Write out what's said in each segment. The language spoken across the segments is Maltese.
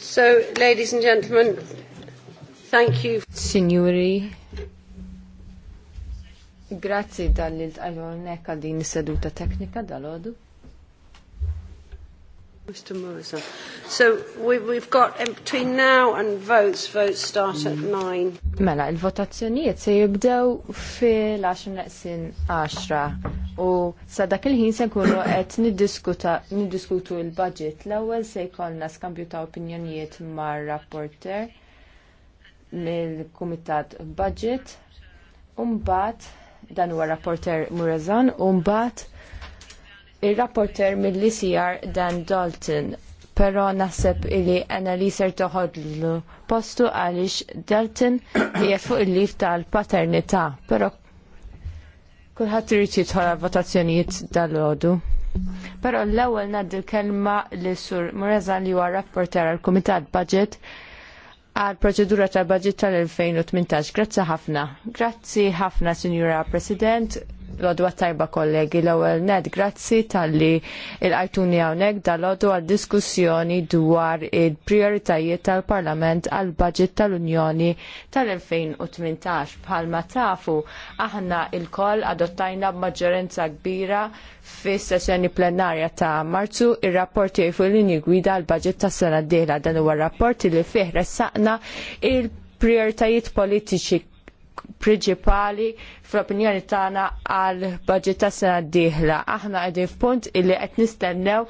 So, ladies and gentlemen, thank you. Signori, grazie dallil li l għal din seduta teknika dal-ħodu. Mr. Morrison. So we, we've got in um, between now and votes, votes start at nine. Mela, il-votazzjonijiet se jibdew fil-10 naqsin 10 u sa dak il-ħin se nkunu qed niddiskutu l-budget. L-ewwel se jkollna skambju ta' opinjonijiet mar-rapporter mill-Kumitat Budget. mbagħad, dan huwa rapporter Murazan, mbagħad il-rapporter mill-ICR Dan Dalton pero naħseb illi ser toħodlu postu għalix Dalton li fuq il-lif tal-paternità, pero kullħat irid jidħol votazzjonijiet dal-ħodu. Pero l-ewwel ngħaddi l-kelma li sur Mureza li huwa rapporter għal-Kumitat Budget għal proċedura tal-budget tal-2018. Grazzi ħafna. Grazzi ħafna, Signora President l-odwa tajba kollegi l-ewel ned, grazzi tal-li il-għajtuni għawnek dal-odwa għal-diskussjoni dwar il-prioritajiet tal-Parlament għal-budget tal-Unjoni tal-2018. Bħalma tafu, aħna il-koll adottajna b'maġġorenza kbira fis sessjoni plenarja ta' marzu il rapport fuq l inju gwida għal-budget tas sena d-dihla dan huwa rapporti li fih ressaqna il-prioritajiet politiċi prinċipali fl-opinjoni tagħna għal budget ta' sena d-dieħla. Aħna għedin f'punt illi qed nistennew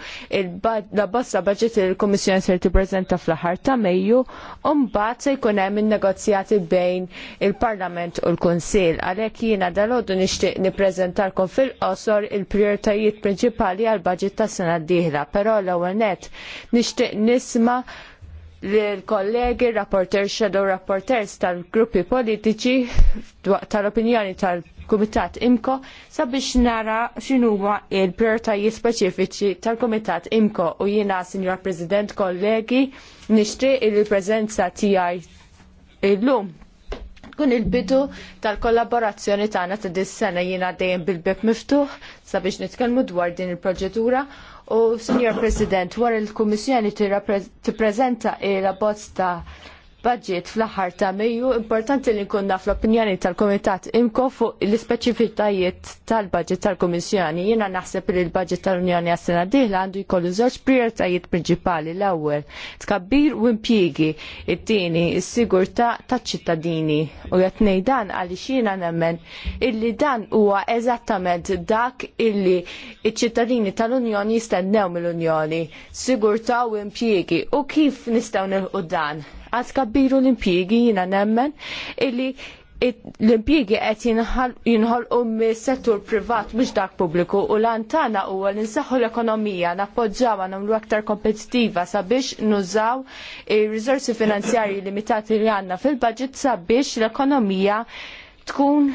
la bossa budget il kummissjoni se tippreżenta fl-aħħar ta' Mejju u mbagħad se jkun hemm in-negozjati bejn il-Parlament u l-Kunsill. Għalhekk jiena dalgħodu nixtieq nippreżentalkom fil-qosor il-prijoritajiet prinċipali għal budget ta' sena d-dieħla, però l-ewwel nett nixtieq nisma' l-kollegi, l-rapporters, shadow rapporters tal-gruppi politiċi tal-opinjoni tal-Kumitat IMCO sabiex nara x'inhuma il-prioritajiet speċifiċi tal-Kumitat IMCO u jiena, Sinjor President, kollegi, nixtieq il-preżenza tiegħi illum tkun il-bidu tal-kollaborazzjoni tagħna ta' dis-sena jiena dejjem bil-bib miftuħ sabiex nitkellmu dwar din il-proċedura U, Signor President, wara l-Kummissjoni tippreżenta il-abbozz ta' budget fl-aħħar ta' Mejju importanti li nkun naf l-opinjoni tal-Komitat imko fuq l-ispeċifitajiet tal-budget tal-Komissjoni. Jiena naħseb li l-budget tal-Unjoni għas-sena diħla għandu jkollu żewġ prijoritajiet prinċipali l-ewwel tkabbir u impjiegi, it-tieni is-sigurtà taċ-ċittadini. U qed ngħid dan għaliex jiena nemmen illi dan huwa eżattament dak illi iċ-ċittadini tal-Unjoni jistennew mill-Unjoni, sigurtà u impjiegi u kif nistgħu nilħu dan għaz kabbiru l impiegi jina nemmen illi l impiegi qed jinħolqu mis-settur privat mhux dak pubbliku u lantana huwa li nsaħħu l-ekonomija nappoġġawha nagħmlu aktar kompetitiva sabiex nużaw il riżorsi finanzjarji limitati li għandna fil-budget sabiex l-ekonomija tkun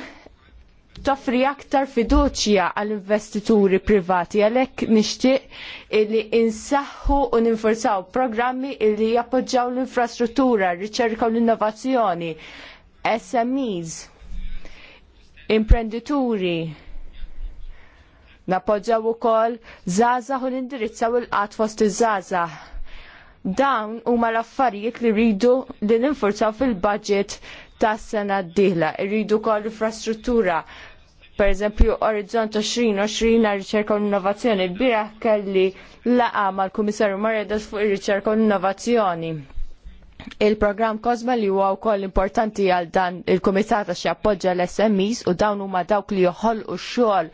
toffri aktar fiduċja għall-investituri privati għalhekk nixtieq li insaħħu u ninforzaw programmi li jappoġġjaw l-infrastruttura, r-riċerka u l-innovazzjoni, SMEs, imprendituri, napoġġaw ukoll żgħażagħ u nindirizzaw il-qatt fost iż-żgħażagħ. Dawn huma l-affarijiet li rridu li ninforzaw fil-budget tas sena d-dieħla. Irridu wkoll infrastruttura per eżempju Orizzont 2020 għal riċerka u innovazzjoni. Bira kelli laqa mal-Kummissarju Maredas fuq ir-riċerka u innovazzjoni. Il-programm Kosma li huwa wkoll importanti għal dan il-Kumitat għax jappoġġa l-SMEs u dawn huma dawk li joħolqu x-xogħol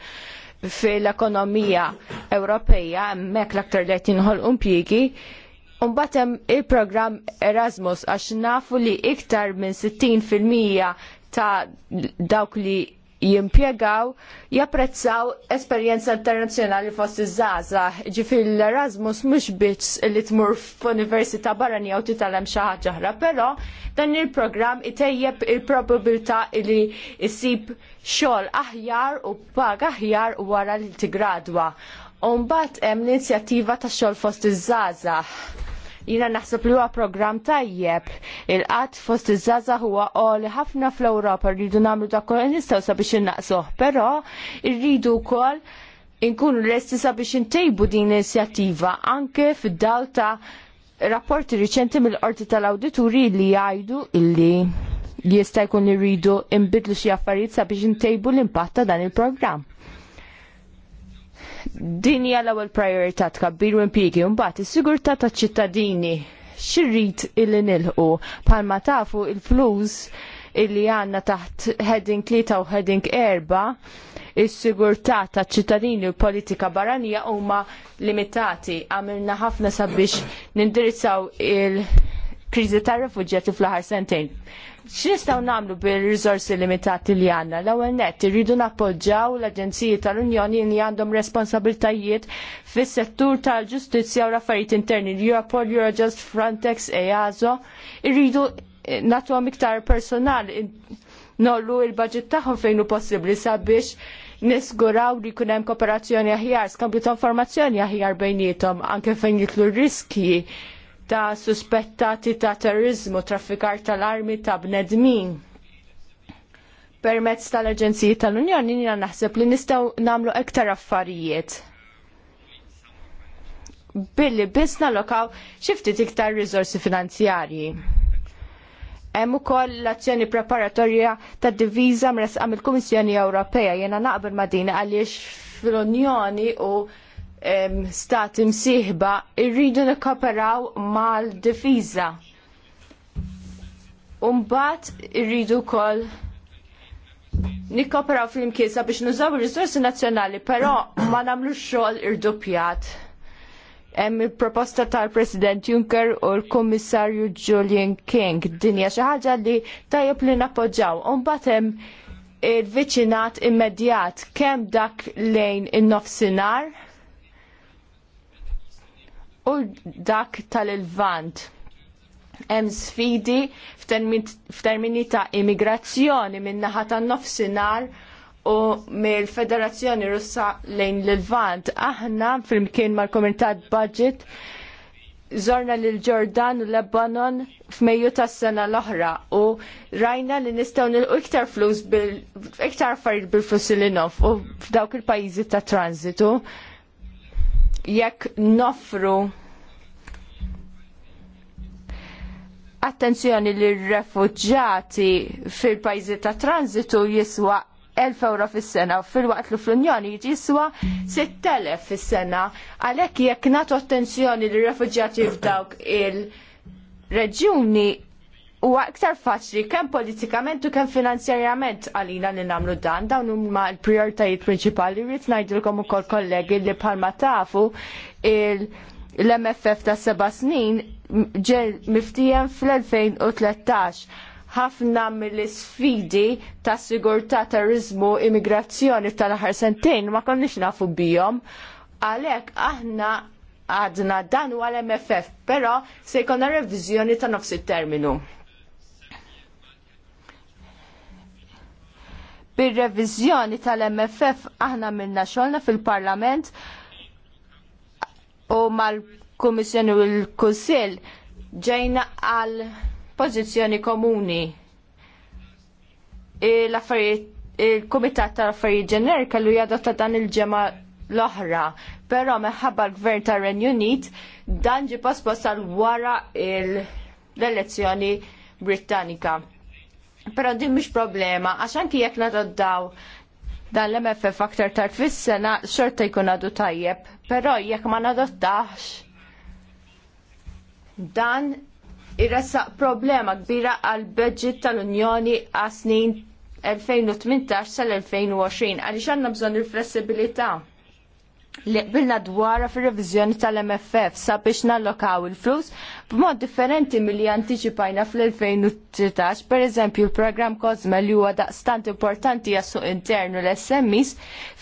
fil-ekonomija Ewropeja hemmhekk l-aktar li qed jinħolqu impjiegi Umbatem il-program Erasmus għax nafu li iktar minn 60% ta' dawk li jimpiegaw japprezzaw esperjenza internazzjonali fost iż-żaza. Ġifil l-Erasmus mhux biss li tmur f'università barranija u titalem xi ħaġa oħra, però dan il-programm itejjeb il-probabilità li jisib xogħol aħjar u paga aħjar wara li tigradwa. U hemm l inizjativa tax xogħol fost iż-żaza Jina naħseb li huwa programm tajjeb. Il-qatt fost iż żaza huwa qol ħafna fl-Ewropa rridu nagħmlu dak nistgħu sabiex innaqsuh, però rridu wkoll inkunu lesti sabiex intejbu din l-inizjattiva anke fid-dawl ta' rapporti riċenti mill-qorti tal-awdituri li jgħidu illi jista' jkun irridu imbidlu xi affarijiet sabiex intejbu l-impatt ta' dan il-programm. Din hija l-ewwel priorità tkabbir u impjiegi u mbagħad is-sigurtà taċ-ċittadini xirrit illi nilħu palma tafu il-flus illi għanna taħt heading 3 u heading 4 il-sigurtà ta' ċittadini u politika barranija huma limitati għamilna ħafna sabiex nindirizzaw il- kriżi tar refuġjati fl-aħħar sentejn. X'nistgħu nagħmlu bir-riżorsi limitati li għandna? L-ewwel nett irridu nappoġġjaw l-Aġenziji tal-Unjoni li għandhom responsabiltajiet fis-settur tal-ġustizzja u l-affarijiet interni, Europol, Eurojust, Frontex, EASO, irridu eh, nagħtuhom iktar personal nollu il-budget tagħhom fejn hu possibbli sabiex nisguraw li jkun hemm kooperazzjoni aħjar, skambju ta' informazzjoni aħjar bejnietom, anke fejn jitlu riski ta' suspettati ta' terrorizmu, traffikar tal-armi ta' bnedmin. Permezz tal-Aġenziji tal-Unjoni jina naħseb li nistgħu nagħmlu iktar affarijiet. Billi biss nalokaw xi ftit iktar riżorsi finanzjarji. Hemm ukoll l-azzjoni preparatorja tad diviża mresqa mill-Kummissjoni Ewropea jiena naqbel ma' din għaliex fl-Unjoni u stati msieħba irridu nikkoperaw mal-difiża. U mbagħad irridu wkoll nikkoperaw fl-imkiesa biex nużaw ir-risorsi nazzjonali, però ma nagħmlu xogħol ir Hemm il-proposta tal-President Juncker u l-Kummissarju Julian King dinja xi ħaġa li tajab li nappoġġaw. U mbagħad il-viċinat immedjat kemm dak lejn in-nofsinhar u dak tal-Ilvant. Hemm sfidi f'termini ta' immigrazzjoni min-naħa tan-nofsinhar u mill-Federazzjoni Russa lejn l-Ilvant. Aħna flimkien mal kumitat Budget zorna lil ġordan u Lebanon f'Mejju tas-sena l-oħra u rajna li nistgħu nilqu iktar flus bil iktar affarijiet bil-flus li nof u f'dawk il-pajjiżi ta' transitu jekk nofru attenzjoni li r-refugġati fil-pajzi ta' tranzitu jiswa 1000 euro fis-sena u fil-waqt li fl-Unjoni jiswa 6000 fis-sena. Għalhekk jekk nagħtu attenzjoni li r-refugġati f'dawk il-reġjuni u aktar faċli kemm politikament u kemm finanzjarjament għalina li nagħmlu dan dawn huma l-prijoritajiet prinċipali rrid ngħidilkom ukoll kollegi li bħalma tafu l-MFF ta' seba snin ġel miftijem fl-2013 ħafna mill-sfidi ta' sigurtà terrorizmu, immigrazzjoni tal-aħħar sentejn ma konniex nafu bihom. Għalhekk aħna għadna dan huwa l-MFF, però se jkollna reviżjoni ta' nofs it-terminu. Bir-reviżjoni tal-MFF aħna minna xolna fil-Parlament u mal-Kummissjoni u l-Kunsill ġejna għal pożizzjoni komuni. il-Kumitat tal-Affarijiet Ġenerika li jadotta dan il-ġemma l-oħra, però meħabba l-Gvern tar renju Unit dan ġi pospost għal wara l-elezzjoni Britannika. Pero din mhix problema, għax anki jekk nadoddaw dan l-MFF aktar tard fis-sena xorta jkun għadu tajjeb, però jekk ma nadottax dan irressaq problema kbira għal budget tal-Unjoni għas snin 2018 sal-2020 għaliex għandna bżonn il-flessibilità li qbilna dwarha fir-reviżjoni tal-MFF sabiex nallokaw il-flus b'mod differenti milli antiċipajna fl-2013, pereżempju il-programm Kozma li huwa daqstant importanti jassu internu l-SMIs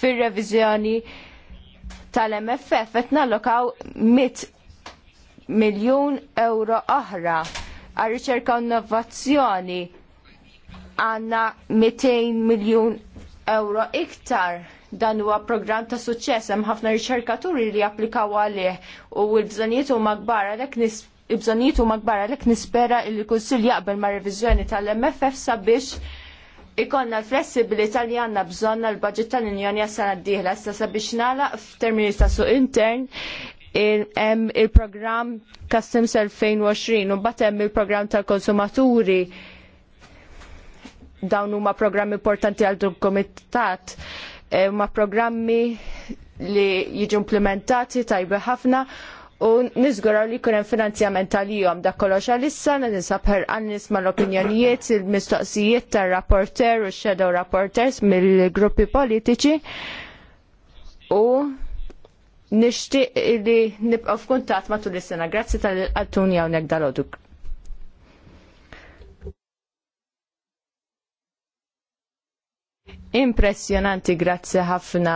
fir-reviżjoni tal-MFF qed nallokaw 100 miljun euro oħra għal riċerka u innovazzjoni għandna 200 miljun euro iktar Dan huwa program ta' suċċess hemm ħafna riċerkaturi li applikaw għalih u l-bżonijiet huma kbar għalhekk nis il-bżonijiet huma kbar għalhekk nispera li l-Kunsill jaqbel ma' reviżjoni tal-MFF sabiex ikonna l-flessibilità li għandna bżonn l-budget tal-Unjoni għas-sena d-dieħla, issa sabiex nagħlaq f'termini ta' suq intern il-programm Customs 2020 u hemm il-programm tal-konsumaturi dawn huma programm importanti għal dun Eh, ma programmi li jiġu implementati tajba ħafna u nizguraw li kunem finanzjament tal-jom da kollox għalissa ninsab ħerqan nisma l-opinjonijiet, il-mistoqsijiet tar rapporter u shadow rapporters mill-gruppi politiċi u nishtiq li nibqa' f'kuntatt matul is-sena. Grazzi tal-għaltuni hawnhekk dal impressjonanti grazzi ħafna.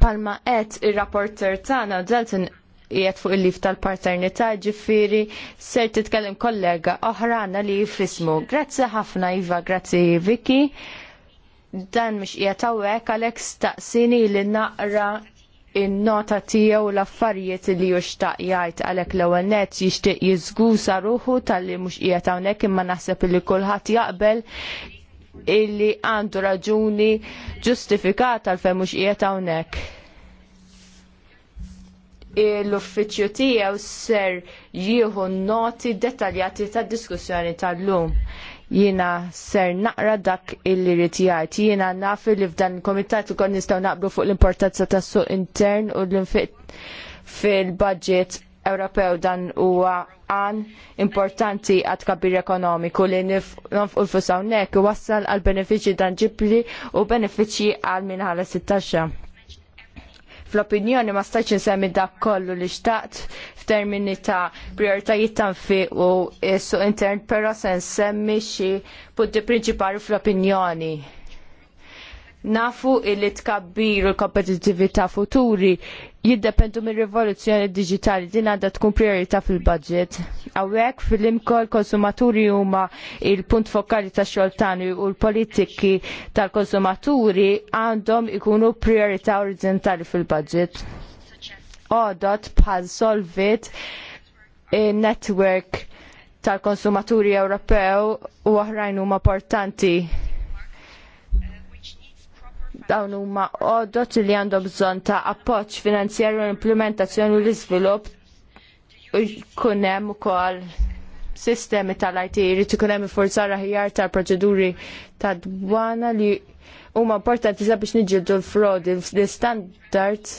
Palma et ir-rapporter tagħna Dalton qiegħed fuq il-lif tal-paternità ġifiri, ser titkellem kollega oħrana li jifismu. Grazzi ħafna Iva, grazzi Viki. Dan mhux qiegħed hawnhekk għalhekk staqsini li naqra il nota tiegħu l-affarijiet li jux jgħid għalhekk l-ewwel nett jixtieq jiżgusa ruħu talli mhux qiegħed hawnhekk imma naħseb li kulħadd jaqbel illi għandu raġuni ġustifikata għal fem mux jiet hawnhekk. L-uffiċju tiegħu ser jieħu noti dettaljati tad diskussjoni tal-lum. Jiena ser naqra dak illi ritijajt. Jiena nafi li f'dan il-komitat ukoll nistgħu naqblu fuq l-importanza tas suq intern u l infit fil-budget Ewropew dan huwa għan importanti għad kabir ekonomiku li nifqu l nek u wassal għal benefiċi ġibli u benefiċi għal minħala 16 fl-opinjoni ma stajċ insemmi dak kollu li xtaqt f'termini ta' prioritajiet tanfi u su intern però se nsemmi xi punti prinċipali fl-opinjoni. Nafu li tkabbir u l-kompetitività futuri jiddependu mir rivoluzzjoni digitali din għandha tkun priorità fil-budget. Awek fil-imkoll konsumaturi huma il-punt fokali ta' xoltani u l-politiki tal-konsumaturi għandhom ikunu priorità orizzontali fil-budget. Odot bħal solvit network tal-konsumaturi Ewropew u oħrajn huma portanti dawn huma għodot li għandhom bżonn ta' appoġġ finanzjarju u implementazzjoni u l-iżvilupp jkun hemm ukoll sistemi tal-IT jrid ikun hemm forzar aħjar tal-proċeduri tad dwana li huma importanti sabiex niġġieldu l-frodi l-standards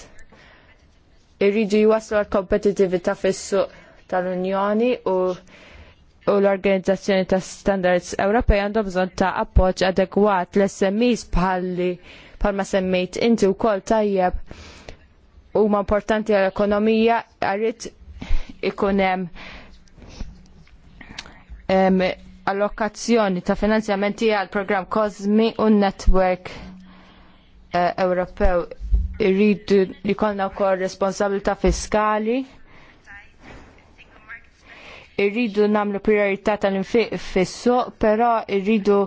irridu jwasslu għal kompetitività fis-suq tal-Unjoni u u l-Organizzazzjoni ta' Standards Ewropej għandhom bżonn ta' appoġġ adekwat l-SMEs bħalli palma semmejt inti wkoll tajjeb huma importanti għall ekonomija għarrid ikun hemm allokazzjoni ta' finanzjamenti għal programm Cosmi u Network eh, Ewropew irridu li konna wkoll responsabilità fiskali irridu namlu priorità tal-infiq fissu, però irridu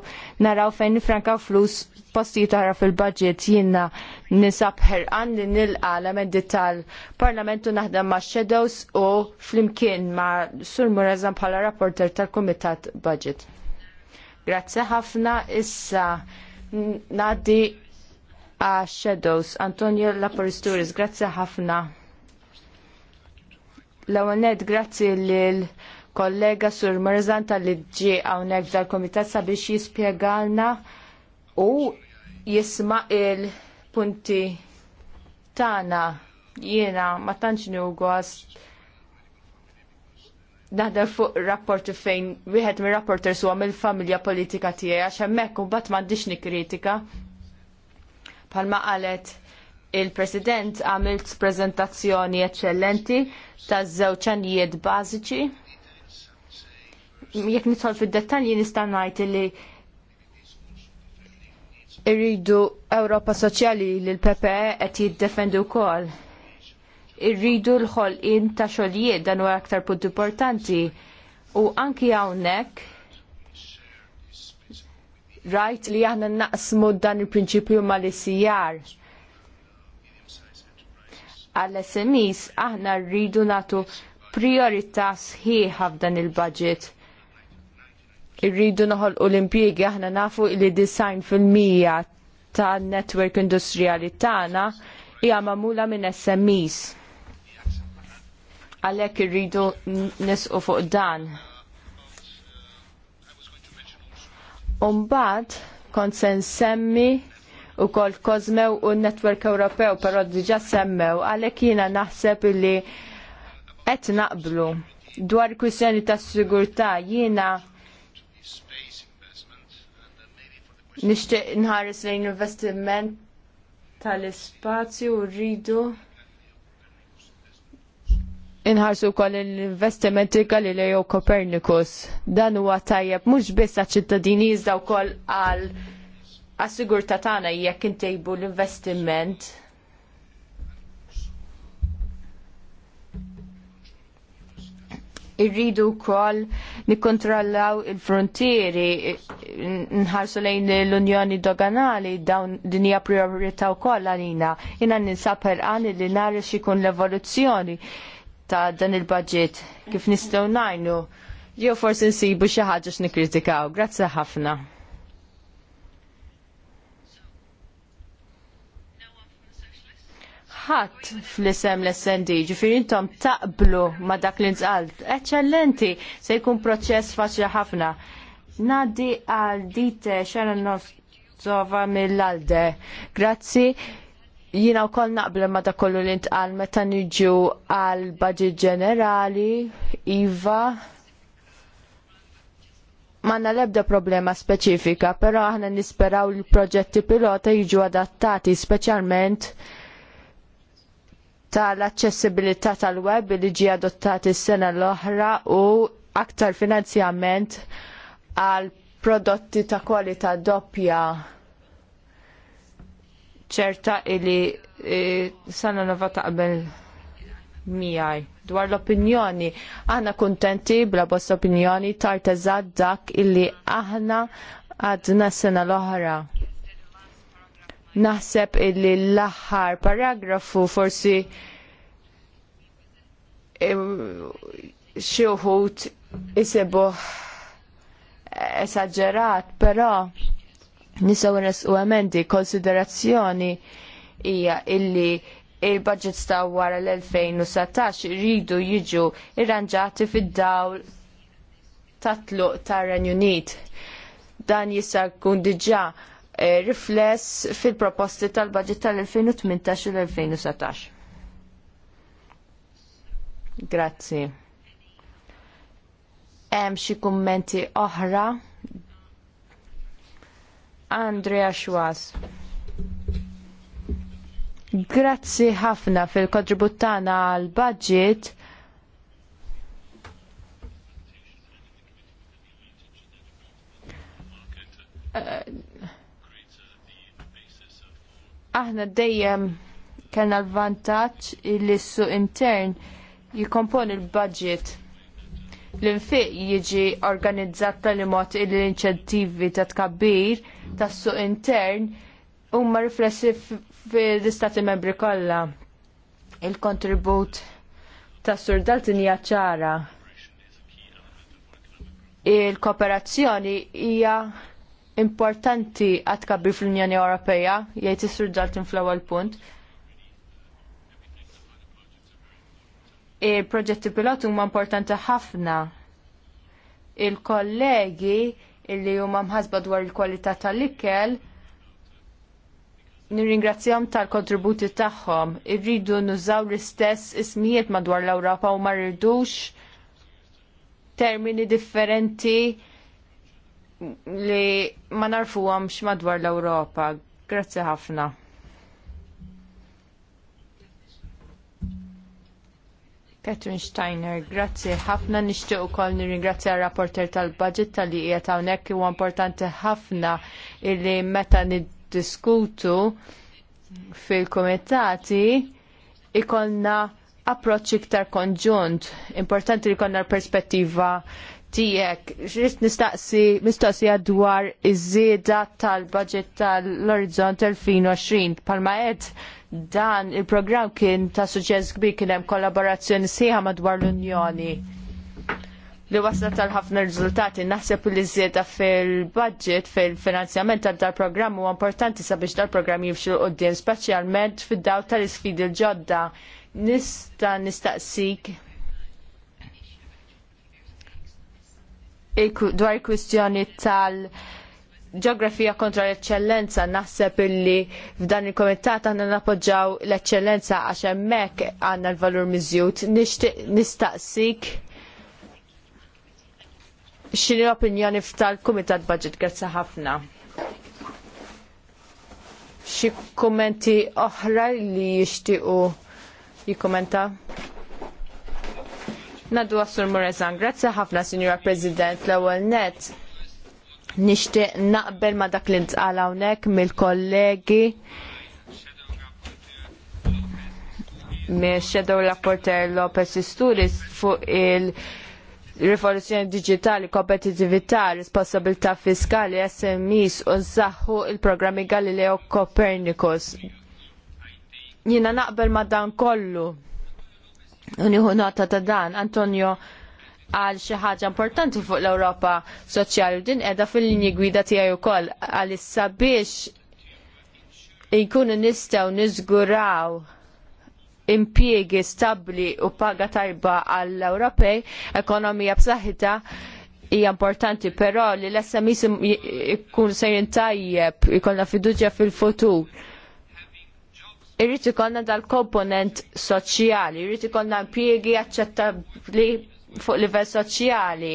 naraw fejn nifranka flus posti jitara fil-budget jiena nisab ħerqan li nilqa l-emendi tal-parlamentu naħdem ma' shadows u flimkien ma' sur Murazan bħala rapporter tal-komitat budget. Grazzi ħafna issa nadi għax shadows Antonio Laporisturis, grazzi ħafna. L-ewwel grazzi lil kollega Sur Mirzan tal-liġi għawnek dal-komitat sabiex jispiegalna u jisma il-punti tana jiena ma tantx gost naħda fuq rapporti fejn wieħed mir rapporters huwa mill-familja politika tiegħi għax hemmhekk u mbagħad m'għandix nikkritika. Palma qalet il-President għamilt prezentazzjoni eccellenti ta' żewċanijiet bażiċi jekk nidħol fid-dettalji nista' ngħid li irridu Ewropa Soċjali li l-PPE qed jiddefendu wkoll. Irridu l-ħolqien ta' xogħlijiet dan huwa aktar punt importanti u anki hawnhekk rajt li aħna naqsmu dan il-prinċipju mal-ICR. Għal-SMEs aħna rridu natu priorità sħiħa f'dan il-budget irridu naħol l-impjiegi aħna nafu li design fil-mija tan netwerk industrijali tagħna hija magħmula minn SMEs. Għalhekk irridu nisqu fuq dan. Umbagħad kont se nsemmi wkoll Kozmew u n-Netwerk Ewropew, però diġà semmew, għalhekk jiena naħseb li qed naqblu dwar kwistjoni tas sigurtà jiena Nixtieq nħares lejn investiment tal-ispazju u rridu inħarsu kol l-investimenti Galileo Copernicus. Dan huwa tajjeb mhux biss għaċ-ċittadini iżda wkoll għal assigurtatana tagħna jekk intejbu l-investiment irridu wkoll nikkontrollaw il-frontieri, nħarsu lejn l-Unjoni Doganali dawn din hija priorità wkoll għalina. Jiena ninsab qani li nara x'ikun l-evoluzzjoni ta' dan il-budget kif nistgħu ngħinu. Jew forsi nsibu xi ħaġa x'nikkritikaw. Grazzi ħafna. ħadd fl-isem l-SND, ġifieri intom taqblu ma dak li nżalt. Eċċellenti, se jkun proċess faċli ħafna. Nadi għal dite Sharon Nostova mill-Alde. Grazzi. Jina u koll naqbel ma da kollu li ntqal meta niġu għal budget ġenerali, IVA, manna lebda problema speċifika, però aħna nisperaw li proġetti pilota jiġu adattati speċjalment tal-aċċessibilità tal-web li ġie adottat is-sena l-oħra u aktar finanzjament għal prodotti ta' kwalità doppja ċerta illi e, sana nova taqbel miħaj. Dwar l-opinjoni, aħna kuntenti bla bost opinjoni tarteżad dak illi aħna għadna sena l-oħra. Naħseb illi l-aħħar paragrafu forsi xi wħud esagġerat, esaġġerat, però nisaw nesqu emendi konsiderazzjoni hija illi il-budgets ta' wara l-2017 rridu jiġu irranġati fid-dawl tatluq tar-Renju Unit. Dan jista' jkun diġà eh, rifless fil-proposti tal-budget tal-2018 u l-2017. Grazzi. Hemm xi kummenti oħra? Andrea Schwaz. Grazzi ħafna fil-kontribut tagħna għall budget aħna dejjem kellna l-vantaġġ li s-suq intern jikomponi l-budget l-infiq jiġi organizzat tal-imot l-inċentivi ta' tkabbir tas suq intern huma riflessi fil-istati membri kollha. Il-kontribut tas sur Dalton hija ċara. Il-kooperazzjoni hija importanti għat tkabbir fl-Unjoni Ewropea, jgħid is-sur fl-ewwel punt. il-proġetti pilot huma importanti ħafna. Il-kollegi illi huma mħasba dwar il-kwalità tal-ikel nirringrazzjahom tal-kontributi tagħhom. Irridu nużaw l-istess ismijiet madwar l-Ewropa u ma rridux termini differenti li ma narfuhomx madwar l-Ewropa. Grazzi ħafna. Catherine Steiner, grazzi ħafna nixtieq ukoll nirringrazzja rapporter tal-budget tal-li qiegħed hawnhekk huwa importanti ħafna illi meta niddiskutu fil-kumitati ikollna approċċ iktar konġunt. Importanti li jkollna l-perspettiva tijek, xrit nistaqsi, mistoqsi dwar iż-żieda tal-budget tal-Orizzont 2020. Palma ed dan il-programm kien ta' suċċess kbir kien hemm kollaborazzjoni sieħa madwar l-Unjoni li wasla tal-ħafna riżultati naħseb li ż żieda fil-budget fil-finanzjament tal dal programm huwa importanti sabiex dal-programm jimxu l-qoddim, speċjalment fid-daw tal-isfidi l-ġodda. Nista' nistaqsik dwar il-kwistjoni tal- ġeografija kontra l-eccellenza naħseb illi f'dan il-komitat għanna napoġġaw l-eccellenza għax hemmhekk għandna l-valur miżjud. Nistaqsik x'inhi l-opinjoni tal-Kumitat Budget grazzi ħafna. Xi kummenti oħra li jixtiequ jikkumenta? Naddu għassur Murezan, grazzi ħafna, Signora President, l ewwel net. Nixtieq naqbel ma dak li ntqal hawnhekk mill-kollegi minn Shadow Rapporter Lopez Isturis fuq il- rivoluzzjoni digitali, kompetitività, responsabilità fiskali, SMEs u nsaħħu il-programmi Galileo Copernicus. Jina naqbel ma dan kollu Uniħu nota ta' dan, Antonio għal xi ħaġa importanti fuq l-Ewropa soċjali u din qiegħda fil-linji gwida tiegħi wkoll għalissa biex jkunu nistgħu niżguraw impjiegi stabbli u paga tajba għall ewropej ekonomija b'saħħitha hija importanti, però li l-SMI ikun sejrin tajjeb, ikollna fiduċja fil-futur irrid ikollna dal-komponent soċjali, irrid ikollna impjiegi aċċettabbli fuq livell soċjali.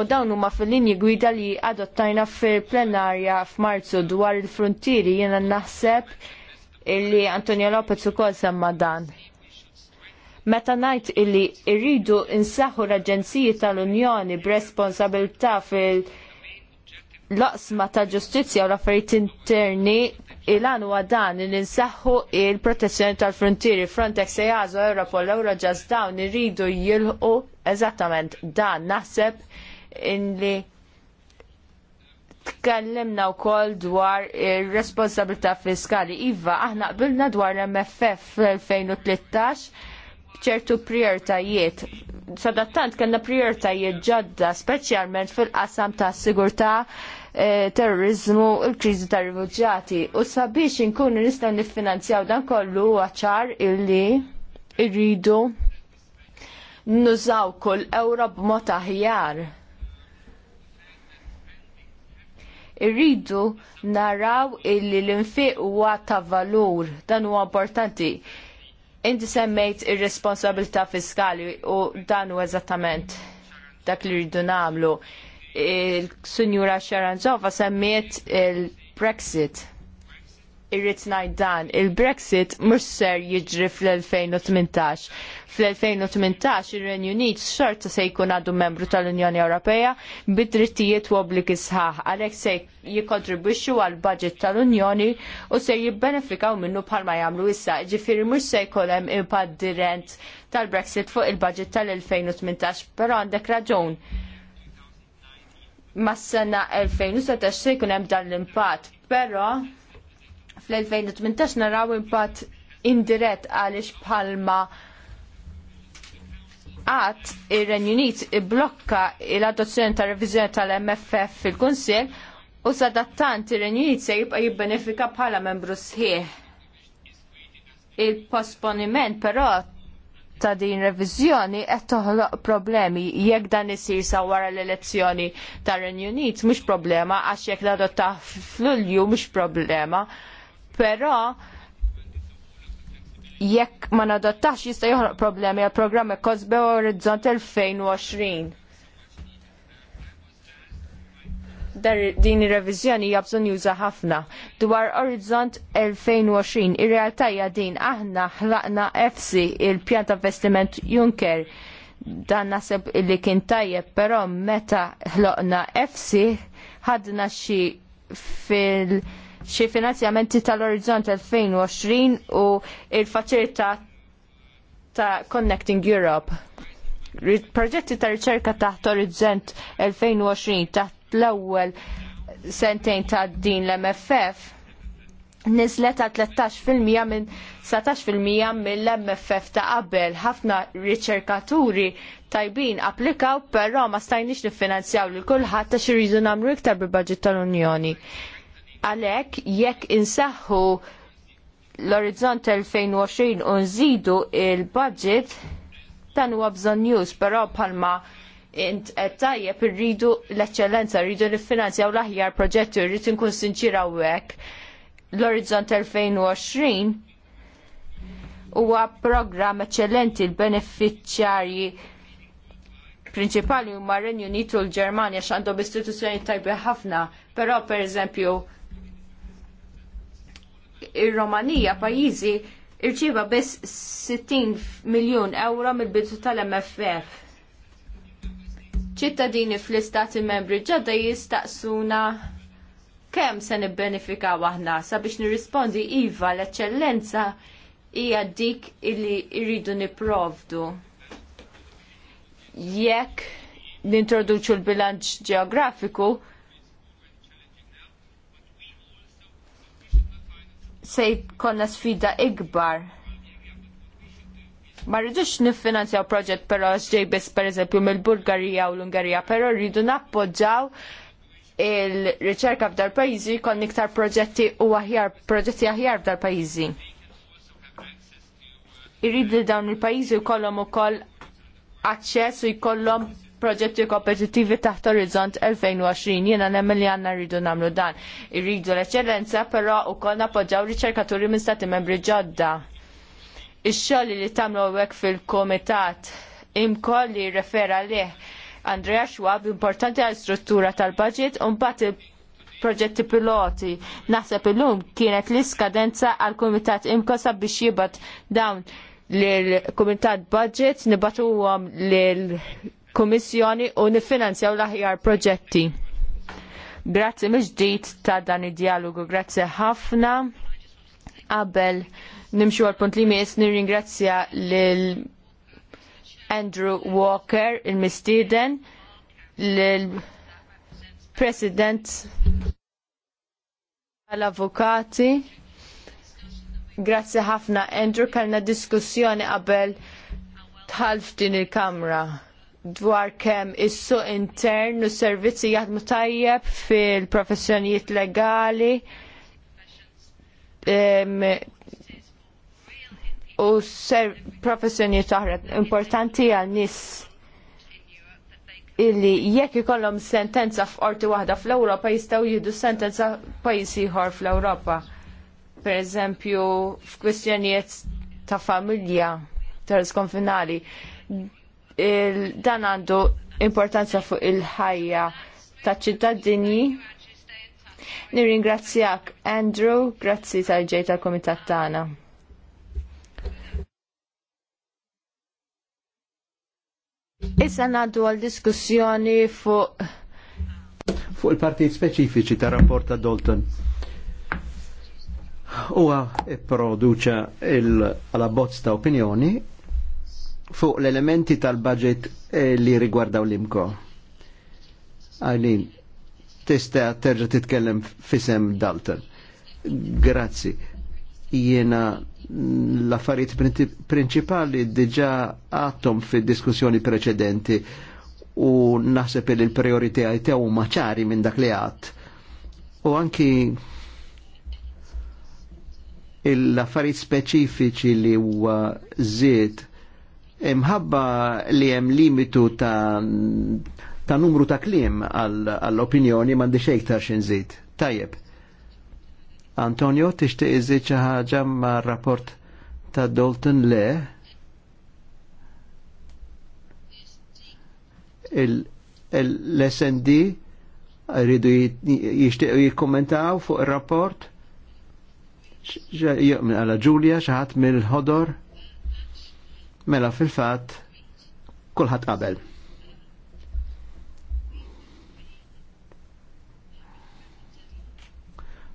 U dawn huma fil-linji gwida li adottajna fil-plenarja f'Marzu dwar il-frontieri jiena naħseb illi Antonio Lopez ukoll semma dan. Meta ngħid illi rridu insaħħu l-Aġenziji tal-Unjoni b'responsabilità fil- loqsma ta' ġustizzja u l-affarijiet interni il-għan huwa dan li il-protezzjoni tal-frontieri Frontex EASO, Europol, Eurojust dawn irridu jilħu eżattament dan naħseb li tkellimna wkoll dwar ir-responsabilità fiskali. Iva, aħna qbilna dwar l-MFF 2013 ċertu prioritajiet. Sadattant kellna prioritajiet ġodda, speċjalment fil-qasam ta' sigurtà E, terrorizmu u l-kriżi tar rifuġjati u sabiex inkunu nistgħu niffinanzjaw dan kollu ċar illi irridu nużaw kull ewro b'mod aħjar. Irridu naraw illi l-infiq huwa ta' valur dan huwa importanti inti semmejt ir-responsabilità fiskali u dan u eżattament dak li rridu nagħmlu il-Sunjura Sharanzova semmiet il-Brexit. Irrit ngħid dan, il-Brexit mhux ser jiġri fl-2018. Fl-2018 ir-Renju Unit xorta se jkun għadu membru tal-Unjoni Ewropea bid-drittijiet u obbligi sħaħ għalhekk se jikkontribwixxu għal budget tal-Unjoni u se jibbenefikaw minnu bħalma jagħmlu issa. Ġifieri mhux se jkun hemm dirent tal-Brexit fuq il-budget tal-2018, però għandek raġun mas sena 2016 se jkun hemm dan l-impatt, però fl-2018 naraw impatt indirett għaliex bħalma għat ir-Renju Unit iblokka l-adozzjoni ta' revizjoni tal-MFF fil kunsil u sadattant ir-Renju Unit se jibqa' jibbenefika bħala membru sħiħ. Il-posponiment però ta' din reviżjoni qed toħloq problemi jekk dan isir sa wara l-elezzjoni tar renju Unit mhux problema għax jekk nadotta f'Lulju mhux problema. Però jekk ma nadottax jista' joħloq problemi għal programm Cosbe Orizzont 2020 din ir-reviżjoni hija bżonn juża ħafna. Dwar Orizzont 2020, ir-realtà hija din aħna ħlaqna EFSI il-pjan ta' investiment Juncker. Dan naħseb li kien tajjeb, però meta ħloqna EFSI ħadna xi fil xi finanzjamenti tal-Orizzont 2020 u il-faċilità ta' Connecting Europe proġetti ta' riċerka taħt Orizzont 2020 taħt l-ewwel sentejn ta' din l-MFF nizlet ta' 13% minn 16% mill-MFF ta' qabel. Ħafna riċerkaturi tajbin applikaw, però ma stajniex nifinanzjaw lil kulħadd ta' xi rridu nagħmlu iktar bil-budget tal-Unjoni. Għalhekk jekk insaħħu l-orizzont 2020 u nżidu il-budget dan huwa bżonn news, però bħalma int qed eh, tajjeb irridu l-eċċellenza, rridu niffinanzjaw l-aħjar proġetti, rridu inkun sinċira hekk. L-Orizzont 2020 huwa programm eċċellenti l-beneficjarji prinċipali huma Renju Unitu l-Ġermanja x'għandhom istituzzjoni tajbi ħafna, però pereżempju ir romania pajjiżi irċiva biss 60 miljun euro mill-bidu tal-MFF ċittadini fl-istati membri ġodda jistaqsuna kemm se nibbenefikaw aħna sabiex nirrispondi iva l eccellenza hija dik illi rridu niprovdu. Jekk nintroduċu l-bilanċ ġeografiku, se jkollna sfida ikbar ma rridux niffinanzjaw proġett però per pereżempju mill-Bulgarija u l-Ungerija, però rridu nappoġġaw il-riċerka f'dar pajjiżi jkollni iktar proġetti u aħjar proġetti aħjar f'dar pajjiżi. Irrid li dawn il-pajjiżi jkollhom ukoll aċċess u jkollhom proġetti kompetittivi taħt Orizzont 2020. Jiena nemmen li għanna rridu namlu dan. Irridu l-eċċellenza, però ukoll nappoġġaw riċerkaturi minn stati membri ġodda Ix-xogħol li tagħmlu hekk fil-kumitat imkoll li referra leh Andrea Schwab importanti għal struttura tal-budget u mbagħad proġetti piloti. Naħseb illum kienet l-iskadenza għal kumitat imkosa biex jibat dawn l-kumitat budget nibatu għom l-komissjoni u nifinanzjaw l-aħjar proġetti. Grazzi ġdid ta' dan id-dialogu, grazzi ħafna qabel nimxu għal punt li mis nirringrazzja l Andrew Walker il-Mistiden l President tal-Avukati Grazzi ħafna Andrew kellna diskussjoni qabel tħalf din il-kamra dwar kemm is-suq intern u s servizzi jaħdmu tajjeb fil-professjonijiet legali u ser professjoni toħra importanti għal nis illi jekk ikollhom sentenza f'qorti waħda fl-Ewropa jistgħu jieħdu sentenza pajjiż ieħor fl-Ewropa. Pereżempju f'kwistjonijiet ta' familja transkonfinali. Dan għandu importanza fuq il-ħajja ta' ċittadini Nirringrazzjak Andrew, grazzi tal-ġej tal-komitat tagħna. Issa ngħaddu għal diskussjoni fuq fuq il-partijiet speċifiċi ta' rapport ta' Dalton. Huwa produċa l-abbozz ta' opinjoni fuq l-elementi tal-budget eh, li rigwardaw l-imko. Għalin, tista terġa titkellem fisem Dalton. Grazzi. Jiena l-affarijiet prinċipali diġa għattom fid diskussjoni preċedenti u naħseb li l-prioritajt tew maċari minn dak li għat. U anki l-affarijiet speċifiċi li huwa żied imħabba li hemm limitu ta' ta' numru ta' klim għall-opinjoni mandi xejktar xinżid. Tajjeb. Antonio, tixtieq iżid xi ħaġa mar rapport ta' Dalton le l-SND rridu jishtiqu jikkommentaw fuq il-rapport għala Ġulja xaħat mill-ħodor mela fil-fat kullħat qabel.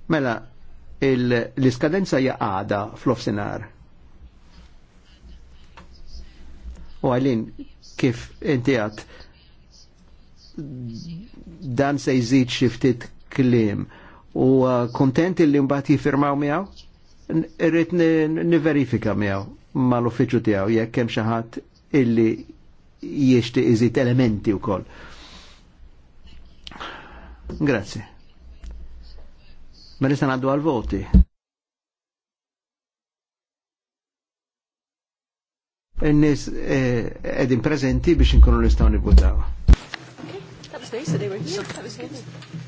Mela, l-iskadenza jaqada fl-ofsinar. U għalin kif inti għat dan se jizid xiftit klim u uh, kontenti li mbagħad jiffirmaw miegħu? Irrid niverifika miegħu mal-uffiċċju tiegħu jekk hemm xi ħadd illi jixtieq iżid elementi wkoll. Grazie. Mela se ngħaddu għal-voti. N-nies qegħdin eh, preżenti biex inkunu nistgħu nivvutaw. Okay, that was nice that they were here. That was good.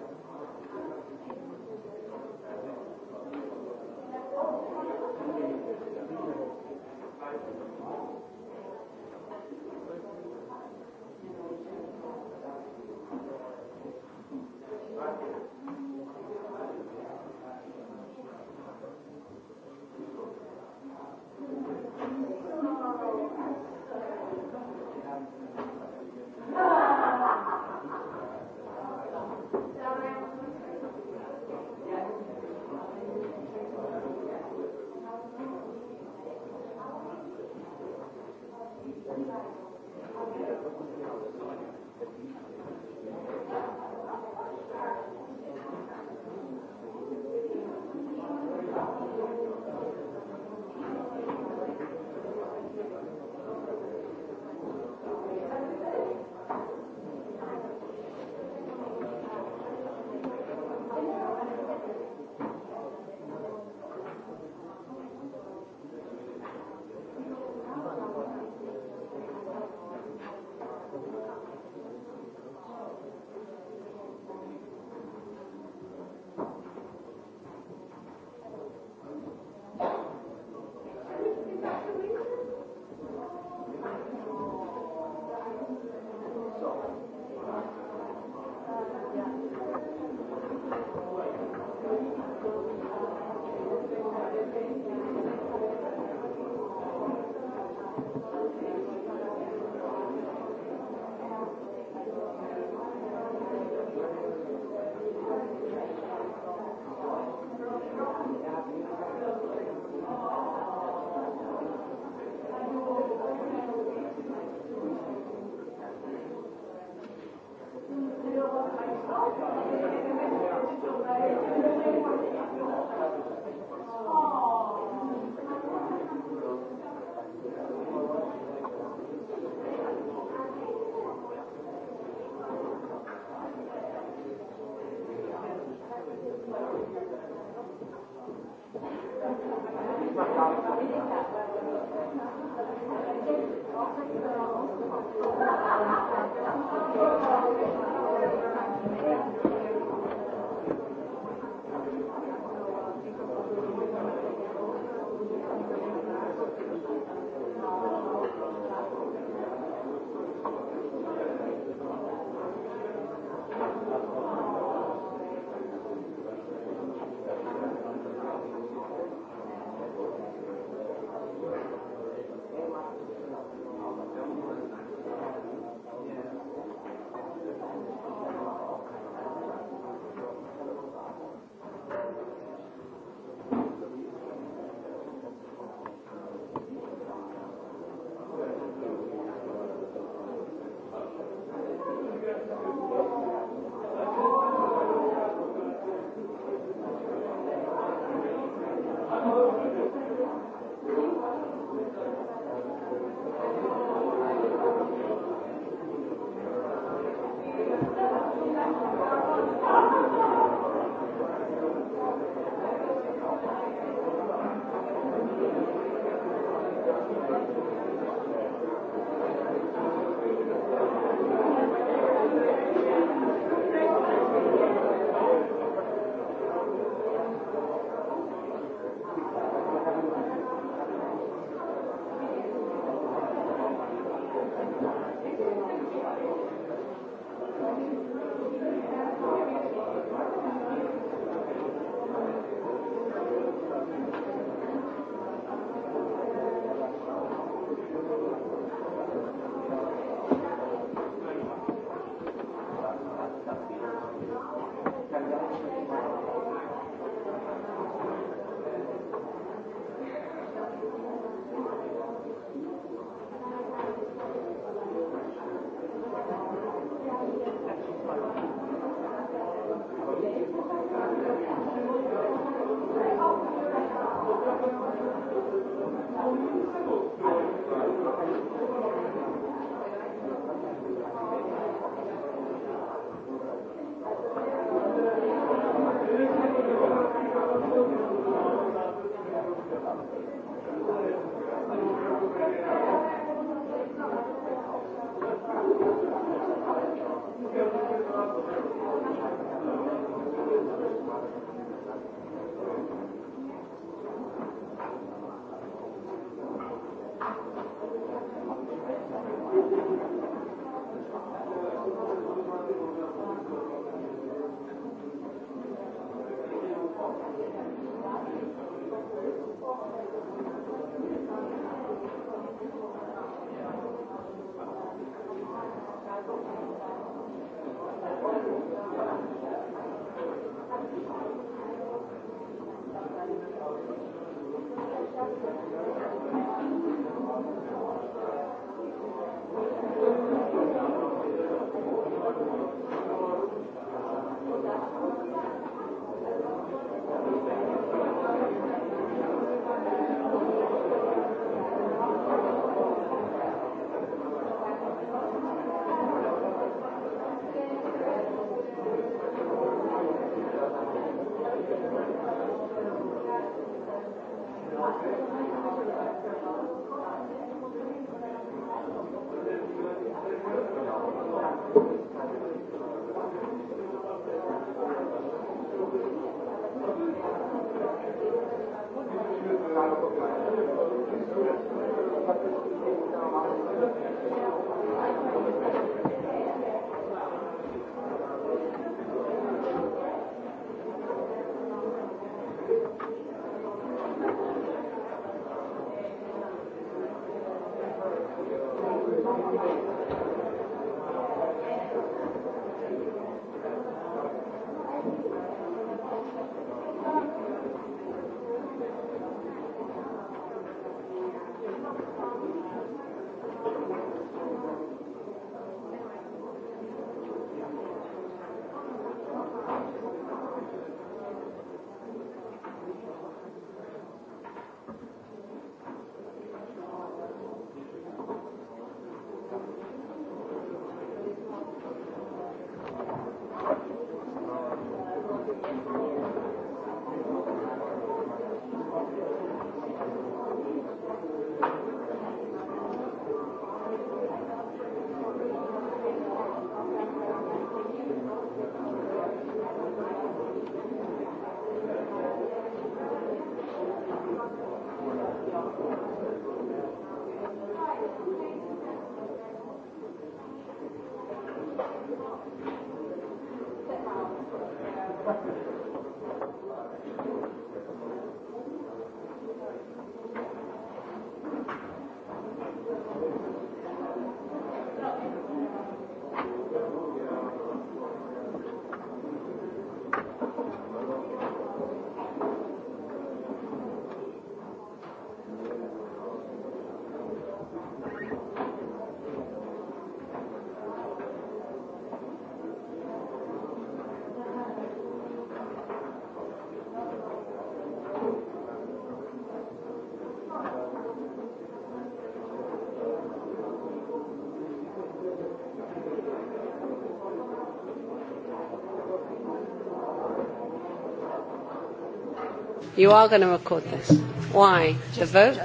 You are going to record this. Why? The vote?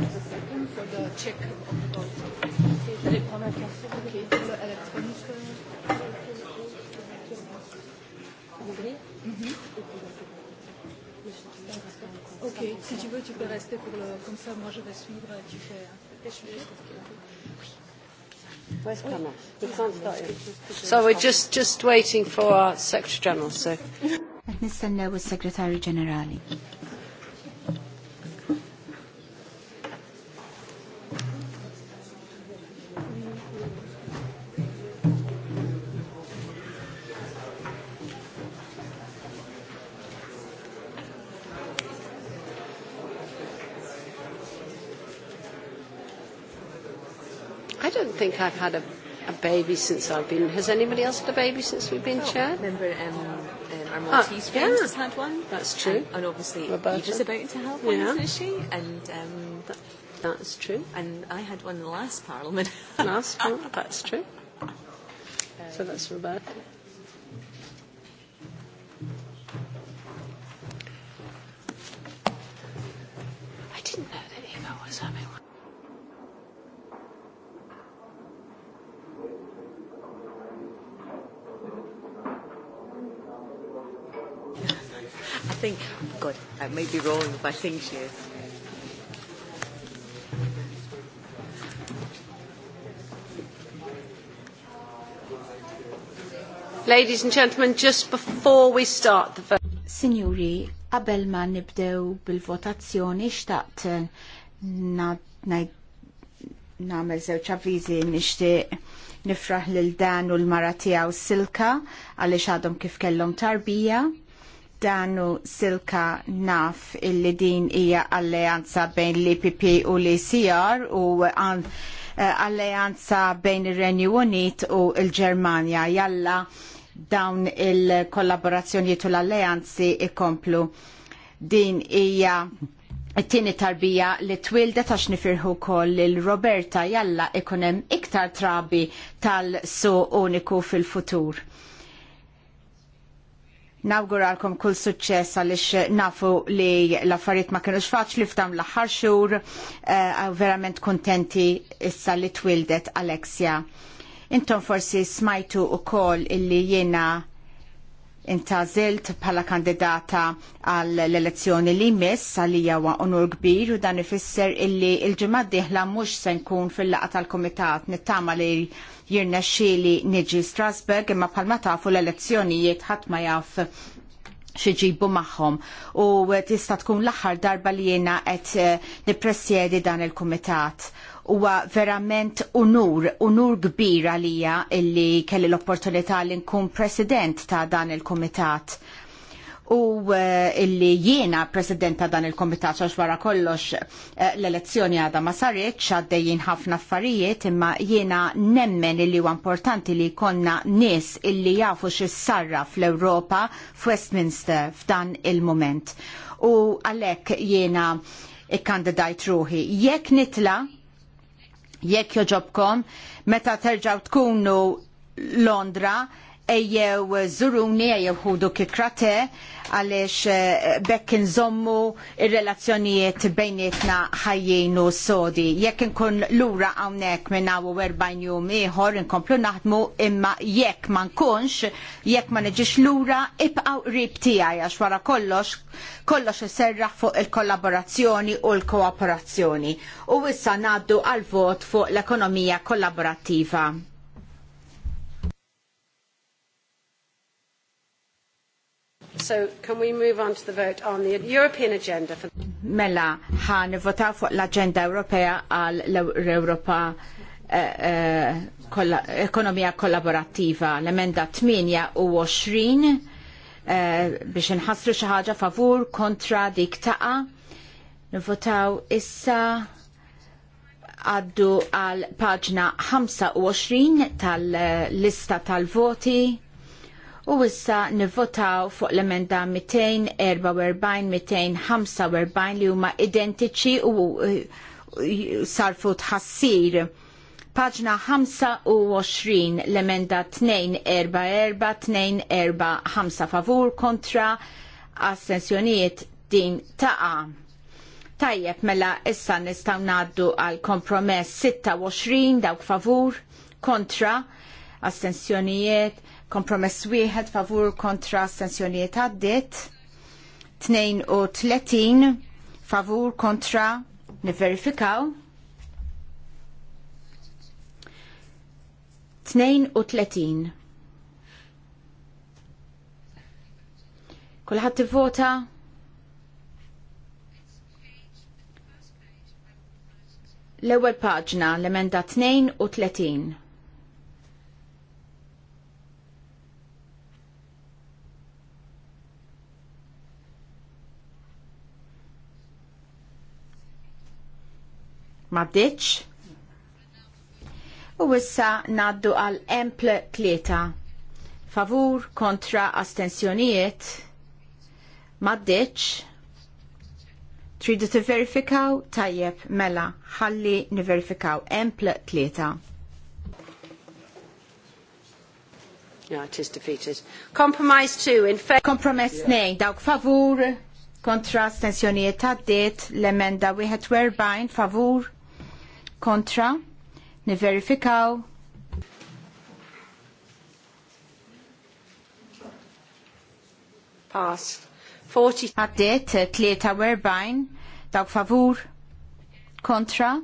Ok, si tu veux, tu peux rester pour le... Comme ça, moi, je vais suivre et tu fais... So we're just, just waiting for our Secretary General, so... Nistennew is Secretary General. think I've had a, a baby since I've been. Has anybody else had a baby since we've been oh, chair? Remember, um, um, our ah, Maltese ah, friend yeah. has had one. That's true. And, and obviously, Roberta. Eva's about to have one, yeah. isn't she? And um, that, that's true. And I had one in the last Parliament. last Parliament. That's true. Um, so that's Roberta. good. I may be wrong but I think she is. Ladies and gentlemen, just before we start the vote. Signori, qabel ma nibdew bil-votazzjoni xtaqt eh, nagħmel żewġ avviżi nixtieq nifraħ lil dan u l-mara tiegħu Silka għaliex għadhom kif kellhom tarbija danu silka naf illi din hija alleanza bejn l-IPP u l-ICR u għan eh, alleanza bejn ir-Renju Unit u l-Ġermanja. Jalla dawn il kollaborazzjoni u l-alleanzi ikomplu. Din hija it-tieni tarbija li twildet għax nifirħu koll il-Roberta jalla ikunem iktar trabi tal-su uniku fil-futur. Nawguralkom kull suċċess għaliex nafu li l-affarijiet ma kienux faċli f'dawn l-aħħar xhur, eh, verament kuntenti issa li twildet Alexia. Intom forsi smajtu wkoll illi jiena intażilt bħala kandidata għall elezzjoni li jmiss għalija huwa onur kbir u dan ifisser illi il ġimgħa d-dieħla mhux se nkun fil-laqgħa tal-kumitat nittama li jirna niġi Strasberg imma bħalma tafu l-elezzjonijiet ħadd ma jaf xiġibu magħhom u tista' tkun l-aħħar darba li jiena qed eh, nippresjedi dan il-kumitat huwa verament unur, unur kbir għalija illi kelli l-opportunità li nkun president ta' dan il-komitat u eh, illi jiena president ta' dan il-komitat għax wara kollox eh, l-elezzjoni għadha ma saritx għaddejjin ħafna affarijiet imma jiena nemmen illi huwa importanti li jkollna nies illi jafu x'issarra fl-Ewropa f'Westminster f'dan il-moment. U għalhekk jiena kandidajt ruħi. Jekk nitla' jekk joġobkom meta terġaw tkunu Londra ejjew zuruni ejjew ħudu kikrate għaliex eh, bekk nżommu il relazzjonijiet bejnietna u sodi. Jekk nkun lura hawnhekk minn hawn erbajn jum ieħor nkomplu naħdmu imma jekk ma nkunx, jekk ma niġix lura ibqgħu qrib tiegħi għax wara kollox kollox serraħ fuq il-kollaborazzjoni u l-kooperazzjoni. U issa ngħaddu għal vot fuq l-ekonomija kollaborattiva. So can we move on to the vote on the European agenda for Mela ħan votaw fuq l-Aġenda Ewropea għal l ewropa eh, eh, ekonomija kollaborattiva l-emenda 28 eh, biex nħassru xi ħaġa favur kontra dik taqa. Nivvotaw issa għaddu għal paġna 25 tal-lista tal-voti. U issa nivvotaw fuq l-emenda 244-245 li huma identiċi u sarfu tħassir. Paġna 25 l-emenda 244-245 favur kontra assenzjonijiet din taqa. Tajjeb mela issa nistgħu ngħaddu għal kompromess 26 dawk favur kontra assenzjonijiet. Kompromess wieħed favur kontra astensjonijiet għaddit. 32 favur kontra niverifikaw. 32. Kulħadd tivvota? L-ewwel paġna l-emenda 32. ma bdiċ. U issa naddu għal empl tlieta. Favur kontra astensjonijiet ma bdiċ. Tridu t-verifikaw tajjeb mela ħalli niverifikaw empl tlieta. No, it is defeated. Compromise two in favor. Compromise yeah. yeah. dawk favur kontra stensjonijiet għaddiet l-emenda 41 favur kontra, niverifikaw. Pass. 40. Eh, tlieta werbajn, dawk favur kontra,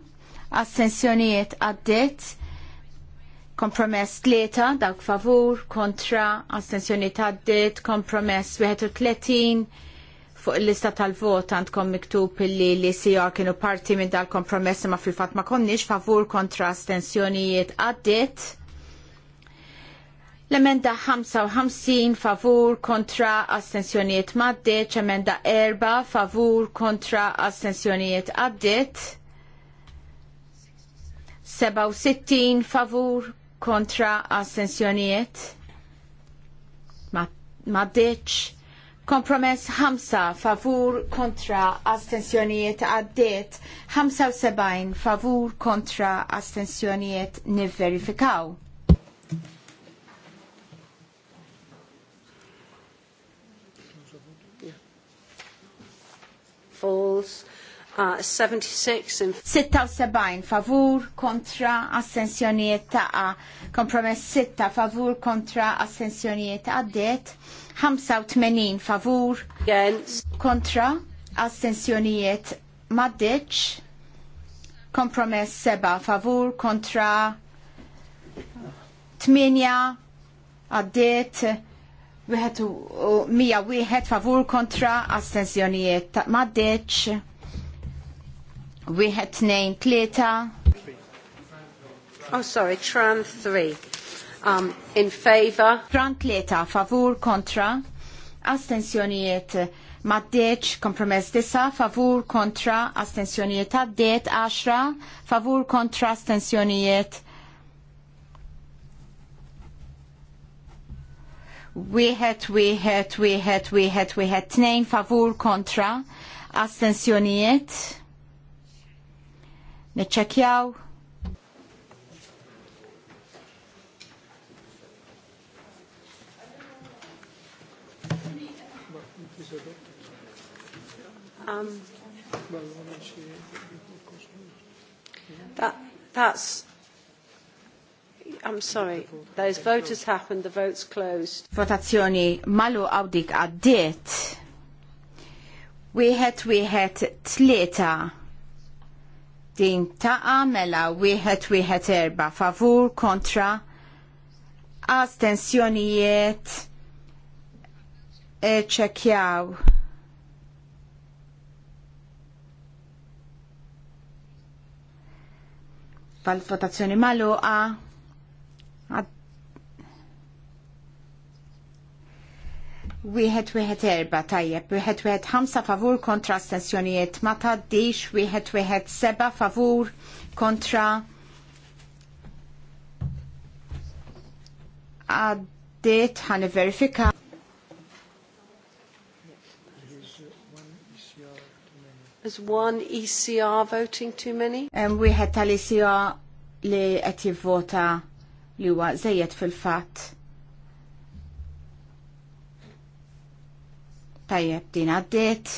astensjonijiet għaddit kompromess tlieta, dawk favur kontra, astensjonijiet għaddit kompromess 31 fuq il-lista tal-vot għandkom miktub li li CR kienu parti minn dal-kompromessi ma fil-fat ma konniex favur kontra stensjonijiet għaddit. L-emenda 55 favur kontra astensjonijiet maddit, emenda 4 favur kontra astensjonijiet għaddit, 67 favur kontra astensjonijiet maddit, Kompromess ħamsa favur kontra astensjonijiet għaddiet, 75 favur kontra astensjonijiet nivverifikaw. Falls. Uh, 76 in favur kontra assenzjonijiet taqa kompromess 6 favur kontra assenzjonijiet għaddiet 85 favur against kontra astensjonijiet maddeċ kompromess seba' favur kontra 8 għaddiet mija wieħed favur kontra astensjonijiet maddeċ wieħed tnejn tlieta Oh sorry, Tran 3 um, in favor. Grant Leta, favur kontra. Astensjonijiet maddeċ, kompromess disa, favur kontra, astensjonijiet għaddeċ, 10, favur kontra, astensjonijiet wieħed, wieħed, wieħed, wieħed, wieħed, tnejn, favur kontra, astensjonijiet. Neċekjaw. Um, that, that's I'm sorry, those voters happened, the vote's closed. Votazzjoni malu għawdik għaddiet. Wieħed wieħed tlieta din taqa mela wieħed wieħed erba favur kontra astensjonijiet ċekjaw. E Valvotazzjoni maluqa. Wieħed wieħed erba tajjeb, wieħed wieħed ħamsa favur kontra astensjonijiet ma taddix, wieħed wieħed seba favur kontra għaddiet ħani verifika. Is one ECR voting too many? Um, had tal-ECR li qed jivvota li huwa żejjed fil-fatt. Tajjeb din għaddiet.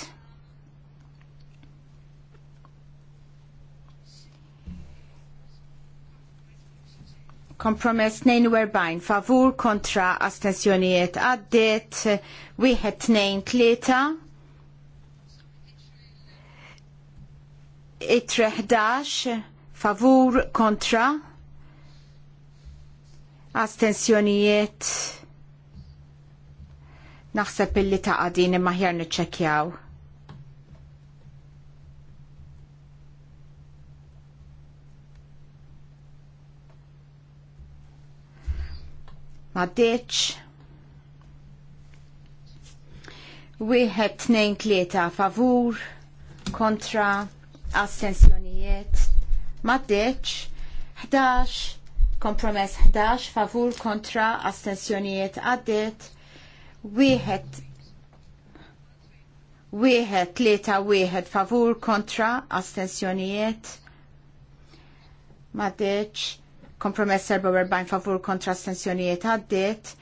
kompromess 42 favur kontra astensjonijiet we had 2 3 Itre treħdax favur kontra astensjonijiet naħseb illi ta' għadin imma ħjar niċċekjaw. Wieħed tnejn tlieta favur kontra astensjonijiet maddeċ 11 kompromess 11 favur kontra astensjonijiet għaddit wieħed wieħed tlieta wieħed favur kontra astensjonijiet maddeċ kompromess 44 favur kontra astensjonijiet għaddit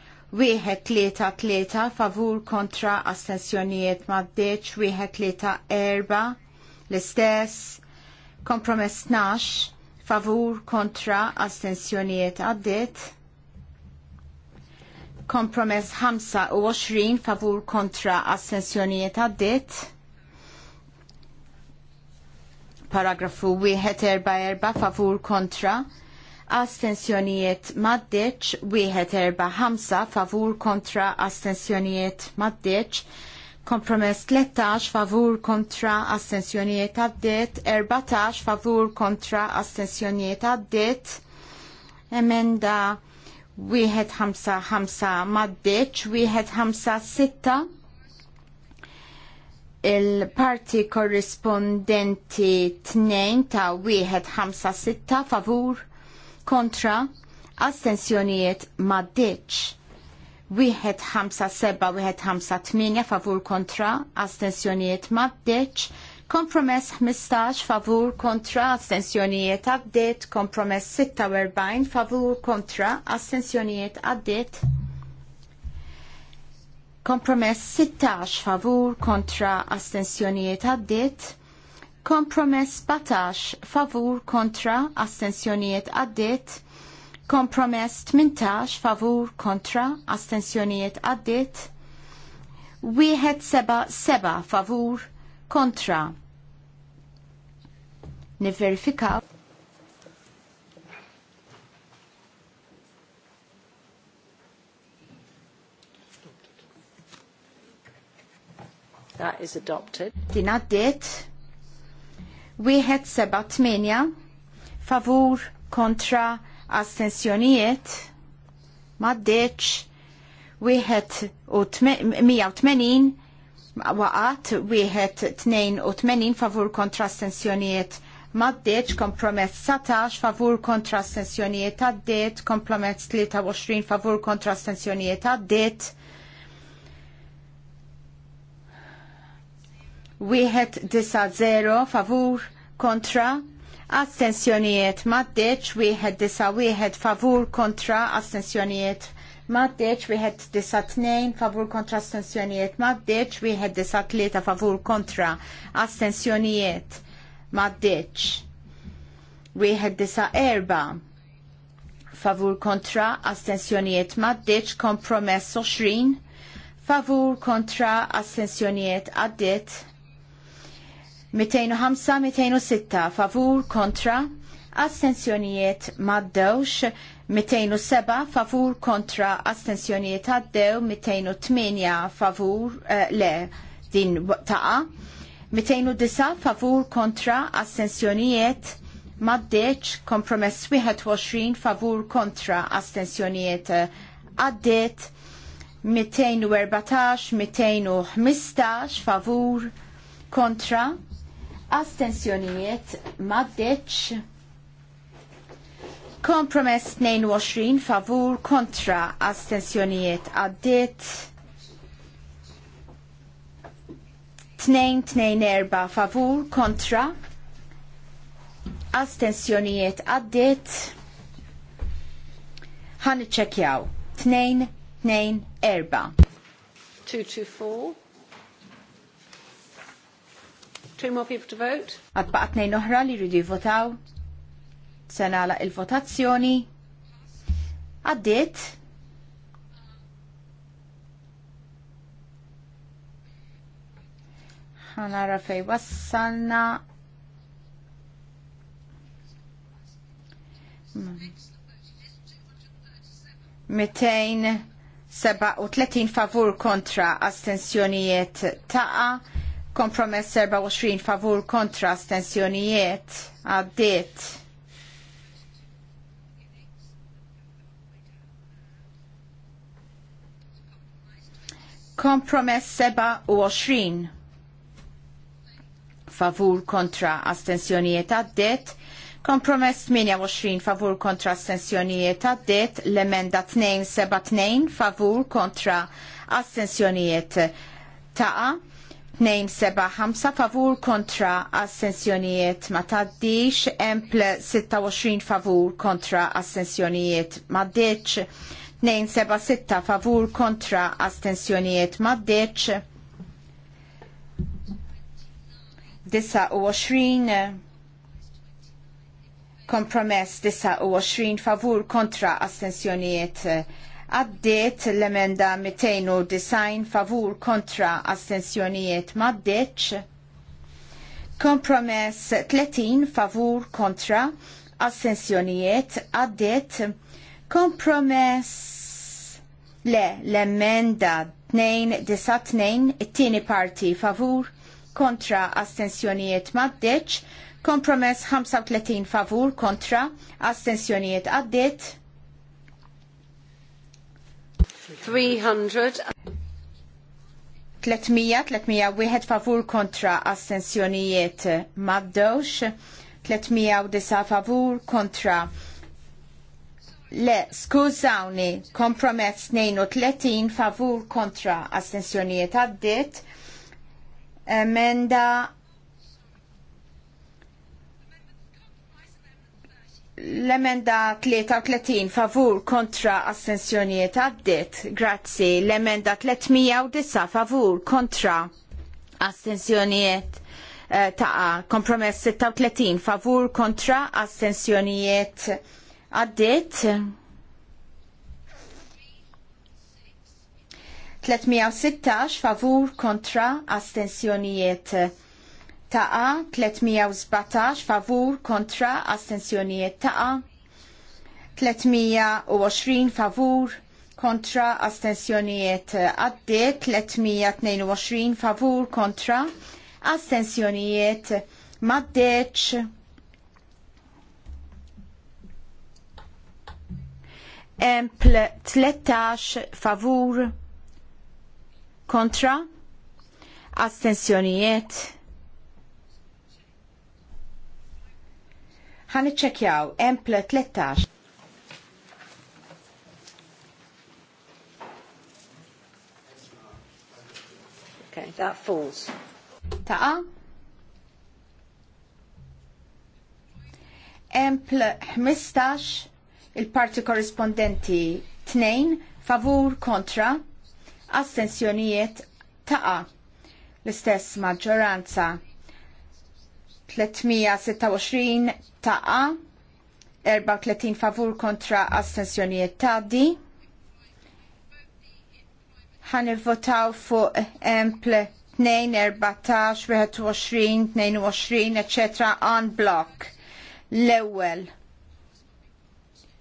wieħed tlieta tlieta favur kontra astensjonijiet maddeċ wieħed tlieta erba' l-istess, kompromess nax, favur kontra astensjonijiet għaddit, kompromess 25 favur kontra astensjonijiet għaddit, paragrafu 144 favur kontra astensjonijiet maddeċ, wieħed erba' ħamsa favur kontra astensjonijiet maddeċ, Kompromess 13 favur kontra astensjonijiet għaddit, 14 favur kontra astensjonijiet għaddit, emenda 155 maddeċ, 156 il-parti korrispondenti 2 ta' 156 favur kontra astensjonijiet maddeċ wieħed ħamsa seba' wieħed ħamsa tminja favur kontra astensjonijiet maddeċ, kompromess 15 favur kontra astensjonijiet għaddiet, kompromess 46 favur kontra astensjonijiet għaddiet. Kompromess 16 favur kontra astensjonijiet għaddiet. Kompromess 17 favur kontra astensjonijiet għaddiet Kompromess tmintax favur kontra astensjonijiet għaddit. Wieħed seba seba favur kontra. Niverifikaw. That is adopted. Din għaddit. Wieħed seba' tmenja, favur kontra astensjonijiet maddeċ 180 waqat 182 favur kontra astensjonijiet maddeċ kompromess 17 favur kontra astensjonijiet għaddiet, kompromess 23 favur kontra astensjonijiet għaddiet. Wieħed disa' zero favur kontra Astensjonijiet maddeċ, wieħed disa wieħed favur kontra astensjonijiet maddeċ, wieħed disa tnejn favur kontra astensjonijiet maddeċ, wieħed disa tlieta favur kontra astensjonijiet maddeċ. Wieħed disa erba favur kontra astensjonijiet maddeċ kompromess 20 favur kontra astensjonijiet għaddit 205-206 favur kontra astensjonijiet maddewx 207 favur kontra astensjonijiet għaddew 208 favur uh, le din taqa 209 favur kontra astensjonijiet maddeċ kompromess 21 favur kontra astensjonijiet eh, għaddet 214-215 favur kontra astensjonijiet maddeċ kompromess 22 favur kontra astensjonijiet għaddit 2-2-4 favur kontra astensjonijiet għaddit ħan iċċekjaw 2-2-4 2-2-4 Two more people to vote. Għadbaqa tnejn oħra li jridu jivvotaw. Se nagħlaq il-votazzjoni. Għaddiet. ħanara fej wassalna. Mitejn seba' u tletin favur kontra astensjonijiet taqa' Kompromess 24 favur kontra stensjonijiet għaddiet. Kompromess 27 favur kontra astensjonijiet għaddiet. Kompromess 28 favur kontra astensjonijiet għaddiet, l-emenda 272 favur kontra astensjonijiet taqa seba' ħamsa favur kontra assenzjonijiet ma taddix, empl 26 favur kontra assenzjonijiet ma deċ, sitta favur kontra assenzjonijiet ma deċ, 29 kompromess 29 favur kontra assenzjonijiet għaddiet l-emenda 290 favur kontra astensjonijiet maddeċ. Kompromess 30 favur kontra astensjonijiet għaddiet. Kompromess le l-emenda 292 it-tieni parti favur kontra astensjonijiet maddeċ. Kompromess 35 favur kontra astensjonijiet għaddiet 300 favur kontra astensjonijiet maddewx, 309 favur kontra Le, skużawni, kompromess 32 favur kontra astensjonijiet għaddit, emenda l-emenda 33 favur kontra assenzjonijiet għaddit. Grazzi. L-emenda 309 favur kontra assenzjonijiet eh, ta' kompromess 36 favur kontra assenzjonijiet għaddit. 316 favur kontra astensjonijiet eh, taqa 317 favur kontra astensjonijiet taqa 320 favur kontra astensjonijiet eh, għaddi 322 favur kontra astensjonijiet maddeċ 13 favur kontra astensjonijiet Ħan iċċekjaw Emple 13. Okay, that falls. Taqa? Empl 15, il-parti korrispondenti 2, favur kontra, astensjonijiet taqa. L-istess maġġoranza 326 taqa 34 favur kontra astensjonijiet tadi ħan votaw fuq emple 2, 14, 21, 22, etc. on block. L-ewel.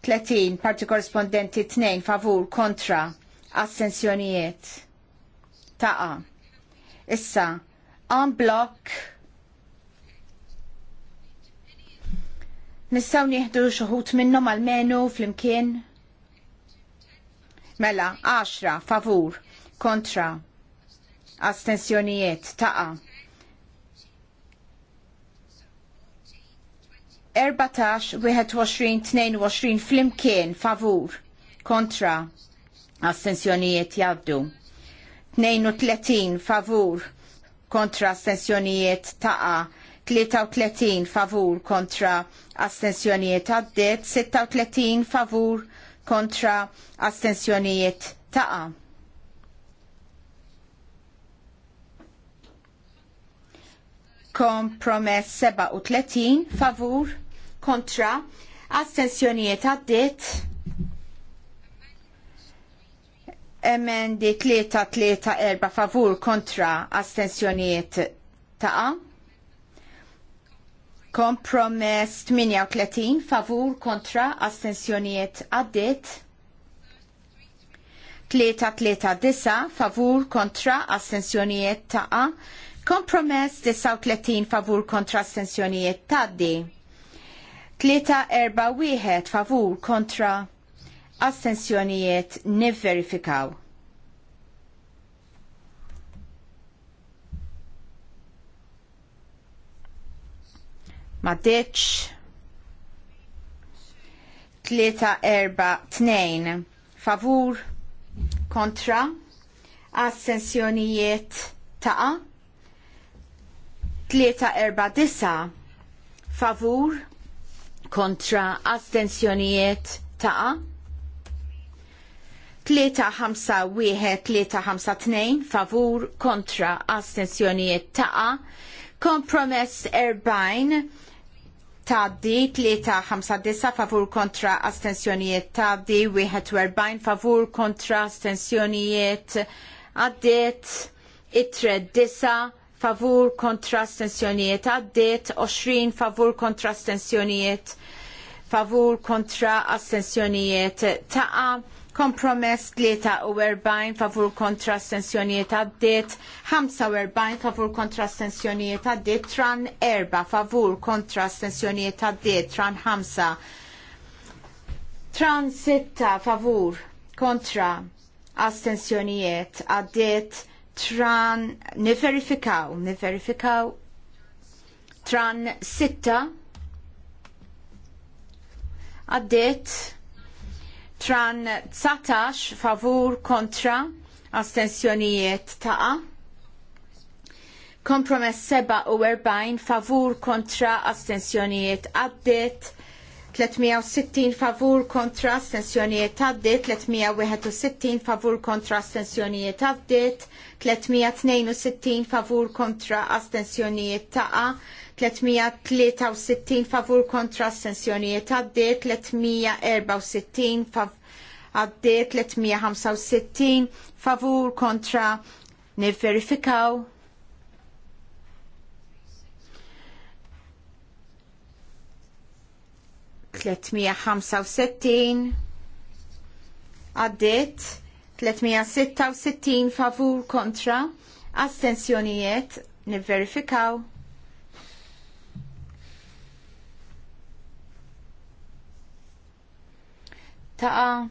30, parti korrispondenti 2, favur, kontra, assenzjonijiet. ta'. Issa, on block Nistaw nieħdu xoħut minnom għal-menu fl-imkien? Mela, 10 favur kontra astensjonijiet taqa. 14-21-22 flimkien favur kontra astensjonijiet jaddu. 32 favur kontra astensjonijiet taqa. 33 favur kontra astensjonijiet għaddit, 36 favur kontra astensjonijiet taqa. Kompromess 37 favur kontra astensjonijiet għaddit. Emendi 3-3-4 favur kontra astensjonijiet taqa. Kompromess 38 favur kontra astensjonijiet għaddit. 339 favur kontra astensjoniet taqa. Kompromess 39 favur kontra astensjonijiet taddi. 341 favur kontra astensjonijiet verifikaw ma deċ. 3-4-2 favur kontra assenzjonijiet taqa 3-4-9 favur kontra assenzjonijiet taqa 3-5-1-3-5-2 favur kontra assenzjonijiet taqa kompromess 40 taddi 3-5-9 favur kontra astensjonijiet taddi 41 favur kontra astensjonijiet għaddit itre 9 favur kontra astensjonijiet għaddit 20 favur kontra astensjonijiet favur kontra astensjonijiet taqa' Kompromess 43 favur kontra astensjonijiet għaddiet, 45 favur kontra astensjonijiet għaddiet, tran 4 favur kontra astensjonijiet għaddiet, tran 5, tran 6 favur kontra astensjonijiet għaddiet, tran niverifikaw, niverifikaw, tran 6 għaddiet, Tran 19 favur kontra astensjonijiet taqa. Kompromess 47 favur kontra astensjonijiet għaddit. 360 favur kontra astensjonijiet għaddit, 361 favur kontra astensjonijiet għaddit, 362 favur kontra astensjonijiet taqa, 363 favur kontra astensjonijiet għaddiet 364 fav għaddiet 365 favur kontra nivverifikaw tletmija għaddiet 366 favur kontra astensjonijiet nivverifikaw taqa.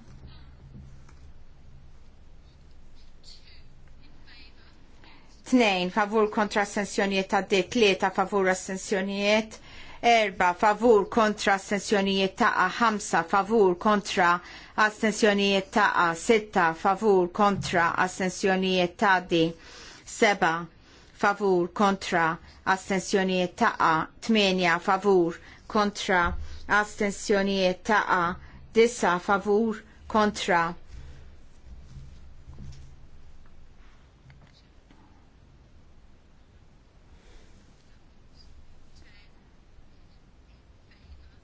Tnejn favur kontra assenzjonijiet għaddit, tlieta favur assenzjonijiet, erba favur kontra assenzjonijiet taqa, ħamsa favur kontra assenzjonijiet taqa, sitta favur kontra assenzjonijiet taqdi, seba favur kontra astensjonijiet taqa, Tmenja favur kontra assenzjonijiet taqa, disa favur kontra.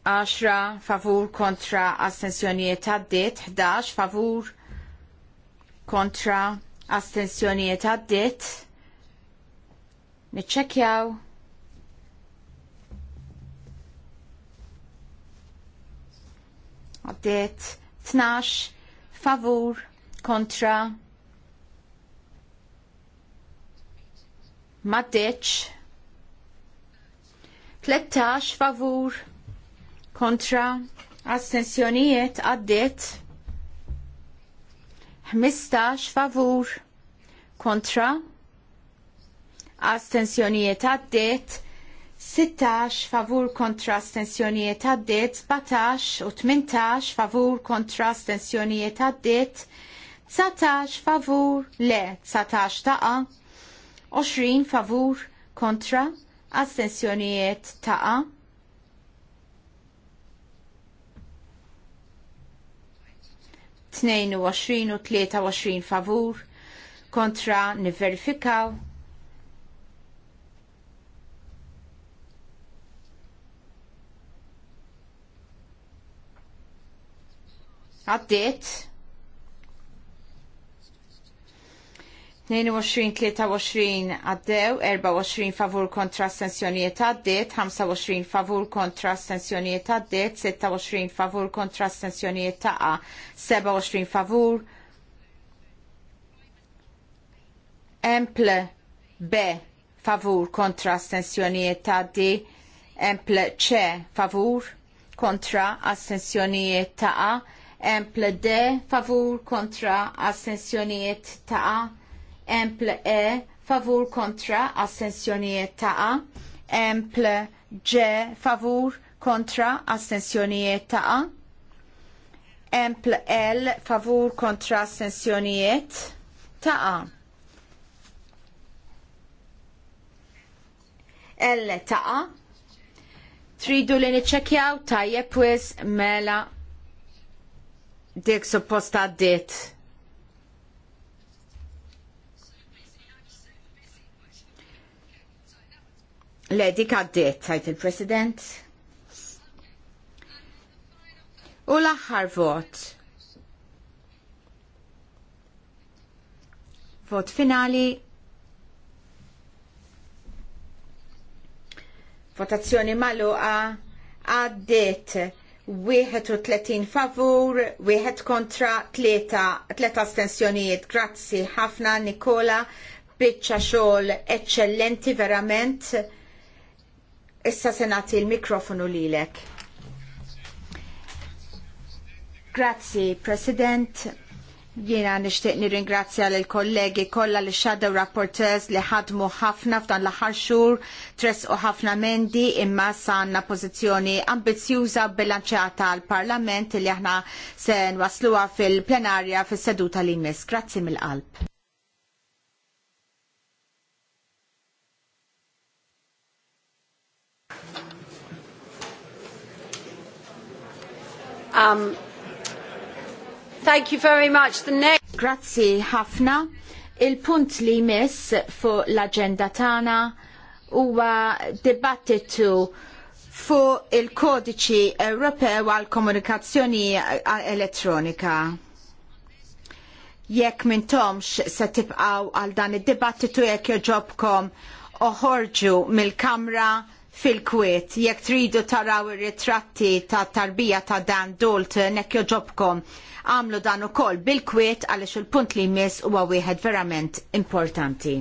Ashra favur kontra astensjonijiet għaddit, 11 favur kontra astensjonijiet għaddit. Niċċekjaw. għaddiet 12 favur kontra maddeċ 13 favur kontra astensjonijiet għaddiet 15 favur kontra astensjonijiet għaddiet 16 favur kontra stensjonijiet għaddit, 17 u 18 favur kontra stensjonijiet għaddit, 19 favur le, 19 taqa, 20 favur kontra astensjonijiet taqa. Tnejn u 23 u 23 favur kontra niverifikaw Għaddit. 22-23 għaddew, 24 favur kontra astensjonijiet għaddit, 25 favur kontra astensjonijiet għaddit, 26 favur kontra astensjonijiet taqa, 27 favur. Emple B favur kontra astensjonijiet għaddi, emple C favur kontra astensjonijiet taqa, Emple De, favur kontra assenzjonijiet taqa. Emple E favur kontra assenzjonijiet taqa. Emple G favur kontra assenzjonijiet taqa. Emple L favur kontra assenzjonijiet taqa. L taqa. Tridu li niċċekjaw tajjeb wis mela dik supposta għaddiet. Le, dik għaddiet, għajt il-President. U l-axħar vot. Vot finali. Votazzjoni maluqa għaddiet. Wieħed u tletin favur, wieħed kontra, tleta, tleta astensjonijiet. Grazzi ħafna Nikola, bicċa xogħol eccellenti verament. Issa se nagħti l mikrofonu lilek. Grazzi, President. Jiena nixtieq nirringrazzja lill kollegi kollha li shadow rapporteurs li ħadmu ħafna f'dan l-aħħar xhur tresqu ħafna mendi imma sanna pożizzjoni ambizzjuża bilanċjata għall parlament li aħna se nwasluha fil-plenarja fis-seduta li jmiss. Grazzi mill-qalb. Um, Thank you very much. The next... Grazzi ħafna. Il-punt li jmiss fuq l-agenda tagħna huwa dibattitu fuq il-kodiċi Ewropew għal komunikazzjoni elettronika. Jekk Tomx se tibqgħu għal dan id-dibattitu jekk joġobkom oħorġu mill-kamra fil-kwiet. Jekk tridu taraw ir-ritratti ta' tarbija ta' Dan Dalton eh, nekk joġobkom għamlu dan ukoll bil-kwiet għaliex il-punt li jmiss huwa wieħed verament importanti.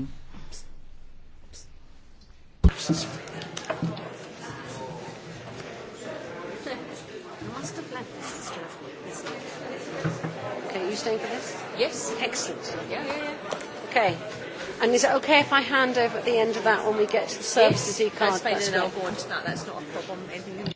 Okay, you staying for this? Yes. Excellent. Yeah, yeah, yeah. Okay. And is it okay if I hand over at the end of that when we get to the services yes, e-card? That's that's I'll go on to that. That's not a problem.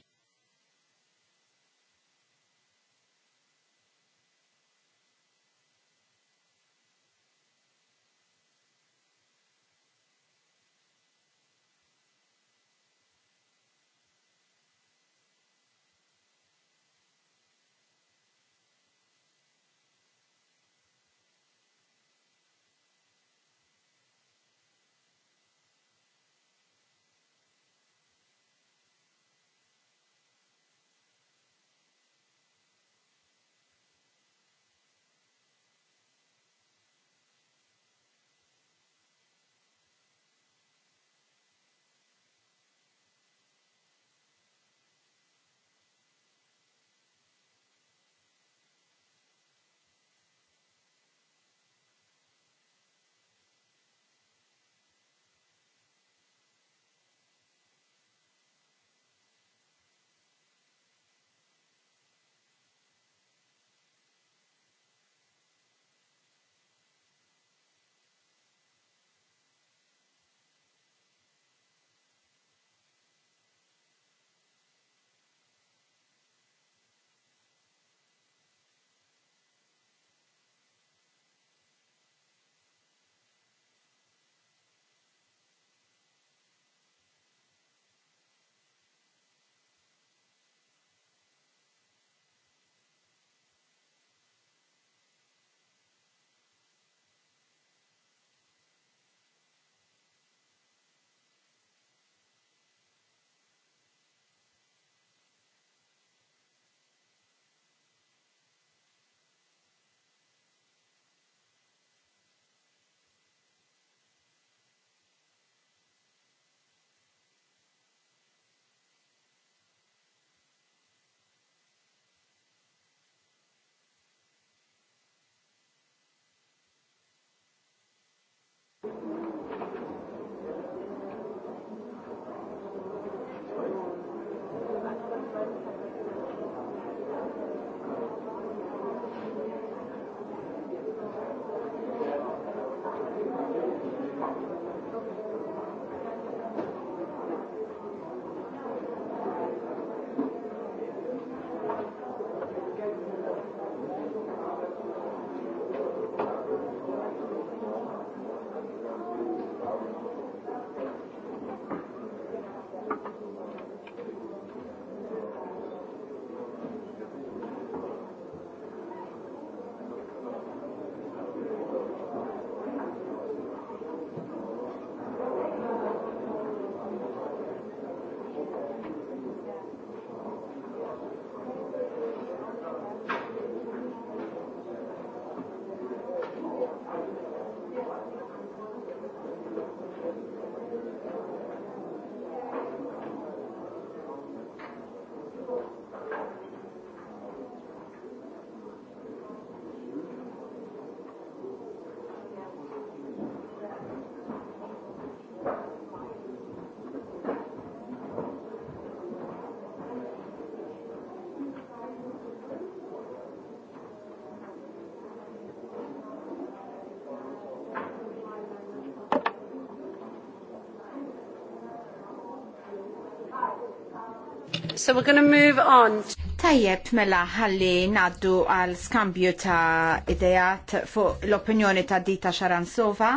so we're going to move on. Tajjeb mela ħalli naddu għal skambju ta' idejat fuq l-opinjoni ta' Dita Sharansova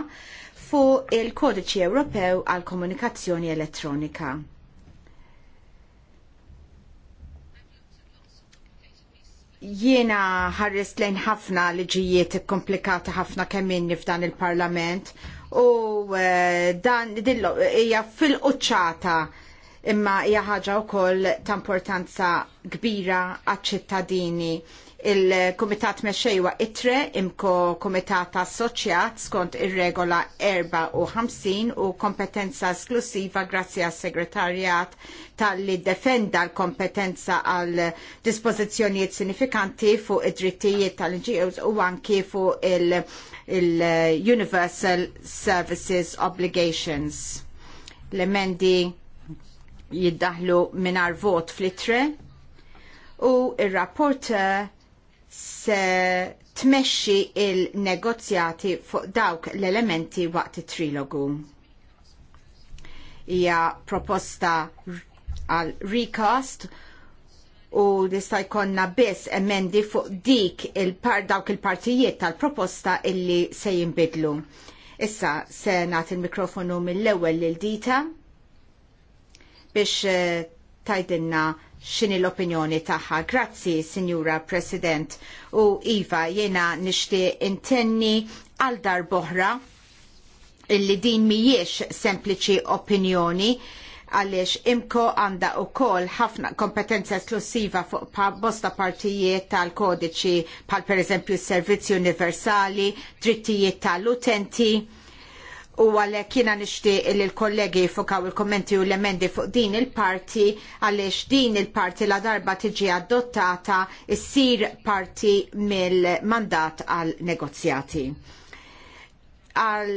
fuq il-Kodiċi Ewropew għal Komunikazzjoni Elettronika. jiena ħarrist lejn ħafna liġijiet komplikati ħafna kemm inni f'dan il-parlament u eh, dan hija fil-quċċata imma hija ħaġa wkoll ta' importanza kbira għaċ-ċittadini. Il-Kumitat Mexxejwa Itre imko Kumitat Assoċjat skont ir-regola 54 u kompetenza esklusiva grazzi għas segretarjat tal-li defenda l-kompetenza għal dispożizzjonijiet sinifikanti fuq id-drittijiet tal-NGOs u anki fuq il-Universal Services Obligations. L-emendi jiddaħlu minar vot fl-itre u il-rapport se tmexxi il-negozjati fuq dawk l-elementi waqt it-trilogu. Hija proposta għal recast u dista jkollna biss emendi fuq dik il-par dawk il-partijiet tal-proposta illi se jinbidlu. Issa se nagħti il-mikrofonu mill-ewwel lil Dita biex eh, tajdinna xini l-opinjoni taħħa. Grazzi, Signora President. U Iva, jena nishti intenni għal dar boħra illi din mijiex sempliċi opinjoni għaliex imko għanda u kol ħafna kompetenza esklusiva fuq pa bosta partijiet tal-kodiċi pal per eżempju servizzi universali, drittijiet tal-utenti u għalhekk kiena nixtieq li l-kollegi fukaw il kummenti u l-emendi fuq din il-parti għaliex din il-parti la darba tiġi adottata ssir parti mill-mandat għal negozjati. Għal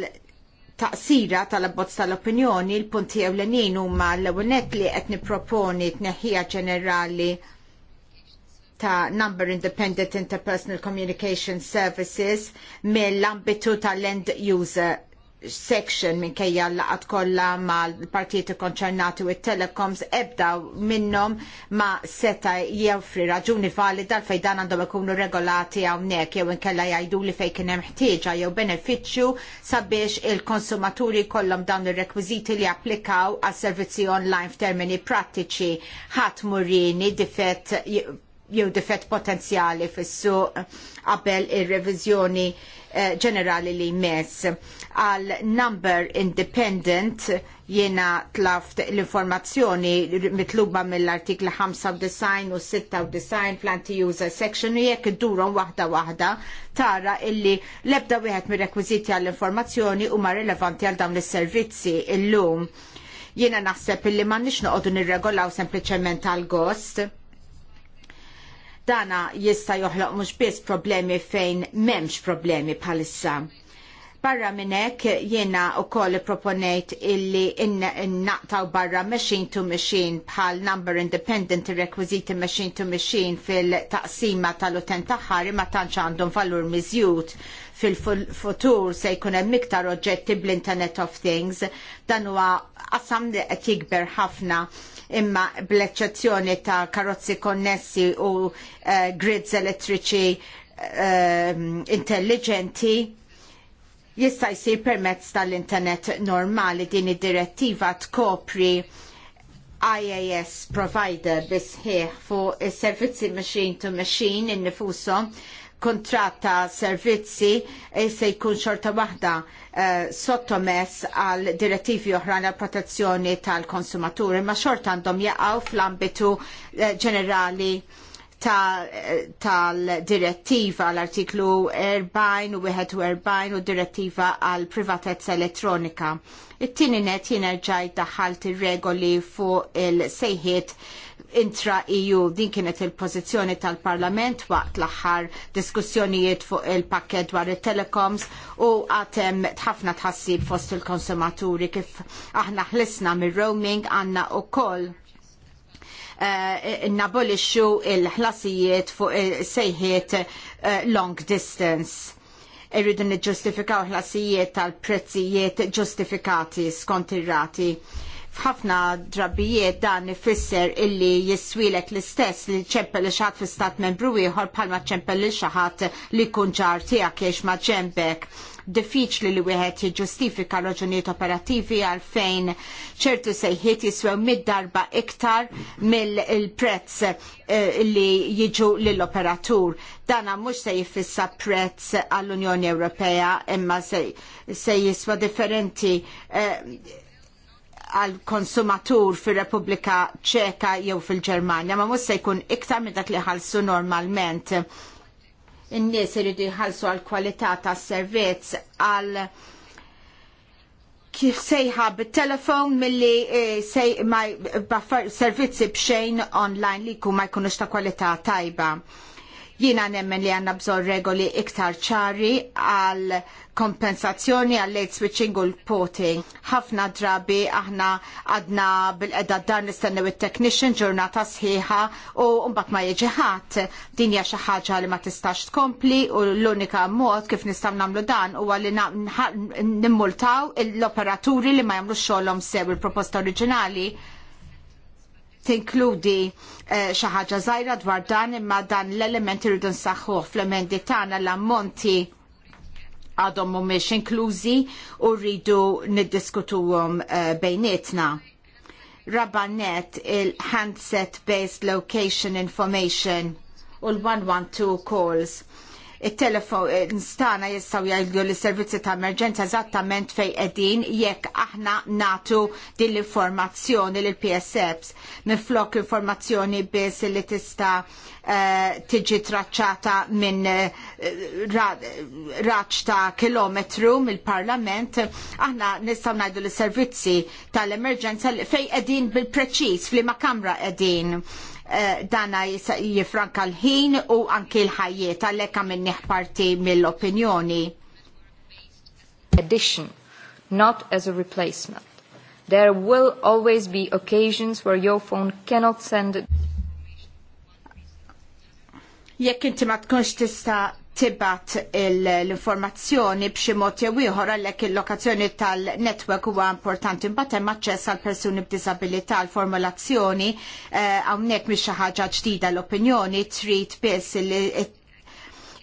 taqsira tal-abbozz tal-opinjoni l-punti u huma l-ewwelnet li qed nipproponi tneħħija ġenerali ta' Number Independent Interpersonal Communication Services mill-ambitu tal-end user section minn kejja laqat kollha mal-partijiet konċernati u t-telecoms ebda minnhom ma seta jeffri raġuni valida fejn dan għandhom ikunu regolati hawnhekk jew inkella jajdu li fejn kien hemm ħtieġa jew benefiċċju sabiex il-konsumaturi kollom dawn ir-rekwiżiti li applikaw għas servizzi online f'termini prattiċi ħadd murini difett jew difett potenzjali fis-suq qabel ir-reviżjoni eh, ġenerali li mess għal number independent jiena tlaft l-informazzjoni mitluba mill-artikli 95 u 96 fl user section u jekk durom waħda waħda tara illi l-ebda wieħed mir-rekwiżiti għall-informazzjoni huma rilevanti għal dawn is-servizzi illum. Jiena naħseb illi m'għandniex noqogħdu nirregolaw sempliċement għal gost dana jista joħloq mhux biss problemi fejn m'hemmx problemi bħalissa. Barra minnek jiena u koll proponejt illi innaqtaw barra machine to machine bħal number independent requisiti machine to machine fil-taqsima tal-utent taħħar imma tantx għandhom valur miżjud fil-futur se jkun hemm iktar oġġetti bl-Internet of Things dan huwa qasam li qed jikber ħafna imma bl-eċċezzjoni ta' karozzi konnessi u uh, grids elettriċi uh, intelligenti jista' jsir permezz tal-internet normali din id-direttiva tkopri IAS provider bisħieħ fuq is-servizzi machine to machine innifushom kontratta servizzi e, se jkun xorta waħda eh, sottomess għal direttivi oħra għal protezzjoni tal-konsumaturi, ma xorta għandhom jaqgħu fl-ambitu e, ġenerali eh, Eh, tal-direttiva l-artiklu 40 u 41 u direttiva għal privatezza elettronika. It-tieni net jenerġaj daħalt ir-regoli fuq il-sejħiet intra EU din kienet il-pożizzjoni tal-Parlament waqt l-aħħar diskussjonijiet fuq il-pakket dwar il-telecoms u għatem ħafna tħassib fost il-konsumaturi kif aħna ħlisna mir-roaming għanna u koll Eh, nabolixxu il-ħlasijiet fuq sejħiet eh, long distance irridu niġġustifikaw ħlasijiet tal-prezzijiet ġustifikati skont ir-rati. F'ħafna drabijiet dan ifisser illi jiswilek l-istess li ċempel li xaħat fi stat membru ieħor bħalma ċempel li xaħat li kun ġar tiegħek jiex ma ġembek diffiċli li wieħed jiġġustifika raġunijiet operattivi għalfejn ċertu sejħiet jiswew mid-darba iktar mill-prezz eh, li jiġu lill-operatur. Dana mhux se jiffissa prezz għall-Unjoni Ewropea imma se jiswa differenti eh, għal konsumatur fir repubblika ċeka jew fil-Ġermanja, ma mhux se jkun iktar minn dak li ħalsu normalment n-nies iridu jħallsu għal kwalità tas-servizz għal kif sejħa bit-telefon milli eh, sej ma servizzi bxejn online li jkun ma jkunux ta' kwalità tajba. Jiena nemmen li għandna bżonn regoli iktar ċari għal kompensazzjoni għal late switching u l-poting. Ħafna drabi aħna għadna bil-qedda dar nistennew it-technician ġurnata sħiħa u mbagħad ma jiġi ħadd. Din hija xi ħaġa li ma tistax tkompli u l-unika mod kif nistgħu nagħmlu dan huwa li nimmultaw l-operaturi li ma jagħmlu xogħolhom sew il-proposta oriġinali tinkludi eh, xi ħaġa żgħira dwar dan imma dan l-element iridu nsaħħuh fl-emendi tagħna l-ammonti għadhom mhumiex inklużi u rridu niddiskutuhom eh, bejnietna. Rabannet il-handset based location information u l-112 calls il-telefon eh, stana jistaw jgħidu li servizzi ta' emerġenza eżattament fej edin jekk aħna natu din l-informazzjoni l psfs minflok informazzjoni biss li tista eh, tiġi traċċata minn eh, raċ ta' kilometru mill-parlament aħna nistaw najdu li servizzi tal-emerġenza fej edin bil-preċis fl-ma kamra edin Eh, dana jifranka l-ħin u anki l-ħajiet għalhekk għamil parti mill-opinjoni. Addition, not as a replacement. There will always be occasions where your phone cannot send jekk inti ma tkunx tista' tibat l-informazzjoni b'xi mod jew ieħor għalhekk il-lokazzjoni tal-netwerk huwa importanti imbagħad hemm aċċess għal persuni b'disabilità l formulazzjoni eh, hawnhekk mhix xi ħaġa ġdida l-opinjoni trid biss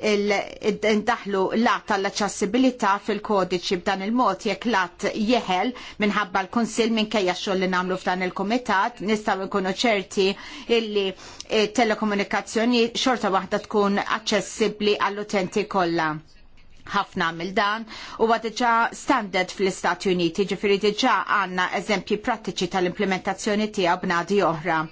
l lat tal-aċċessibilità fil-kodiċi b'dan il-mod jekk lat jeħel minħabba l-Kunsill minkejja xogħol li nagħmlu f'dan il-Kumitat nistgħu nkunu ċerti illi eh, telekomunikazzjoni xorta waħda tkun aċċessibbli għall-utenti kollha ħafna mill dan u diġà standard fl-Istati Uniti ġifiri diġa' għandna eżempji prattiċi tal-implementazzjoni tiegħu b'nadi oħra.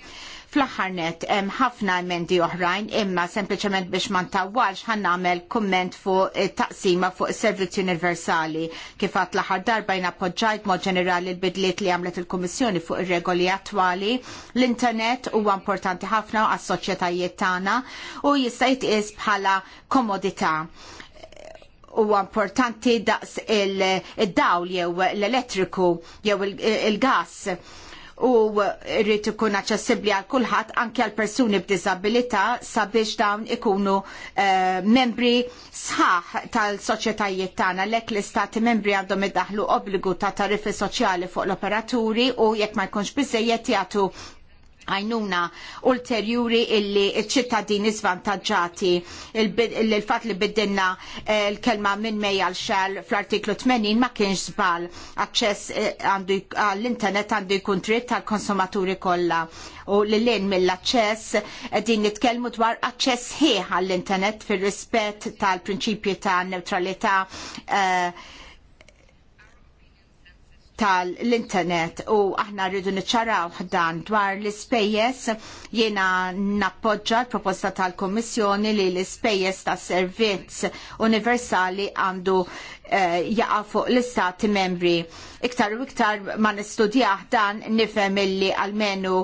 Fl-aħħar net hemm ħafna emendi oħrajn imma sempliċement biex ma ntawwalx ħan nagħmel kumment fuq taqsima fuq is-servizzi universali kif għad l-aħħar darba jien appoġġajt mod ġenerali l-bidliet li għamlet il-Kummissjoni fuq ir-regoli attwali. L-internet huwa importanti ħafna għas-soċjetajiet tagħna u jista' jitqies bħala komodità huwa importanti daqs il-dawl jew l-elettriku jew il-gas. Il u rrit ikun aċċessibbli għal kulħadd anke għal persuni b'diżabilità sabiex dawn ikunu eh, membri sħaħ tal-soċjetajiet tagħna lek l-istati membri għandhom iddaħlu obbligu ta' tariffi soċjali fuq l-operaturi u jekk ma jkunx biżejjed jagħtu għajnuna ulterjuri illi ċittadini svantagġati il-fat li biddinna eh, l-kelma minn mej għal xal fl-artiklu 80 ma kienx zbal access eh, għall-internet għandu jkun dritt tal-konsumaturi kollha u l-lin mill-access din nitkelmu dwar access ħieħ għall-internet fir rispett tal prinċipju ta' neutralità uh, tal-internet u aħna rridu niċċaraw dan dwar l-ispejjeż jiena nappoġġa l-proposta tal kummissjoni li l-ispejjeż ta' servizz universali għandu eh, jaqa' fuq l-istati membri. Iktar u iktar ma nistudjah dan nifhem illi għalmenu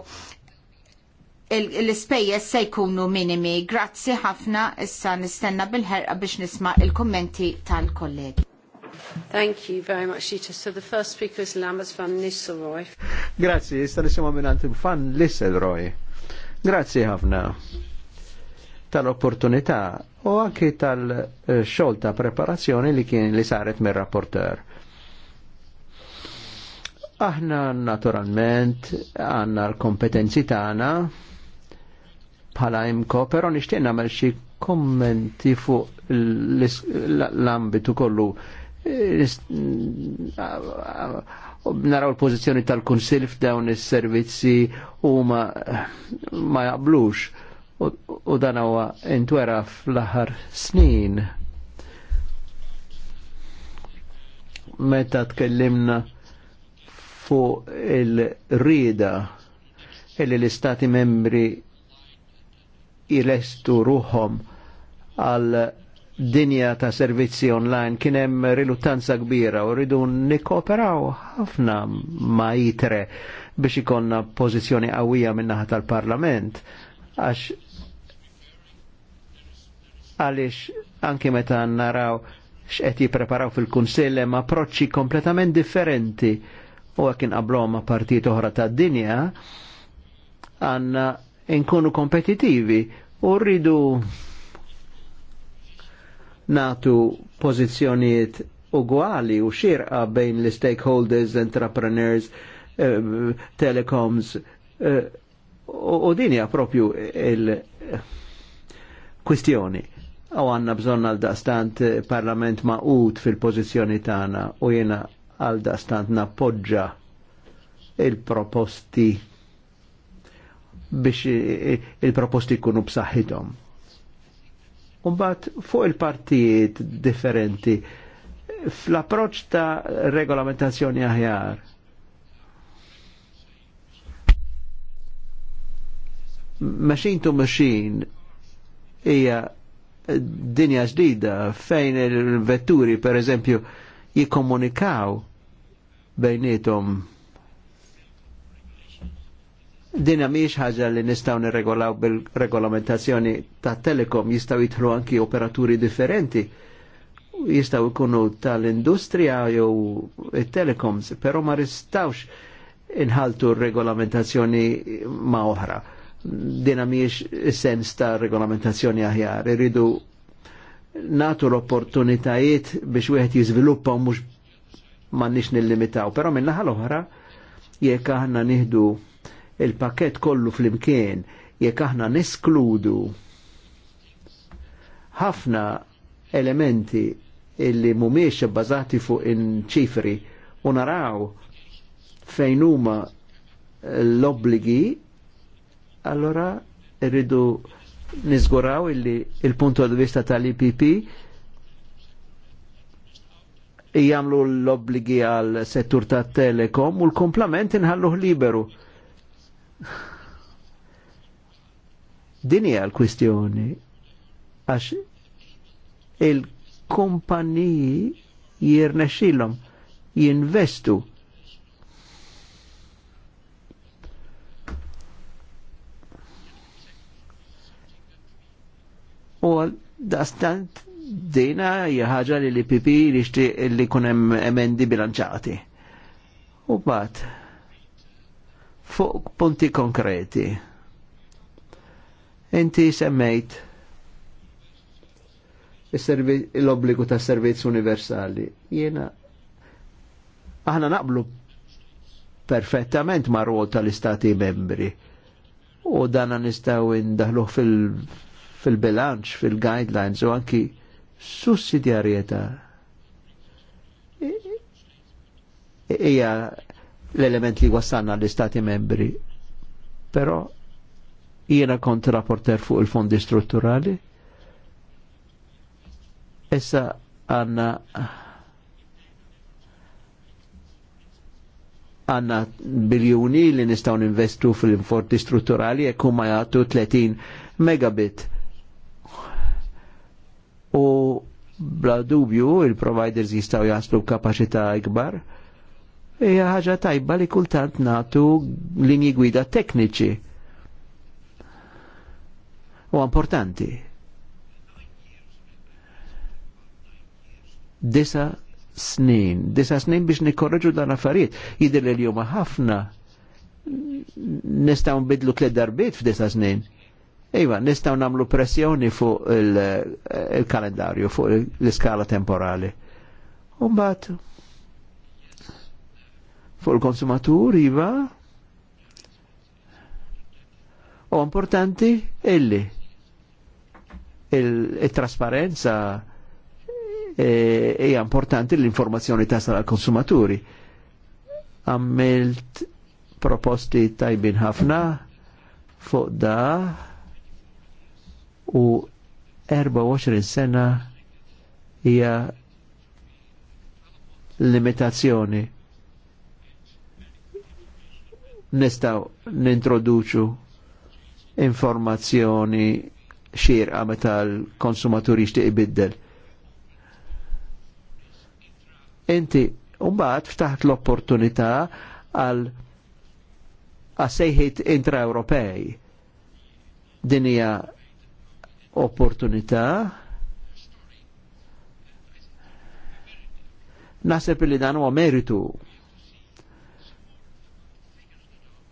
l-ispejjeż se jkunu minimi. Grazzi ħafna issa nistenna bil-ħerqa biex nisma' il-kummenti tal-kollegi. Thank you very much, Sheeta. So the first speaker is Lamas van Nisselrooy. Grazie, jista van Nisselrooy. Grazie ħafna tal-opportunità u anki tal-xol ta' preparazzjoni li kien li saret mir rapporteur Aħna naturalment għanna l-kompetenzi tagħna bħala imko, però nixtieq nagħmel xi kommenti fuq l-ambitu kollu naraw l-pozizjoni tal-Kunsil f'dawn is-servizzi u ma, ma jaqblux u, u dan huwa intwera fl-aħħar snin. Meta tkellimna fuq il-rida illi l-istati membri jilestu ruħom għal dinja ta' servizzi online kien hemm riluttanza kbira u rridu nikkooperaw ħafna ma' itre biex ikonna pożizzjoni qawwija min-naħa tal-Parlament għax għaliex anki meta naraw x'qed jippreparaw fil-Kunsill hemm approċċi kompletament differenti u hekk inqablhom ma' partit oħra tad-dinja għandna nkunu kompetitivi u rridu natu pozizjoniet ugwali u xirqa bejn l-stakeholders, entrepreneurs, eh, telecoms, eh, u dinja hija propju il-kwistjoni. U għanna bżon għal dastant parlament maqut fil-pozizjoni tagħna u jena għal daqstant nappoġġa il-proposti biex il-proposti kunu b'saħħithom. Umbat fuq il-partijiet differenti fl-approċ ta' regolamentazzjoni aħjar. Machine to machine hija dinja ġdida fejn il-vetturi per eżempju jikomunikaw bejnietom Dina miex ħaġa li nistaw nirregolaw bil-regolamentazzjoni ta' telekom jistaw jitħlu anki operaturi differenti jistaw ikunu tal-industrija jew telekoms, pero ma ristawx inħaltu regolamentazzjoni ma oħra. Dina miex sens ta' regolamentazzjoni aħjar, irridu natu l-opportunitajiet biex wieħed jiżviluppa u mhux nix nillimitaw, Pero minnaħal oħra jekk aħna nieħdu il-pakket kollu fl-imkien jekk aħna neskludu ħafna elementi illi mumiex bbażati fuq in-ċifri u naraw fejn huma l-obbligi, allora rridu nizguraw illi il-punto di vista tal-IPP jagħmlu l-obbligi għal settur tat telekom u l-komplament inħalluh liberu Din hija l-kwistjoni għax il-kumpaniji jirnexxilhom jinvestu u dastant dina jħagġa li l-PP li xti li kunem emendi bilanċati. U bat, fuq punti konkreti. Inti semmejt l-obbligu ta' servizz universali. Jena, aħna naqblu perfettament ma' rwol tal-istati membri. U dana nistaw indaħlu fil fil-guidelines u anki sussidjarieta. Ija l-element li wasanna l-istati membri. Però jiena kont rapporter fuq il-fondi strutturali. essa għanna għanna biljoni li nistaw investu fil-forti strutturali e kumma jgħatu 30 megabit. U bla dubju il-providers jistaw jaslu kapacita ikbar hija ħaġa tajba li kultant natu linji gwida tekniċi. U importanti. Disa snin, disa snin biex nikorreġu dan affarijiet, jidir li l-jum ħafna nistaw nbidlu tled darbiet f'disa snin. Iva, nistaw namlu pressjoni fuq il-kalendarju, fuq l-iskala temporali. Umbat, fuq il-konsumatur iva u importanti illi il-trasparenza e importanti l-informazzjoni tasal għal konsumaturi għammilt proposti tajbin ħafna fuq da u 24 sena hija limitazzjoni nistaw nintroduċu informazzjoni xirqa meta l-konsumatur xtiq ibiddel. Inti mbagħad ftaħt l-opportunità għal għasejħit intra Europej. Din hija opportunità Naħseb li dan huwa meritu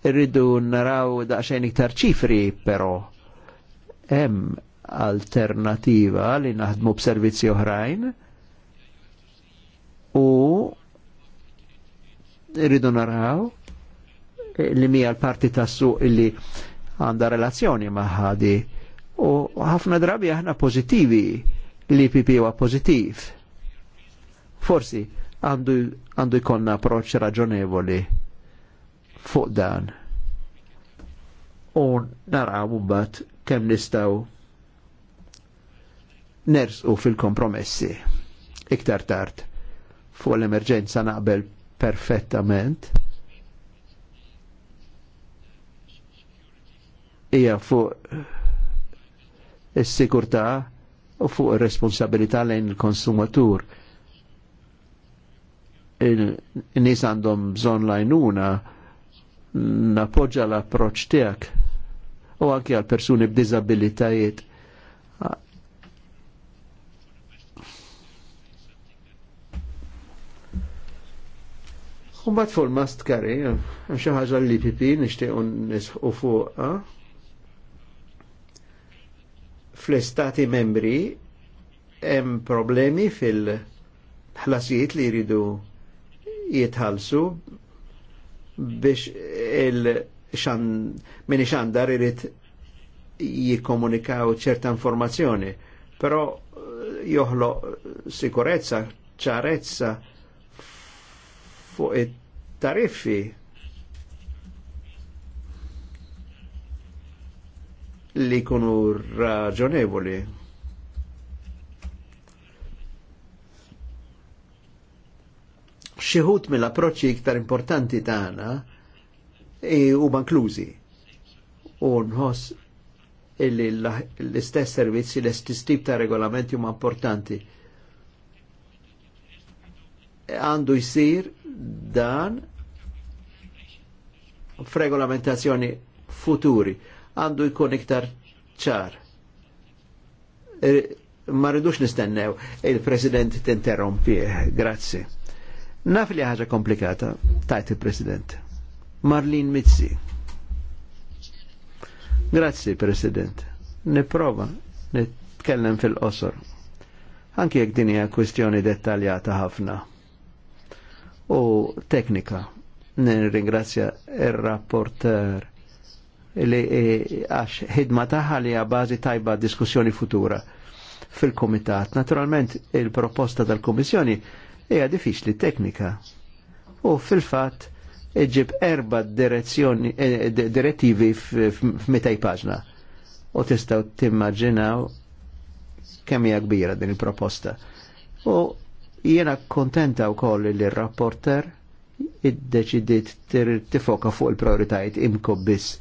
Irridu naraw daqsxejn iktar ċifri però. Hemm alternativa li naħdmu b'servizzi oħrajn u irridu naraw li mija l-parti tassu illi għanda relazzjoni maħħadi u ħafna drabi aħna pozittivi li PP huwa pozittiv. Forsi għandu jkollna approċċ raġonevoli fuq dan. U naraw mbagħad kemm nistgħu nersqu fil-kompromessi iktar tard fuq l-emerġenza naqbel perfettament. Ija fuq is-sikurtà u fuq ir-responsabilità lejn il-konsumatur. In-nies għandhom bżonn lajnuna napoġġa l-approċ tiegħek u anke għal persuni b'diżabilitajiet. Umbat fuq must carry, hemm xi ħaġa li pipi nixtiequ nisħu fuq, Fl-istati membri hemm problemi fil-ħlasijiet li jridu jitħallsu biex il-xan minni xandar irrit jikomunikaw ċerta informazzjoni, pero eh, joħlo sikurezza, ċarezza fuq it-tariffi li kunu raġonevoli. xieħut mill-approċċi iktar importanti tagħna e, u banklużi. U nħoss l-istess servizzi, l-istess tip ta' regolamenti ma' importanti. E, għandu jisir dan f'regolamentazzjoni futuri. Għandu jkun iktar ċar. E, ma rridux nistennew il-President tinterrompi. Grazie. Naf li ħaġa komplikata, tajt il-President. Marlin Mizzi. Grazzi, President. Niprova, nitkellem fil-qosor. Anki jek din hija kwestjoni dettaljata ħafna u teknika. Nirringrazzja il rapporter li e, għax ħidma taħħa li għabazi tajba diskussjoni futura fil-komitat. Naturalment, il-proposta tal-komissjoni hija diffiċli teknika. U fil-fatt iġib erba direzzjoni e, direttivi f'mitaj paġna. U tistgħu timmaġinaw kemm hija kbira din il-proposta. U jiena kontenta wkoll li r-rapporter iddeċidiet tifoka fuq il-prioritajiet imkob biss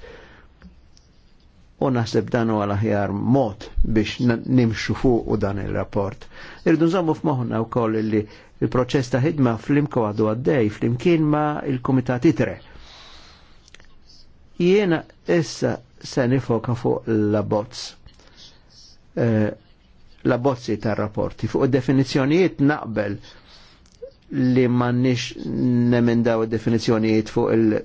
u naħseb dan u għal-aħjar mod biex nimxu fuq u dan il-rapport. Irridu nżommu f'moħna u koll li il-proċess ta' ħidma fl-imko għaddu għaddej fl-imkien ma' il-komitat itre. Jiena issa se nifoka fuq l bozz. Eh, l abbozzi ta' tar rapporti fuq definizjonijiet naqbel li mannix nemendaw definizjonijiet fuq il-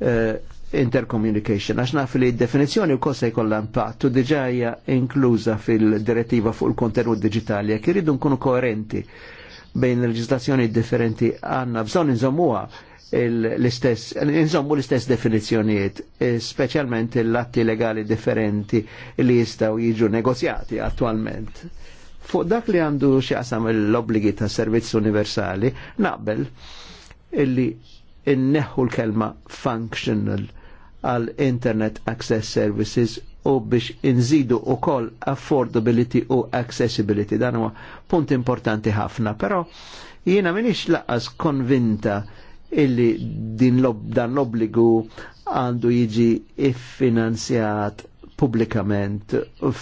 eh, intercommunication, għax naf li definizjoni u kosa jkollha impatt u diġajja inkluża fil-direttiva fuq il-kontenut digitali, jekk iridu nkunu koerenti bejn leġislazzjoni differenti għandna bżonn inżommuha l-istess, inżommu l-istess definizjonijiet, e specialment l-atti legali differenti li jistaw jiġu negozjati attualment. Fuq dak li għandu xjaqsam l-obligi ta' servizz universali, naqbel illi inneħu l-kelma functional għal Internet Access Services u biex inżidu u koll affordability u accessibility. Dan huwa punt importanti ħafna, però jiena minix laqas konvinta illi din lob, dan l-obbligu għandu jiġi iffinanzjat publikament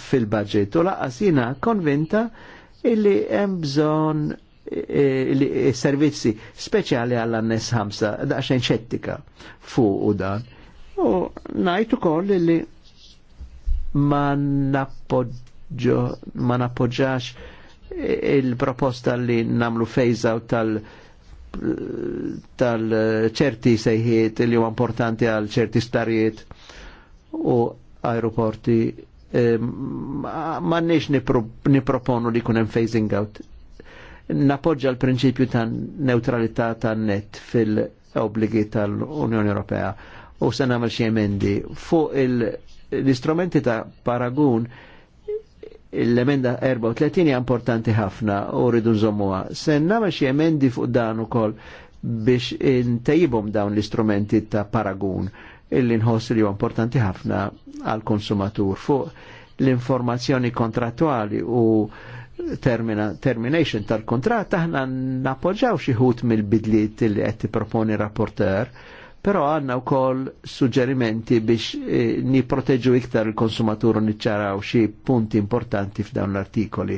fil-budget u laqas jiena konvinta illi hemm bżonn e, e, servizzi speċjali għall annes ħamsa daqsxejn xettika fuq u dan. U najtu kol li ma nappoġġo, ma nappoġġax il-proposta li namlu phase out tal- tal-ċerti sejħiet li huwa importanti għal ċerti starijiet u aeroporti ehm, ma nix niproponu li kunem phasing out. Napoġġa l-prinċipju ta' neutralità ta' net fil-obligi tal-Unjoni Ewropea u se nagħmel xi emendi. Fuq l-istrumenti ta' paragun l-emenda 34 hija importanti ħafna u rridu nżommuha. Se nagħmel xi emendi fuq dan ukoll biex intejibhom dawn l-istrumenti ta' paragun illi nħoss li importanti ħafna għal konsumatur fuq l-informazzjoni kontrattuali u termina, termination tal-kontrat aħna nappoġġaw xi ħut mill-bidliet li qed tipproponi rapporter Però għanna u kol suġġerimenti biex eh, niproteġu iktar il-konsumatur u niċċaraw xie punti importanti f'dawn l-artikoli.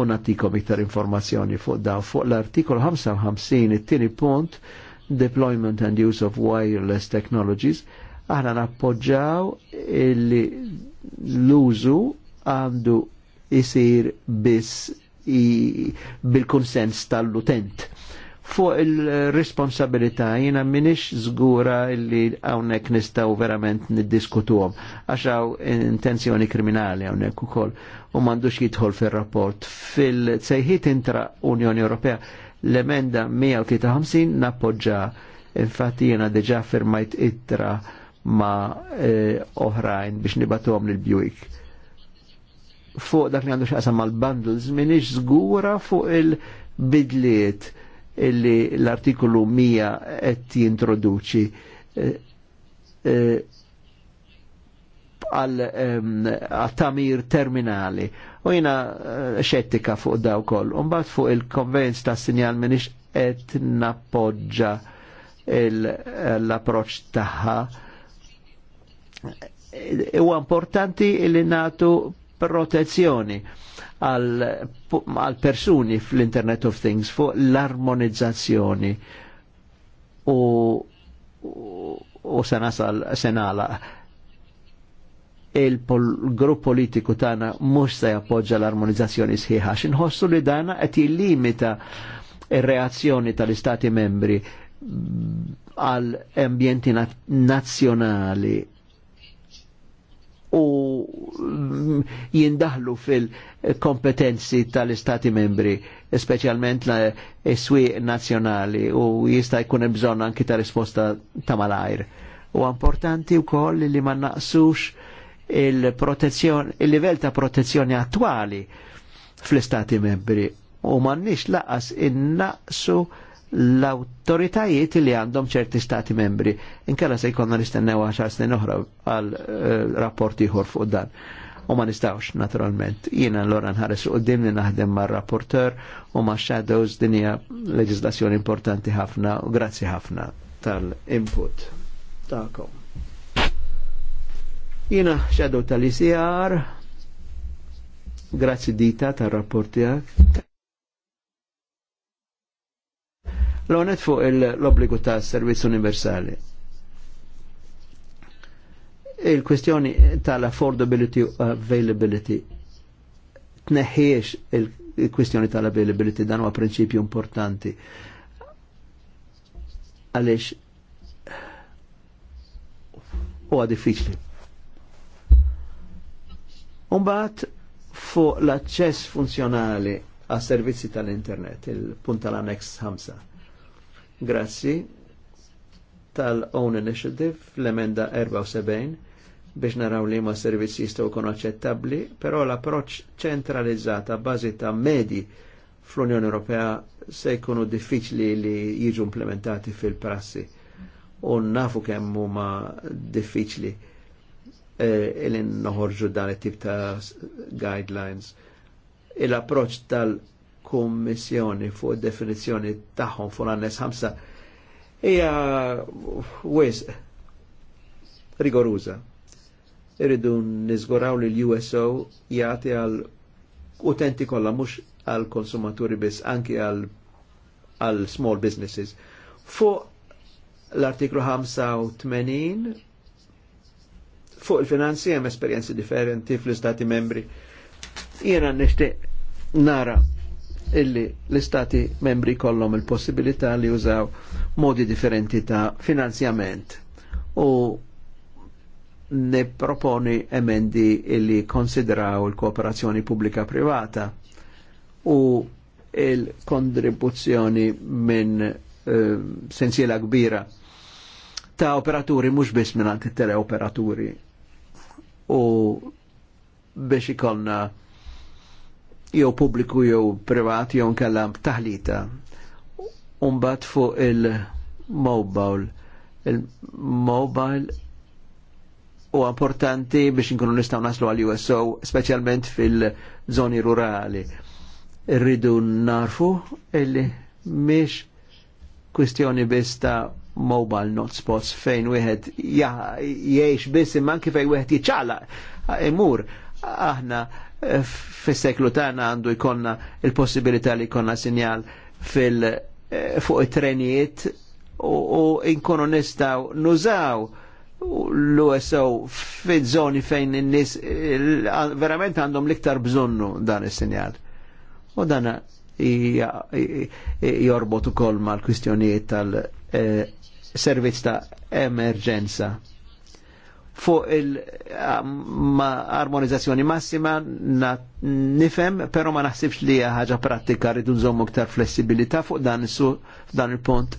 Un natikom iktar informazzjoni fuq dawn. Fuq l-artikol 55, it-tieni punt, Deployment and Use of Wireless Technologies, aħna nappoġġaw illi l-użu għandu isir bis bil-konsens tal-utent fuq il-responsabilità jina minix zgura li għawnek nistaw verament niddiskutuhom għaxaw intenzjoni kriminali għawnek u koll u mandux jidħol fil-rapport fil-sejħit intra Unjoni Ewropea l-emenda 153 nappoġġa infatti jena deġa firmajt ittra ma eh, oħrajn biex għom l bjuik fuq dak li għandu xaqsam mal-bundles minix zgura fuq il-bidliet illi l-artikolu 100 qed jintroduċi eh, eh, għal tamir terminali. U jina eh, xettika fuq daw kol. Umbat fuq il-konvenz ta' sinjal minix et nappoġġa l-approċ taħħa. u importanti li natu protezzjoni għal persuni fl-Internet of Things fuq l-armonizzazzjoni u u senasal senala il-grupp politiku tana mux se jappoġġa l-armonizzazzjoni sħiħa xinħossu li dana qed jillimita ir-reazzjoni tal-istati membri għal ambjenti nazzjonali u mm, jindahlu fil-kompetenzi tal-istati membri, specialment la e swi nazjonali u jista' jkun bżonn anki ta' risposta ta' malajr. U importanti wkoll li ma naqsux il-protezzjoni, il-livell ta' protezzjoni attwali fl-istati membri u ma nix laqas in naqsu l-autoritajiet li għandhom ċerti stati membri. Inkella se jkonna nistennew 10 snin oħra għal eh, rapport ieħor fuq dan. U ma nistawx, naturalment. l allora nħares u qoddim li naħdem ma' rapporteur u ma' shadows dinja leġislazzjoni importanti ħafna u grazzi ħafna tal-input ta'kom. Jina shadow tal-ICR, grazzi dita tal-rapport tiegħek. L-onet fuq l-obbligu ta' servizz universali. Il-kwestjoni tal-affordability u availability tneħiex il-kwestjoni tal-availability dan huwa prinċipju importanti. Għalix huwa diffiċli. Umbat fuq l-aċċess funzjonali għas servizzi tal-internet, il punta l annex 5. Grazzi tal-Own Initiative l emenda 74 biex naraw li ma servizzi jistgħu jkunu aċċettabbli, però l-approċċ ċentralizzata bażi ta' medi fl-Unjoni Ewropea se jkunu diffiċli li jiġu implementati fil-prassi. U nafu kemm huma diffiċli eh, li noħorġu dan it-tip ta' guidelines. Il-approċċ tal- kummissjoni fuq definizzjoni tagħhom fuq annes 5 hija wes rigoruża. Irridu niżguraw li l-USO jagħti għal utenti kollha mhux għal konsumaturi biss anki għal għal small businesses. Fuq l-artiklu 85 fuq il-finanzi hemm esperjenzi differenti fl-istati membri. Jiena nixtieq nara illi l-istati membri kollom il-possibilità li jużaw modi differenti ta' finanzjament u ne proponi emendi illi konsideraw il-kooperazzjoni pubblika privata u il-kontribuzzjoni minn uh, sensiela kbira ta' operaturi mhux biss minn anti teleoperaturi u biex ikolna jew publiku jew privat jew nkella taħlita. Umbat fuq il-mobile. Il-mobile u importanti biex nkunu nistgħu naslu għal USO, speċjalment fil-żoni rurali. Rridu narfu illi miex kwistjoni biss ta' mobile not spots fejn wieħed jgħix biss imma anke fejn wieħed jiċċala imur aħna fis-seklu tagħna għandu jkollna il-possibilità li jkollna sinjal fil eh, fuq it-trenijiet u nkunu nistgħu nużaw l-USO fil-żoni fejn in-nies eh, verament għandhom l-iktar bżonnu dan is-sinjal. U dan eh, jorbot ukoll mal-kwistjonijiet tal-servizz ta' emerġenza fuq il-armonizzazzjoni ah, massima nifem, pero ma naħsibx li ħaġa pratika rridu nżommu ktar flessibilità fuq dan is dan il-punt.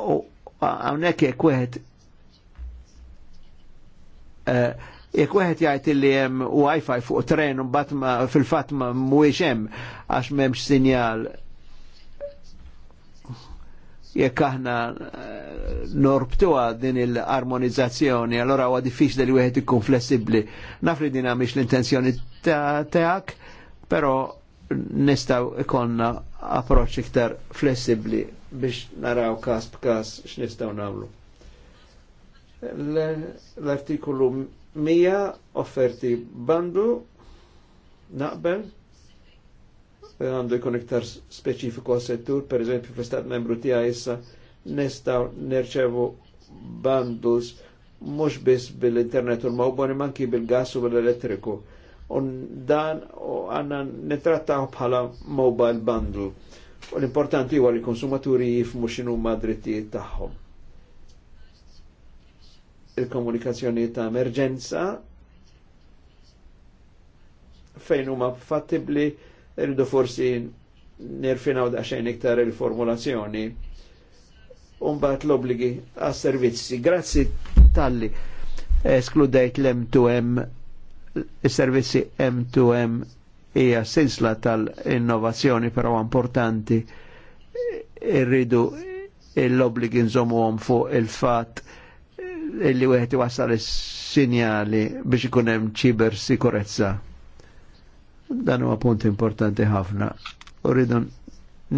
U għawnek ah, jek jekk wieħed jgħid li hemm wifi fuq tren u mbagħad fil-fatt mwiex hemm għax m'hemmx sinjal jekk aħna eh, norbtuha din il-armonizzazzjoni, allora huwa diffiċli li wieħed ikun flessibbli. Naf li din għamix l-intenzjoni tiegħek, però nistgħu ikonna approċċ iktar flessibbli biex naraw każ b'każ x'nistgħu nagħmlu. L-artikolu Mija offerti bandu naqbel eh, għandu jkun iktar speċifiku għas-settur, per eżempju fl membru tija issa nistaw nerċevu bandus mux biss bil-internet u l-mawboni manki bil-gas u bil-elettriku. Un dan u għanna nitrattaw bħala mobile bundle. U l-importanti huwa li konsumaturi jifmu xinu ma drittijiet tagħhom il-komunikazzjoni ta' emerġenza fejn huma fattibli rridu forsi nirfinaw daqsxejn iktar il-formulazzjoni umbat l-obligi għas servizzi Grazzi talli eskludejt l-M2M il-servizzi M2M hija sinsla tal-innovazzjoni però importanti irridu l-obligi nżomu fuq il-fat il fat illi wieħed iwassal is-sinjali biex ikun hemm ċiber sikurezza. Dan huwa punt importanti ħafna. Uridu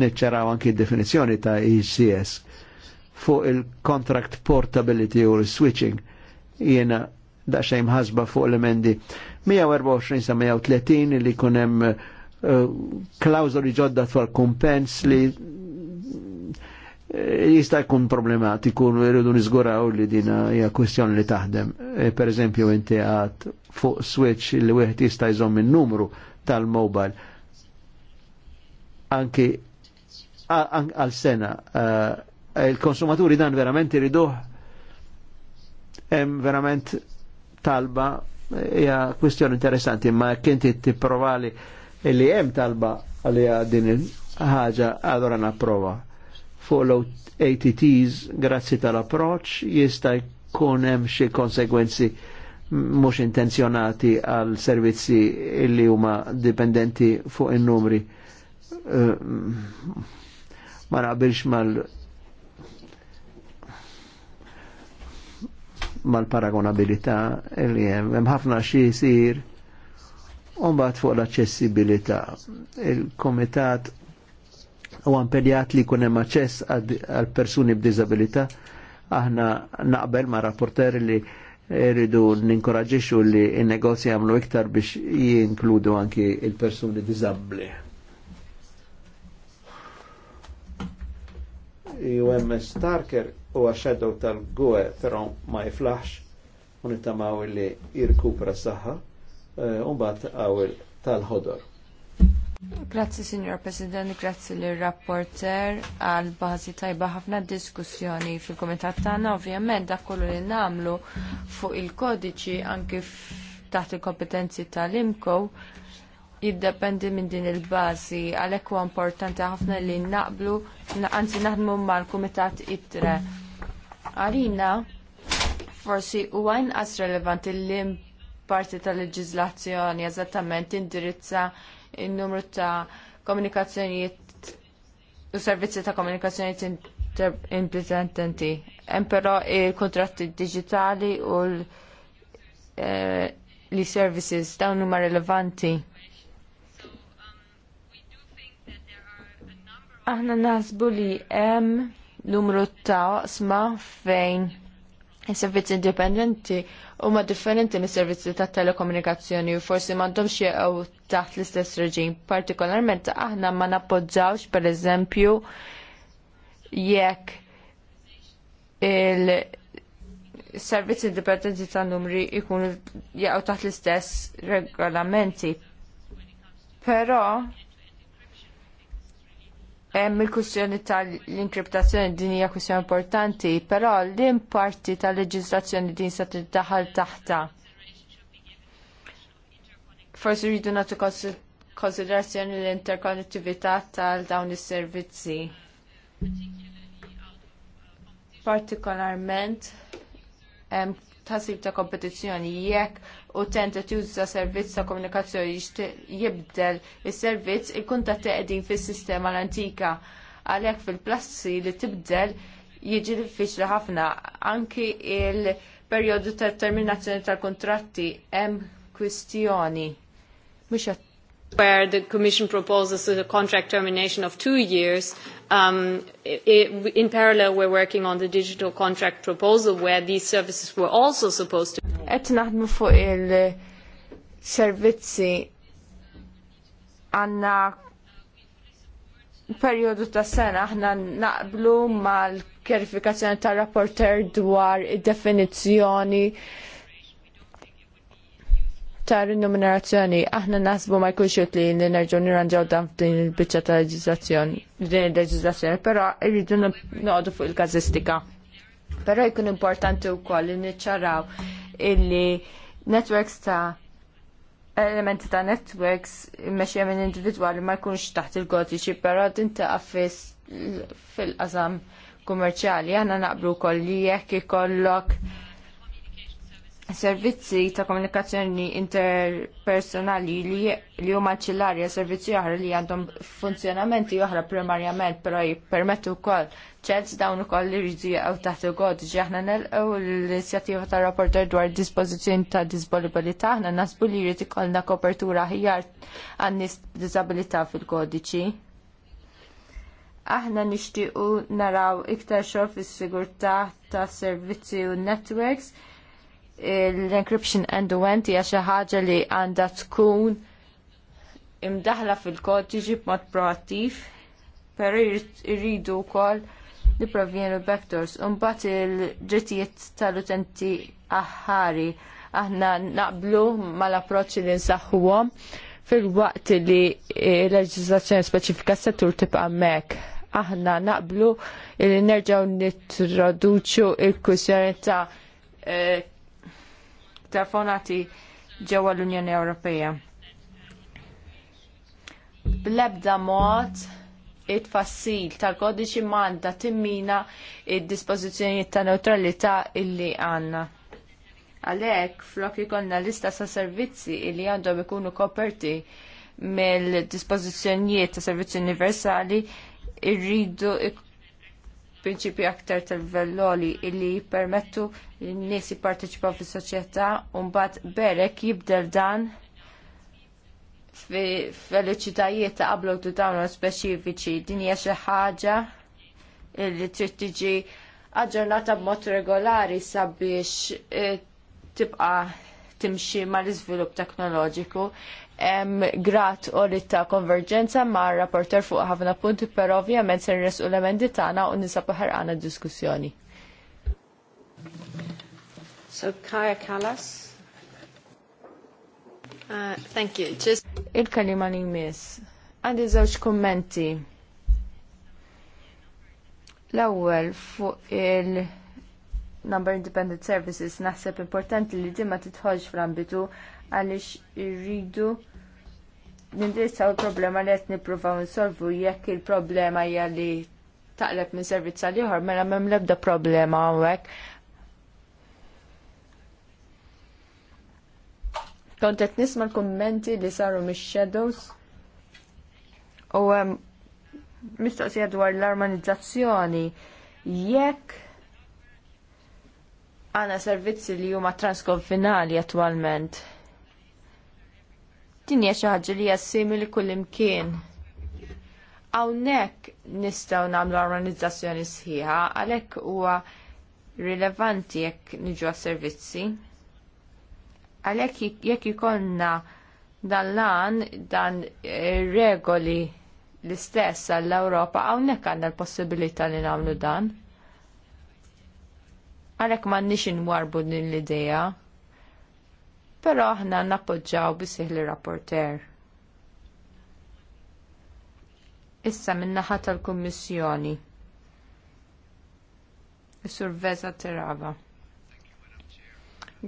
niċċaraw anki definizjoni ta' ECS. fuq il-contract portability u switching jiena daċċajn ħasba fuq l-emendi 124 sa 130 li kunem eh, klawżoli ġodda tal kumpens li Eh, jista' jkun problematiku rridu niżguraw li din hija kwestjoni li taħdem. Eh, per eżempju inti għad fuq switch li wieħed jista' jżomm in-numru tal-mobile. Anki għal sena eh, il-konsumaturi dan verament iriduh hemm verament talba hija kwestjoni interessanti ma inti tipprovali li hemm talba għalija din il-ħaġa allora napprova follow ATTs grazzi tal-approċ jista' jkun hemm xi konsegwenzi mhux intenzjonati għal servizzi illi huma dipendenti fuq in-numri. Eh, ma naqbilx mal mal-paragonabilità illi hemm ħafna xi jsir mbagħad fuq l-accessibilità. Il-Komitat u għampeljat li kunem aċċess għal persuni b'dizabilita, Aħna naqbel ma' rapporter li rridu ninkoraġiċu li il negozji għamlu iktar biex jinkludu anki il-persuni diżabbli. UMS Starker u għaxedow tal-gwe pero ma jiflax unitamaw li jirkupra saħħa eh, un bat għawil tal-ħodor. Grazzi, Signor President, grazzi l-rapporter għal bazi tajba ħafna diskussjoni fil-komitat tagħna. Ovvjament da kollu li nagħmlu fuq il-kodiċi anke taħt il-kompetenzi tal imko jiddependi minn din il-bażi għalhekk huwa importanti ħafna li naqblu anzi naħdmu mal-kumitat ittre. Għalina forsi huwa inqas relevanti l-parti tal leġizlazzjoni eżattament indirizza il-numru ta' komunikazzjonijiet u servizzi ta' komunikazzjonijiet implementanti. Hemm però il-kontratti digitali u eh, li services dawn huma rilevanti. Aħna nasbu li hemm numru ta' sma fejn Is-servizzi indipendenti huma differenti mis servizzi tat telekomunikazzjoni u forsi m'għandhomx jeqgħu taħt l-istess reġim. Partikolarment aħna ma nappoġġawx pereżempju jekk il-servizzi indipendenti tan numri jkunu jaqgħu taħt l-istess regolamenti. Però Hemm il-kwistjoni tal-inkriptazzjoni din hija kwistjoni importanti, però l-im parti tal-leġiżlazzjoni din se tiddaħħal taħta. Forsi rridu nagħtu konsiderazzjoni l-interkonnettività tal dawn is-servizzi. Partikolarment hemm tasib ta' kompetizzjoni jekk utent qed juża servizz ta' komunikazzjoni jibdel is-servizz, ikun ta' qegħdin fis-sistema l-antika għalhekk fil-plassi li tibdel jiġi diffiċli ħafna. Anki il-perjodu ta' terminazzjoni tal-kontratti hemm kwistjoni. where the Commission proposes a contract termination of two years. Um, it, it, in parallel, we're working on the digital contract proposal where these services were also supposed to Qed naħdmu fuq il-servizzi għandna periodu ta' sena aħna naqblu mal-kjerifikazzjoni tar rapporter dwar id-definizzjoni ta' rinnumerazzjoni. Aħna nasbu ma' jkunx jutli li nerġgħu nirranġaw dan f'din il-bicċa ta' leġizlazzjoni, din il-leġizlazzjoni, però irridu noqogħdu fuq il-kazistika. Però jkun importanti wkoll li niċċaraw illi networks ta' elementi ta' networks meċi minn individwali ma jkunx taħt il-gotiċi, però dinta għaffis fil-qasam kummerċjali, għanna naqbru koll li jekk ikollok servizzi ta' komunikazzjoni interpersonali li huma ċillarja servizzi oħra li għandhom funzjonamenti oħra primarjament però jippermettu wkoll ċelz dawn ukoll li jridu jaqgħu taħt il ġi aħna nelqgħu l-inizjattiva tar rapporter dwar dispożizzjoni ta' disponibilità aħna nasbu li jrid ikollna kopertura ħjar għan-nies b'diżabilità fil-kodiċi. Aħna nixtiequ naraw iktar xogħol fis-sigurtà tas servizzi u networks. networks l-encryption end-to-end hija xi ħaġa li għandha tkun imdaħla fil-kodiġi b'mod proattiv, però jridu wkoll li vectors. backdoors. Imbagħad il-drittijiet tal-utenti aħħari aħna naqblu mal-approċċ li nsaħħuhom fil-waqt li l-leġiżlazzjoni speċifika settur tibqa' hemmhekk. Aħna naqblu li nerġgħu nittroduċu il-kwissjoni ta' eh, telefonati ġewwa l-Unjoni Ewropea. Bl-ebda mod it-fassil tal-kodiċi manda timmina id-dispożizzjonijiet ta' neutralità illi għandna. Għalhekk flok ikollna lista sa' servizzi illi għandhom ikunu koperti mill-dispożizzjonijiet ta' servizzi universali irridu prinċipi aktar tal-velloli illi jippermettu n-nies jipparteċipaw fis-soċjetà u mbagħad berek jibdel dan fi feliċitajiet ta' qablu tu dawn speċifiċi din hija xi ħaġa li trid tiġi aġġornata b'mod regolari sabiex eh, tibqa' timxi mal-iżvilupp teknoloġiku hemm grat orit ta' konverġenza ma' rapporter fuq ħafna punti, però ovvjament se nresqu l-emendi tagħna u nisab ħarqana diskussjoni. So Kaja Kallas. Uh, thank you. Just... Il-kalima li jmiss. Għandi żewġ kummenti. L-ewwel fuq il- Number Independent Services naħseb importanti li dimma ma titħolx fl-ambitu għaliex irridu nindirizzaw il-problema li qed nippruvaw nsolvu jekk il-problema hija li taqleb minn servizz għal ieħor mela m'hemm l-ebda problema hawnhekk. Kont qed nisma' l-kummenti li saru mix-shadows u mistoqsi ehm, mistoqsija dwar l-armonizzazzjoni jekk għana servizzi li huma transkonfinali attwalment Din hija xi ħaġa li hija simili kull imkien. Hawnhekk nistgħu nagħmlu armonizzazzjoni sħiħa għalhekk huwa rilevanti jekk niġu għas-servizzi. Għalhekk jekk ikollna dan lan dan eh, regoli l-istess għall-Ewropa hawnhekk għandna l-possibilità li nagħmlu dan. Għalhekk m'għandniex inwarbu din l-idea pero aħna nappoġġaw bisih li rapporter. Issa min-naħa tal-Kummissjoni. Is-Sur Veza Terava.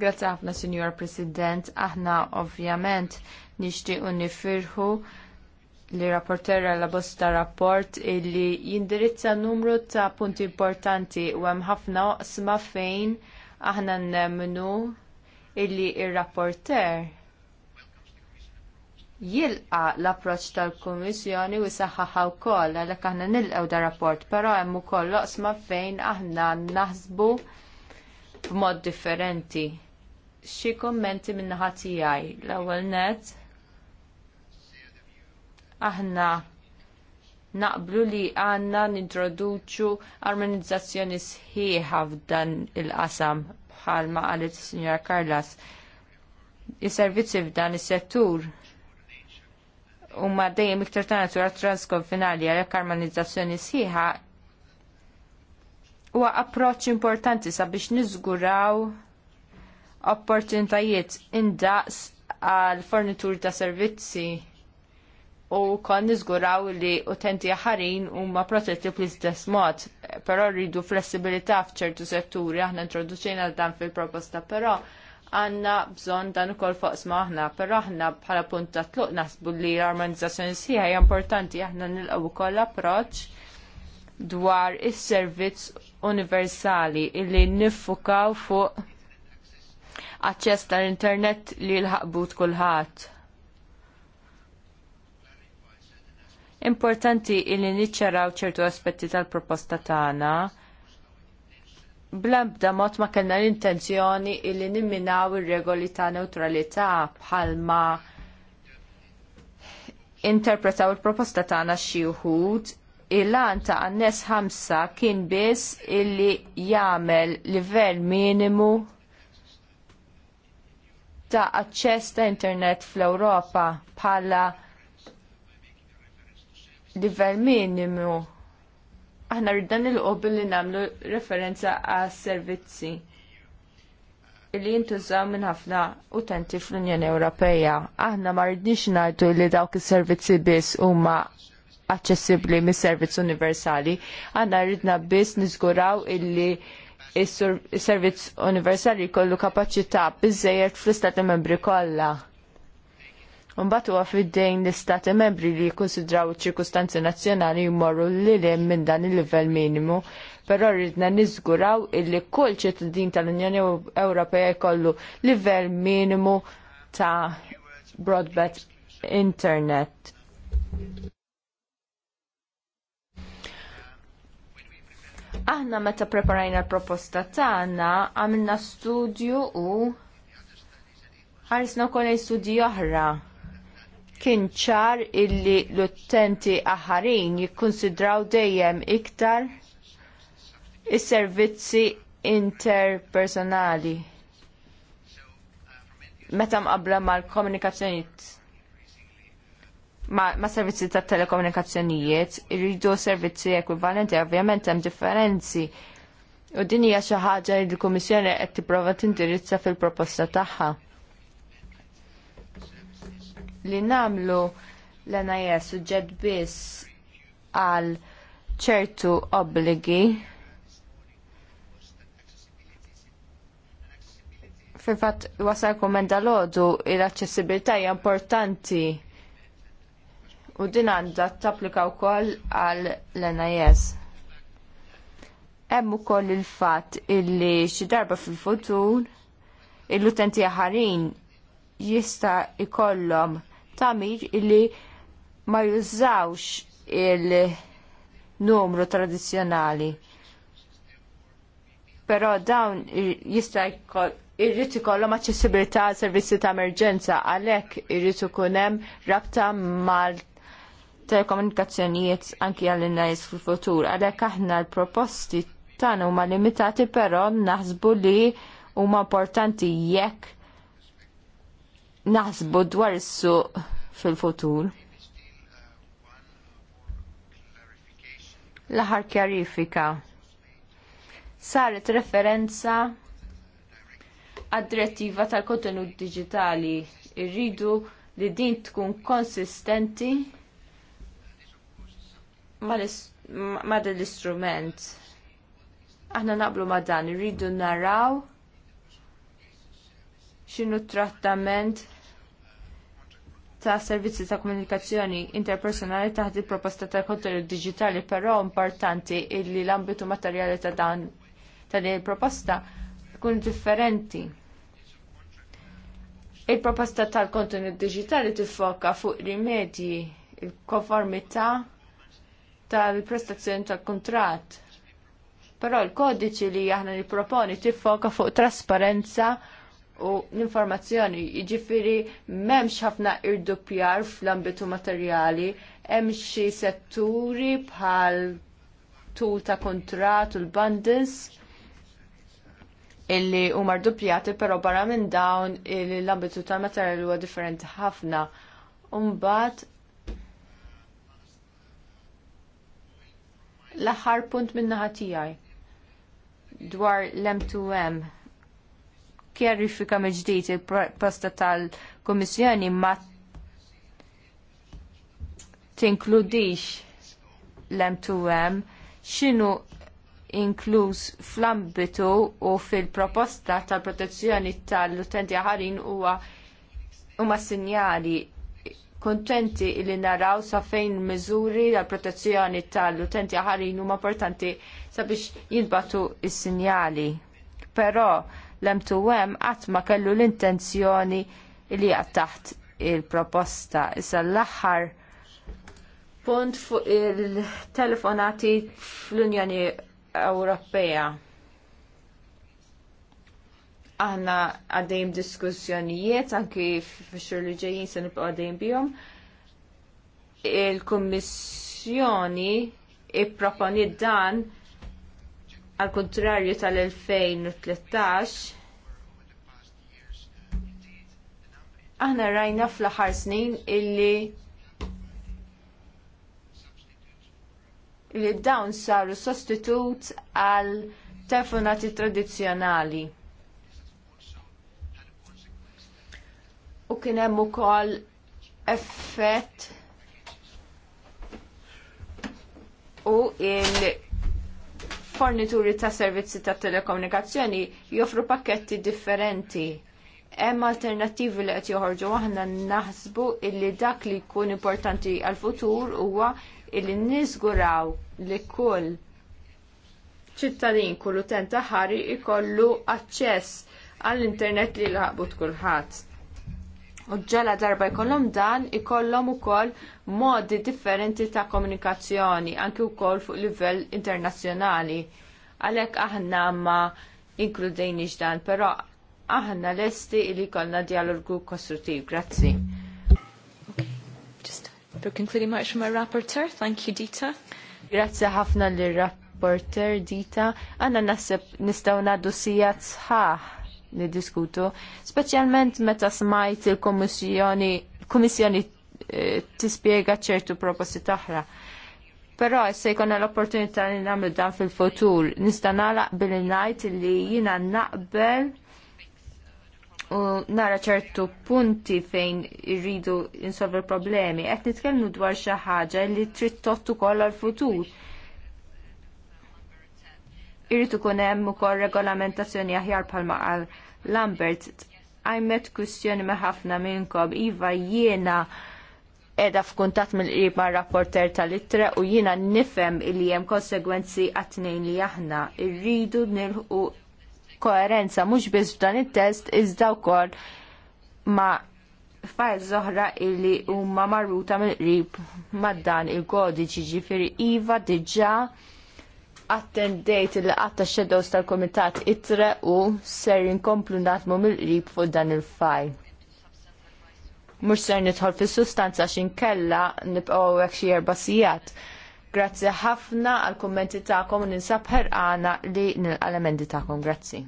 Grazie ħafna, Signor President. Aħna ovvjament nixtiequ nifirħu li rapportera la bosta rapport illi jindirizza numru ta' punti importanti u hemm ħafna oqsma fejn aħna nemmnu illi il rapporter jilqa l-approċċ tal-Kummissjoni u saħħaħa wkoll għalhekk aħna nilqgħu da rapport, però hemm ukoll loqsma fejn aħna naħsbu b'mod differenti. Xi kummenti minn naħa tiegħi l-ewwel net aħna naqblu li għanna nintroduċu armonizzazzjoni sħiħa f'dan il-qasam bħalma qalet is-Sinjora Karlas. Is-servizzi f'dan is-settur huma dejjem iktar ta' natura transkonfinali għalhekk armonizzazzjoni sħiħa huwa approċċ importanti sabiex niżguraw opportunitajiet indaqs għal fornitur ta' servizzi u kon nizguraw li utenti ħarin huma protetti bl-istess mod, però rridu flessibilità f'ċertu setturi aħna introduċejna dan fil-proposta, però għanna bżon dan ukoll fuq aħna, però aħna bħala punt ta' tluq nasbu li l-armonizzazzjoni sħiħa hija importanti aħna nilqgħu ukoll approċċ dwar is-servizz universali illi nifukaw fuq aċċess tal-internet li l-ħaqbut kulħadd Importanti li niċċaraw ċertu aspetti tal-proposta tagħna bl-ebda mod ma kellna l-intenzjoni illi nimminaw ir-regoli ta' neutralità bħalma interpretaw il-proposta tagħna xi wħud il-lan ta' annes ħamsa kien biss illi jagħmel livell minimu ta' aċċess ta' internet fl-Ewropa bħala livell minimu. Aħna riddan il-qobil li namlu referenza għas servizzi li jintużaw minn ħafna utenti fl-Unjoni Ewropeja. Aħna ma rridniex ngħidu li dawk is-servizzi biss huma aċċessibbli mis-servizz universali. Aħna rridna biss niżguraw illi is-servizz universali jkollu kapaċità biżejjed fl-istati membri kollha Mbagħad huwa fid-dejn l-istati membri li jikkonsidraw iċ-ċirkustanzi nazzjonali jmorru lil minn dan il-livell minimu, però rridna niżguraw illi kull ċittadin tal-Unjoni Ewropea jkollu livell minimu ta' broadband internet. Aħna meta preparajna l-proposta tagħna għamilna studju u ħarisna wkoll studji oħra kien ċar illi l uttenti aħarin jikkonsidraw dejjem iktar is-servizzi interpersonali meta mqabbla mal-komunikazzjonijiet ma, ma servizzi ta' telekomunikazzjonijiet irridu servizzi ekwivalenti ovvjament hemm differenzi u din hija xi ħaġa li l-Kummissjoni qed tipprova tindirizza fil-proposta tagħha li nagħmlu l-NIS suġġett biss għal ċertu obbligi fil-fatt wasal komenda lodu l-aċċessibilità hija importanti u din għandha tapplika wkoll għal l-NIS. Hemm ukoll il-fatt illi xi darba fil-futur l-utenti aħarin jista' jkollhom tamir illi ma jużawx il-numru tradizjonali. Però dawn jista' irrid ikollhom aċċessibilità għal servizzi ta' emerġenza għalhekk irrid ikun hemm rabta mal telekomunikazzjonijiet anki għall nies fil-futur. Għalhekk aħna l-proposti tagħna huma limitati però naħsbu li huma importanti jekk naħsbu dwar is-suq fil-futur. l aħħar kjarifika. Saret referenza għad-direttiva tal-kontenut digitali. Irridu li din tkun konsistenti ma' l-istrument. Aħna naqblu ma' dan, irridu naraw xinu trattament ta' servizzi ta' komunikazzjoni interpersonali taħt il-proposta tal kontenut digitali, però importanti illi l-ambitu materjali ta' dan ta' din il-proposta tkun differenti. Il-proposta tal-kontenut digitali tiffoka fuq rimedji il-konformità tal-prestazzjoni tal-kontrat. Però l-kodiċi li aħna nipproponi tiffoka fuq trasparenza u l-informazzjoni jiġifieri m'hemmx ħafna irdupjar fl-ambitu materjali, hemm xi setturi bħal tul ta' kontrat u l bandis illi huma mardupjati però barra minn dawn l-ambitu tal-materjali huwa differenti ħafna. Umbat l-aħħar punt minna naħa tiegħi dwar l-M2M kjarifika meġdijt il pasta tal-Komissjoni ma tinkludix l-M2M xinu inkluż fl-ambitu u fil-proposta tal-protezzjoni tal-utenti ħarin u huma sinjali kontenti li naraw sa fejn miżuri tal protezzjoni tal-utenti ħarin huma portanti sabiex jintbatu il sinjali Però l-M2M qatt ma kellu l-intenzjoni li għat il-proposta. Issa l-aħħar punt fuq il-telefonati fl-Unjoni Ewropea. Aħna għaddejm diskussjonijiet anki f'xhur li ġejjin se nibqgħu għaddejm bihom. Il-Kummissjoni proponi dan al kontrarju tal-2013 aħna rajna fl-aħħar snin illi li dawn saru sostitut għal telefonati tradizzjonali. U kien hemm ukoll effett u il- fornituri ta' servizzi ta' telekomunikazzjoni joffru pakketti differenti. Hemm alternattivi li qed joħorġu aħna naħsbu illi dak li jkun importanti għall futur huwa illi niżguraw li kull ċittadin kull utent aħari ikollu aċċess għall-internet li laħbut kulħadd. U ġala darba jkollhom dan ikollhom ukoll modi differenti ta' komunikazzjoni anki wkoll fuq livell internazzjonali. Għalhekk aħna ma inkludejniex dan, però aħna lesti li jkollna dialogu kostruttiv. Grazzi. Just for concluding much from our rapporteur, thank you Dita. Grazzi ħafna lir rapporteur Dita. Għanna nasib nistaw naddu sija sħaħ niddiskutu, speċjalment meta smajt il komissjoni il-Kommissjoni eh, tispjega ċertu proposti taħra. Però se jkun l-opportunità li nagħmlu dan fil-futur, nista' nagħlaq billi ngħid li jiena naqbel u nara ċertu punti fejn irridu insolvu problemi. Qed nitkellmu dwar xi ħaġa li trid tott kollha għall-futur Irrid ikun hemm ukoll regolamentazzjoni aħjar bħalma qal Lambert għajmet kwistjoni ma' ħafna minnkom iva jiena edha f'kuntat mill-qrib ma' rapporter tal-ittra u jiena nifhem li hemm konsegwenzi għat-tnejn li aħna irridu nilħu koerenza mhux biss f'dan it-test iżda wkoll ma' fajl zoħra illi huma marruta mill-qrib ma' dan il-kodiċi ġifieri iva diġà attendejt il-qatta shadows tal-komitat itre u ser inkomplu natmu mill-qrib fuq dan il-fajl. Mux ser nidħol fis-sustanza xinkella nibqgħu hekk xi erba' sigħat. Grazzi ħafna għal kummenti ta'kom u ninsab ħerqana li nil-elementi ta'kom. Grazzi.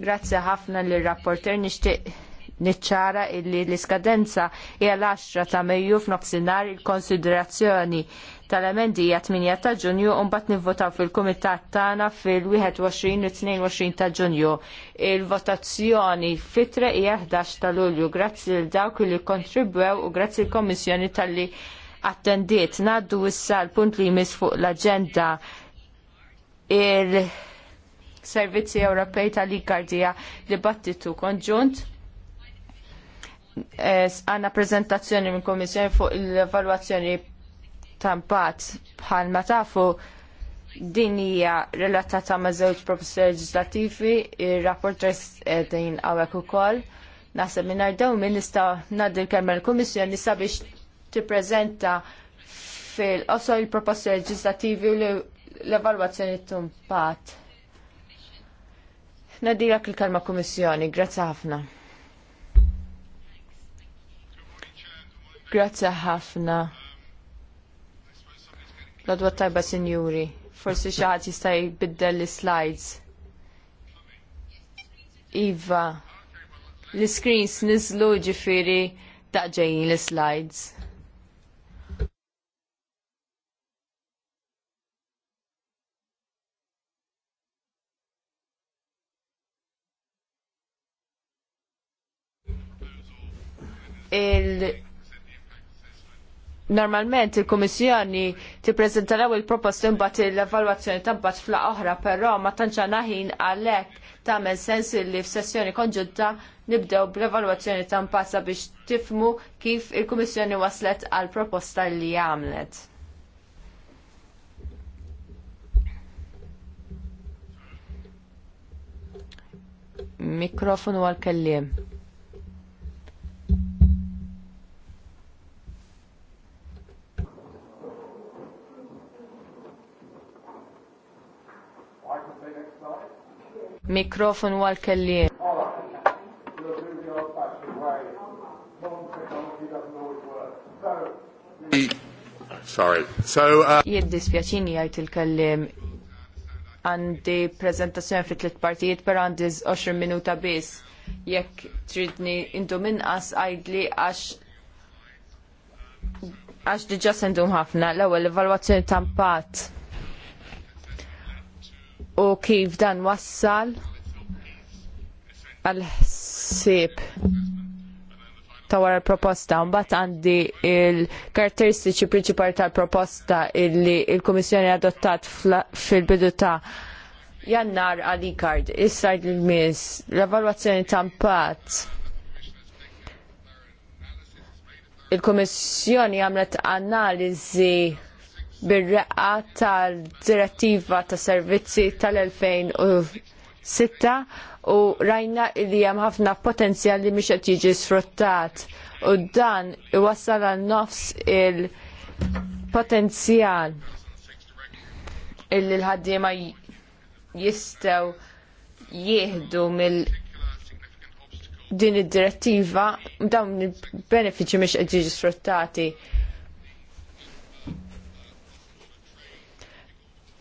Grazzi ħafna li rapporter nishtiq niċċara illi l-iskadenza hija l-10 ta' Mejju f'nofsinhar il-konsiderazzjoni tal-emendija 8 ta' ġunju u mbagħad nivvotaw fil-kumitat tagħna fil-21 u 22 ta' ġunju. Il-votazzjoni fitre i 11 ta' Lulju. Grazzi l dawk li kontribwew u grazzi l komissjoni tal-li attendiet. Naddu issa l-punt li jmiss fuq l-aġenda il-Servizzi Ewropej tal-Ikardija dibattitu konġunt eh, għanna prezentazzjoni minn komissjoni fuq l-evaluazzjoni tampat bħal ma tafu din hija relatata ma' żewġ proposti leġislattivi, ir-rapporters qegħdin hawnhekk ukoll. Naħseb mingħajr dawn min nista' ngħaddi l-kelma l-Kummissjoni sabiex tippreżenta fil-qosol il-proposti leġislattivi u l-evalwazzjoni tumpat. Nadilak il-kalma Kummissjoni, grazzi ħafna. Grazzi ħafna. L-odwa tajba sinjuri, forsi xaħat jistaj biddel l-slides. Iva, l-screens nizlu ġifiri taġġajin l-slides. il normalment il-Komissjoni prezentaraw il-proposta imbagħad l-evalwazzjoni tabbat fla oħra, però ma tantx għandna ħin għalhekk tagħmel sens li f'sessjoni konġunta nibdew bl-evalwazzjoni ta' impassa biex tifmu kif il-Kummissjoni waslet għal proposta li għamlet. Mikrofonu għal-kellim. Mikrofon għal kelli. Uh, Jiddispjaċini għajt il-kellim għandi prezentazzjoni fi tliet partijiet per għandi 20 minuta biss. Jekk tridni intu minqas għajdli għax għax diġa sendum ħafna l-ewwel evalwazzjoni tampat u kif dan wassal għal ħsieb ta' wara proposta mbagħad għandi il-karatteristiċi principali tal-proposta illi il komissjoni adottat fil-bidu ta' jannar għal-ikard, il sajd il-mis, l-evalwazzjoni ta' impatt. Il-Kummissjoni għamlet analizi bir-reqqa tal-direttiva ta' servizzi tal-2006 u rajna li hemm ħafna potenzjal li mhix qed jiġi sfruttat u dan iwassal għal nofs il-potenzjal illi l-ħaddiema jistgħu jieħdu mill din id-direttiva dawn il-benefiċi mhux qed jiġi sfruttati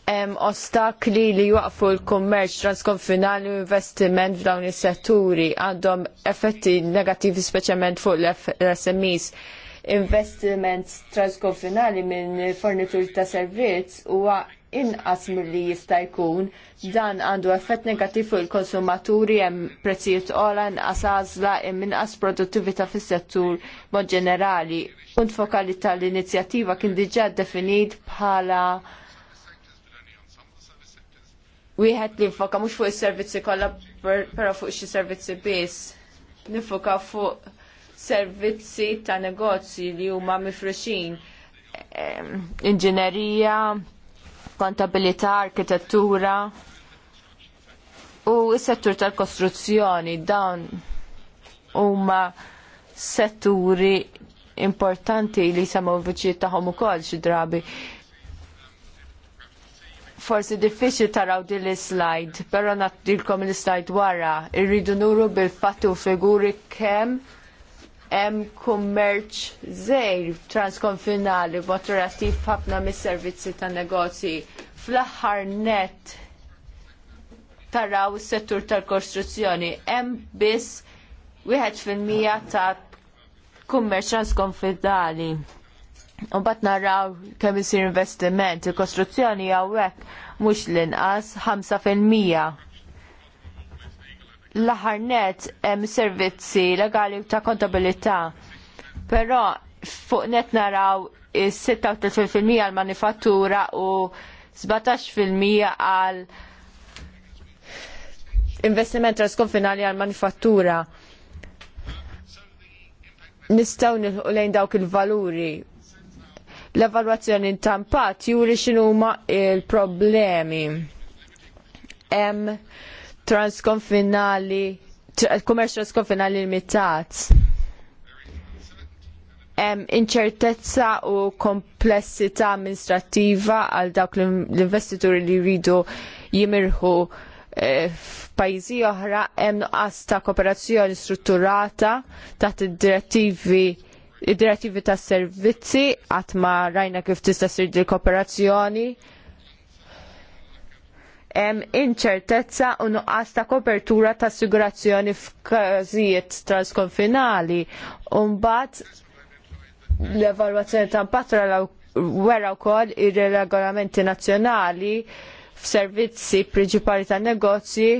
hemm ostakli li jwaqfu l-kummerċ transkonfinali u investiment f'dawn is-setturi għandhom effetti negattivi speċjalment fuq l-SMEs. Investiment transkonfinali minn fornitur ta' servizz huwa inqas milli jista' jkun dan għandu effett negattiv fuq il-konsumaturi hemm prezzijiet ogħla inqas għażla hemm inqas produttività fis-settur mod ġenerali. Punt fokali tal-inizjattiva kien diġà definit bħala wieħed li nfoka mhux fuq is-servizzi kollha però fuq xi servizzi biss. Nifoka fuq servizzi ta' negozji li huma mifruxin inġinerija, kontabilità, arkitettura u s-settur tal-kostruzzjoni dawn huma setturi importanti li samaw viċiet tagħhom ukoll xi drabi forsi diffiċli taraw din l-slide, però nattilkom l-slide wara, irridu nuru bil-fattu figuri kemm hemm kummerċ żejr transkonfinali b'mod relattiv ħafna mis-servizzi tan negozji. Fl-aħħar net taraw is-settur tal-kostruzzjoni hemm biss wieħed fil-mija ta' kummerċ transkonfinali. U bat naraw kemm isir investiment, il-kostruzzjoni għawek mhux l-inqas 5%. L-aħħar net hemm servizzi legali ta' kontabilità. Però fuq net naraw is-36% għal manifattura u 17% għal investiment finali għal manifattura. Nistgħu nilħu lejn dawk il-valuri l-evalwazzjoni ta' impatt juri x'inhuma il-problemi. Hemm transkonfinali kummerċ transkonfinali limitat. Hemm inċertezza u komplessità amministrattiva għal dawk l-investituri li jridu jimirħu eh, f'pajjiżi oħra hemm nuqqas ta' kooperazzjoni strutturata taħt id-direttivi id-direttivi tas servizzi qatt ma rajna kif tista' ssir il kooperazzjoni hemm inċertezza u nuqqas ta' kopertura ta' assigurazzjoni f'każijiet transkonfinali u mbagħad l-evalwazzjoni ta' impatt wera wkoll ir-regolamenti nazzjonali f'servizzi prinċipali tan negozji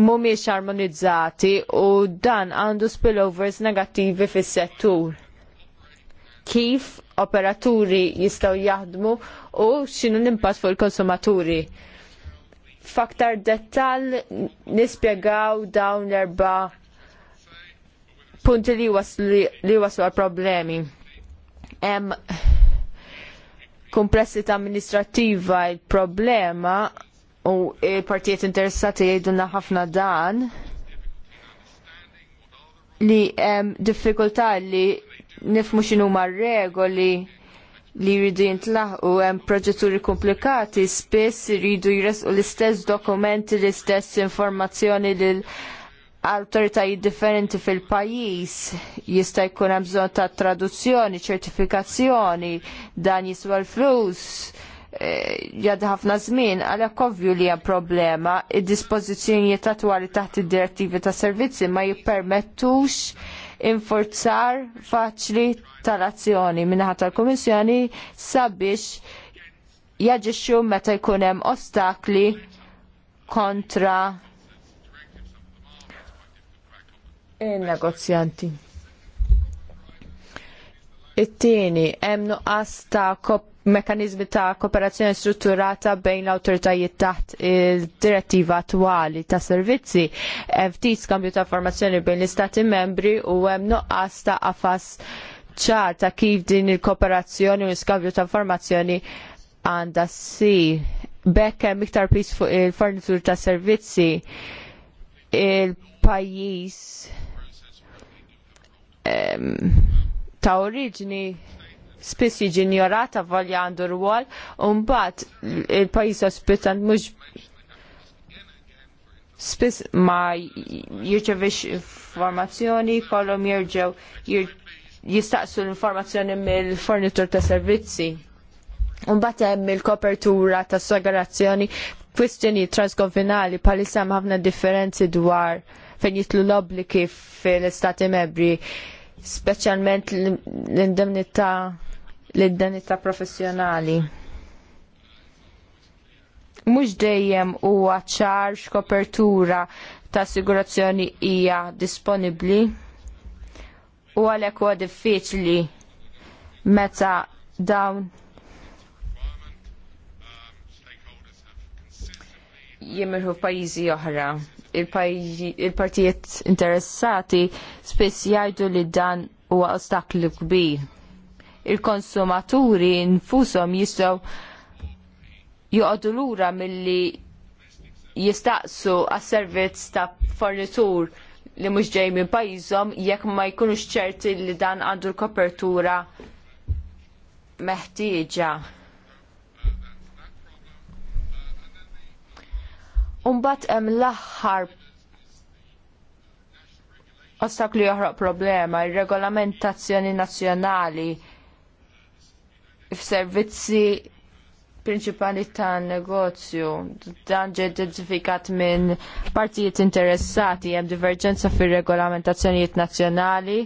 mhumiex armonizzati u dan għandu spillovers negattivi fis-settur kif operaturi jistgħu jaħdmu u x'inhu l-impatt fuq il-konsumaturi. F'aktar dettal nispjegaw dawn l-erba' punti li waslu għal problemi. Em, kumplessita amministrattiva il-problema u il-partijiet interessati jgħidulna ħafna dan li hemm diffikultà li nifmu ma regoli li jridu u hemm proġetturi komplikati spiss jridu jresqu l-istess dokumenti, l-istess informazzjoni l autoritajiet differenti fil-pajjiż jista' jkun hemm bżonn ta' traduzzjoni, ċertifikazzjoni, dan jiswa l-flus eh, jad ħafna żmien għalhekk ovvju li hemm problema, id-dispożizzjonijiet attwali taħt id-direttivi ta' servizzi ma jippermettux infurzar faċli tal-azzjoni minnaħat tal-Komissjoni sabiex jaġixxu meta jkun hemm ostakli kontra il-negozjanti. It-tieni hemm nuqqas ta' kop mekanizmi ta' kooperazzjoni strutturata bejn l-autoritajiet taħt il-direttiva attwali ta' servizzi, ftit skambju ta' formazzjoni bejn l-istati membri u hemm nuqqas ta' qafas ċar ta' kif din il-kooperazzjoni u l-skambju ta' formazzjoni għandha si. Bekk hemm iktar pis fuq il-fornitur ta' servizzi il-pajjiż ta' oriġni spiss jiġi ignorata volja għandu rwol, u mbagħad il-pajjiż ospitant mhux spiss ma jirċevix informazzjoni, kollhom jirġew jistaqsu l-informazzjoni mill-fornitur ta' servizzi. bat hemm il-kopertura ta' segurazzjoni kwistjoni transkonfinali palissa ħafna differenzi dwar fejn jitlu l obbliki fil-Istati membri, speċjalment l-indemnità l-danità professjonali. Mhux dejjem huwa ċar kopertura ta' assigurazzjoni hija disponibbli u għalhekk huwa diffiċli meta dawn jimirħu f'pajjiżi oħra. Il-partijiet interessati spiss jgħidu li dan huwa ostaklu kbir il-konsumaturi nfushom jistgħu joqogħdu lura milli jistaqsu għas-servizz ta' fornitur li mhux ġej minn pajjiżhom jekk ma jkunux ċerti li dan għandu l-kopertura meħtieġa. Umbat hemm l-aħħar ostakli joħroq problema, ir-regolamentazzjoni nazzjonali f'servizzi prinċipali tan negozju dan ġie identifikat minn partijiet interessati hemm diverġenza fir-regolamentazzjonijiet nazzjonali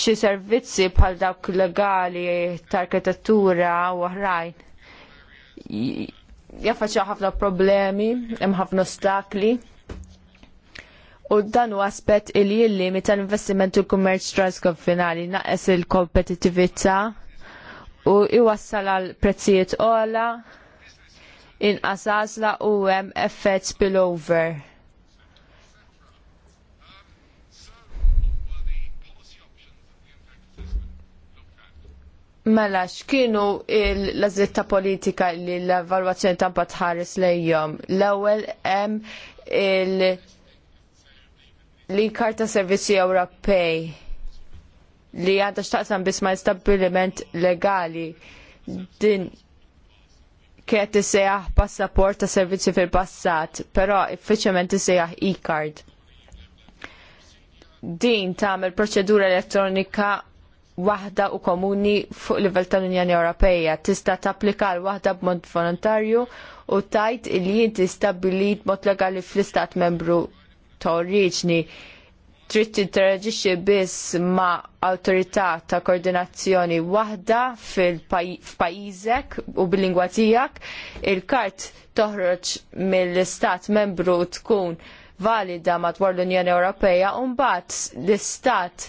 xi servizzi bħal dawk legali tal-arkitettura u oħrajn jaffaċċja ħafna problemi, hemm ħafna ostakli u dan u aspett illi illi l-investiment u l-kummerċ finali naqes il-kompetitività u iwassal għal prezzijiet ola inqas għażla u hemm effett spillover. Mela, x'kienu l azzetta politika li l-evalwazzjoni ta' tħares lejjom? L-ewwel hemm il- li karta servizzi Ewropej li għanda xtaqsam ma stabbiliment legali din kienet tissejjaħ passaport ta' servizzi fil-passat, però uffiċjalment tissejjaħ e-card. Din tagħmel proċedura elettronika waħda u komuni fuq livell tal-Unjoni Ewropeja. tista' tapplika l waħda b'mod volontarju u tajt li jinti stabbilit mod legali fl-istat membru ta' oriġni trid tinteraġixxi biss ma' awtorità ta' koordinazzjoni waħda f'pajjiżek u bil-lingwa tiegħek, il-kart toħroġ mill-istat membru tkun valida madwar l-Unjoni Ewropea u mbagħad l-istat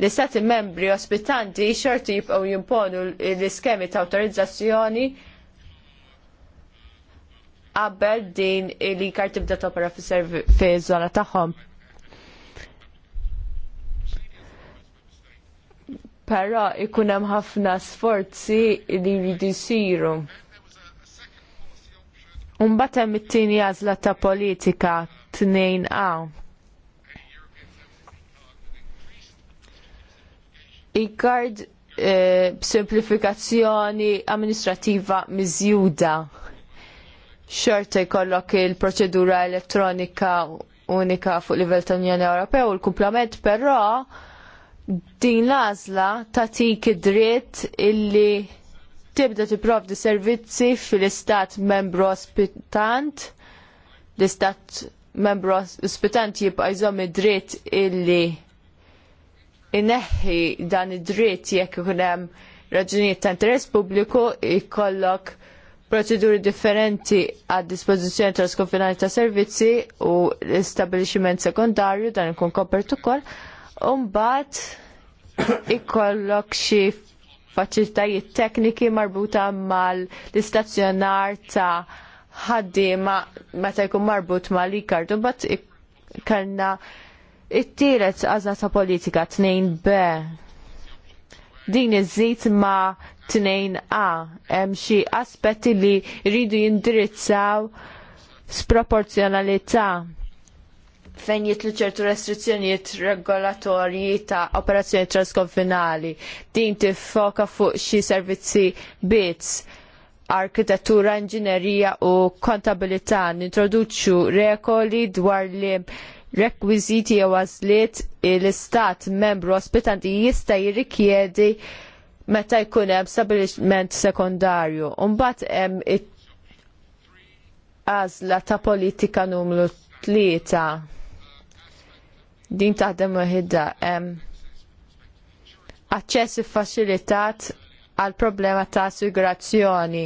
l-istati membri ospitanti xorti jibqgħu jimponu l-iskemi ta' awtorizzazzjoni qabel din li kar tibda topera fi zona tagħhom. Però ikun hemm ħafna sforzi li jridu jsiru. Mbagħad hemm it-tieni għażla ta' politika tnejn a. Ikard eh, b'simplifikazzjoni amministrativa miżjuda xorta jkollok il-proċedura elettronika unika fuq livell ta' Unjoni Ewropea u l-kumplament però din l-għażla tagħtik id-dritt illi tibda tipprovdi servizzi fil-istat membru ospitant l-istat membru ospitant jibqa' jżom id-dritt illi ineħħi dan id-dritt jekk ikun hemm raġunijiet ta' interess pubbliku jkollok proċeduri differenti għad dispożizzjoni tal skonfinali ta' servizzi u l establishment sekondarju dan ikun kopert ukoll, u mbagħad ikollok xi faċilitajiet tekniki marbuta mal-istazzjonar ta' ħaddiema meta jkun marbut mal-ikard u mbagħad kellna it-tielet għażla ta' politika tnejn b din iżżid ma' tnejn a hemm xi aspetti li jridu jindirizzaw sproporzjonalità fejn jitlu ċertu restrizzjonijiet regolatorji ta' operazzjoni transkonfinali. Din tiffoka fuq xi servizzi bits arkitettura, inġinerija u kontabilità nintroduċu rekoli dwar li rekwiżiti jew għażliet l-istat membru ospitanti jista' jirrikjedi meta jkun hemm stabiliment sekondarju. Mbagħad hemm għażla ta' politika numru tlieta. Din taħdem waħidha hemm aċċess iffaċilitat għal problema ta' assigurazzjoni.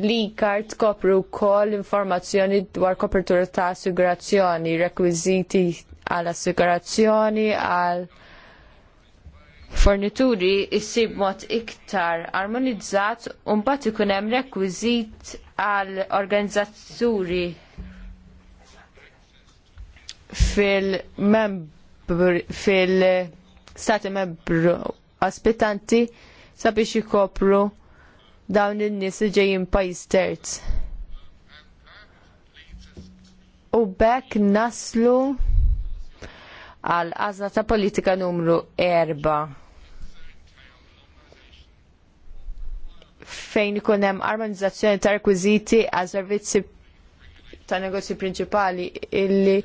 L-inkart kopru wkoll informazzjoni dwar kopertura ta' assigurazzjoni, rekwiżiti għal assigurazzjoni, għal fornituri ssib mod iktar armonizzat u mbagħad ikun hemm rekwiżit għal organizzaturi fil-membr fil-stati membru ospitanti sabiex jikopru dawn in-nies li ġejjin pajjiż terz. U bekk naslu għal għazla ta' politika numru 4. fejn ikun hemm armonizzazzjoni ta' rekwiżiti għal servizzi ta' negozju prinċipali illi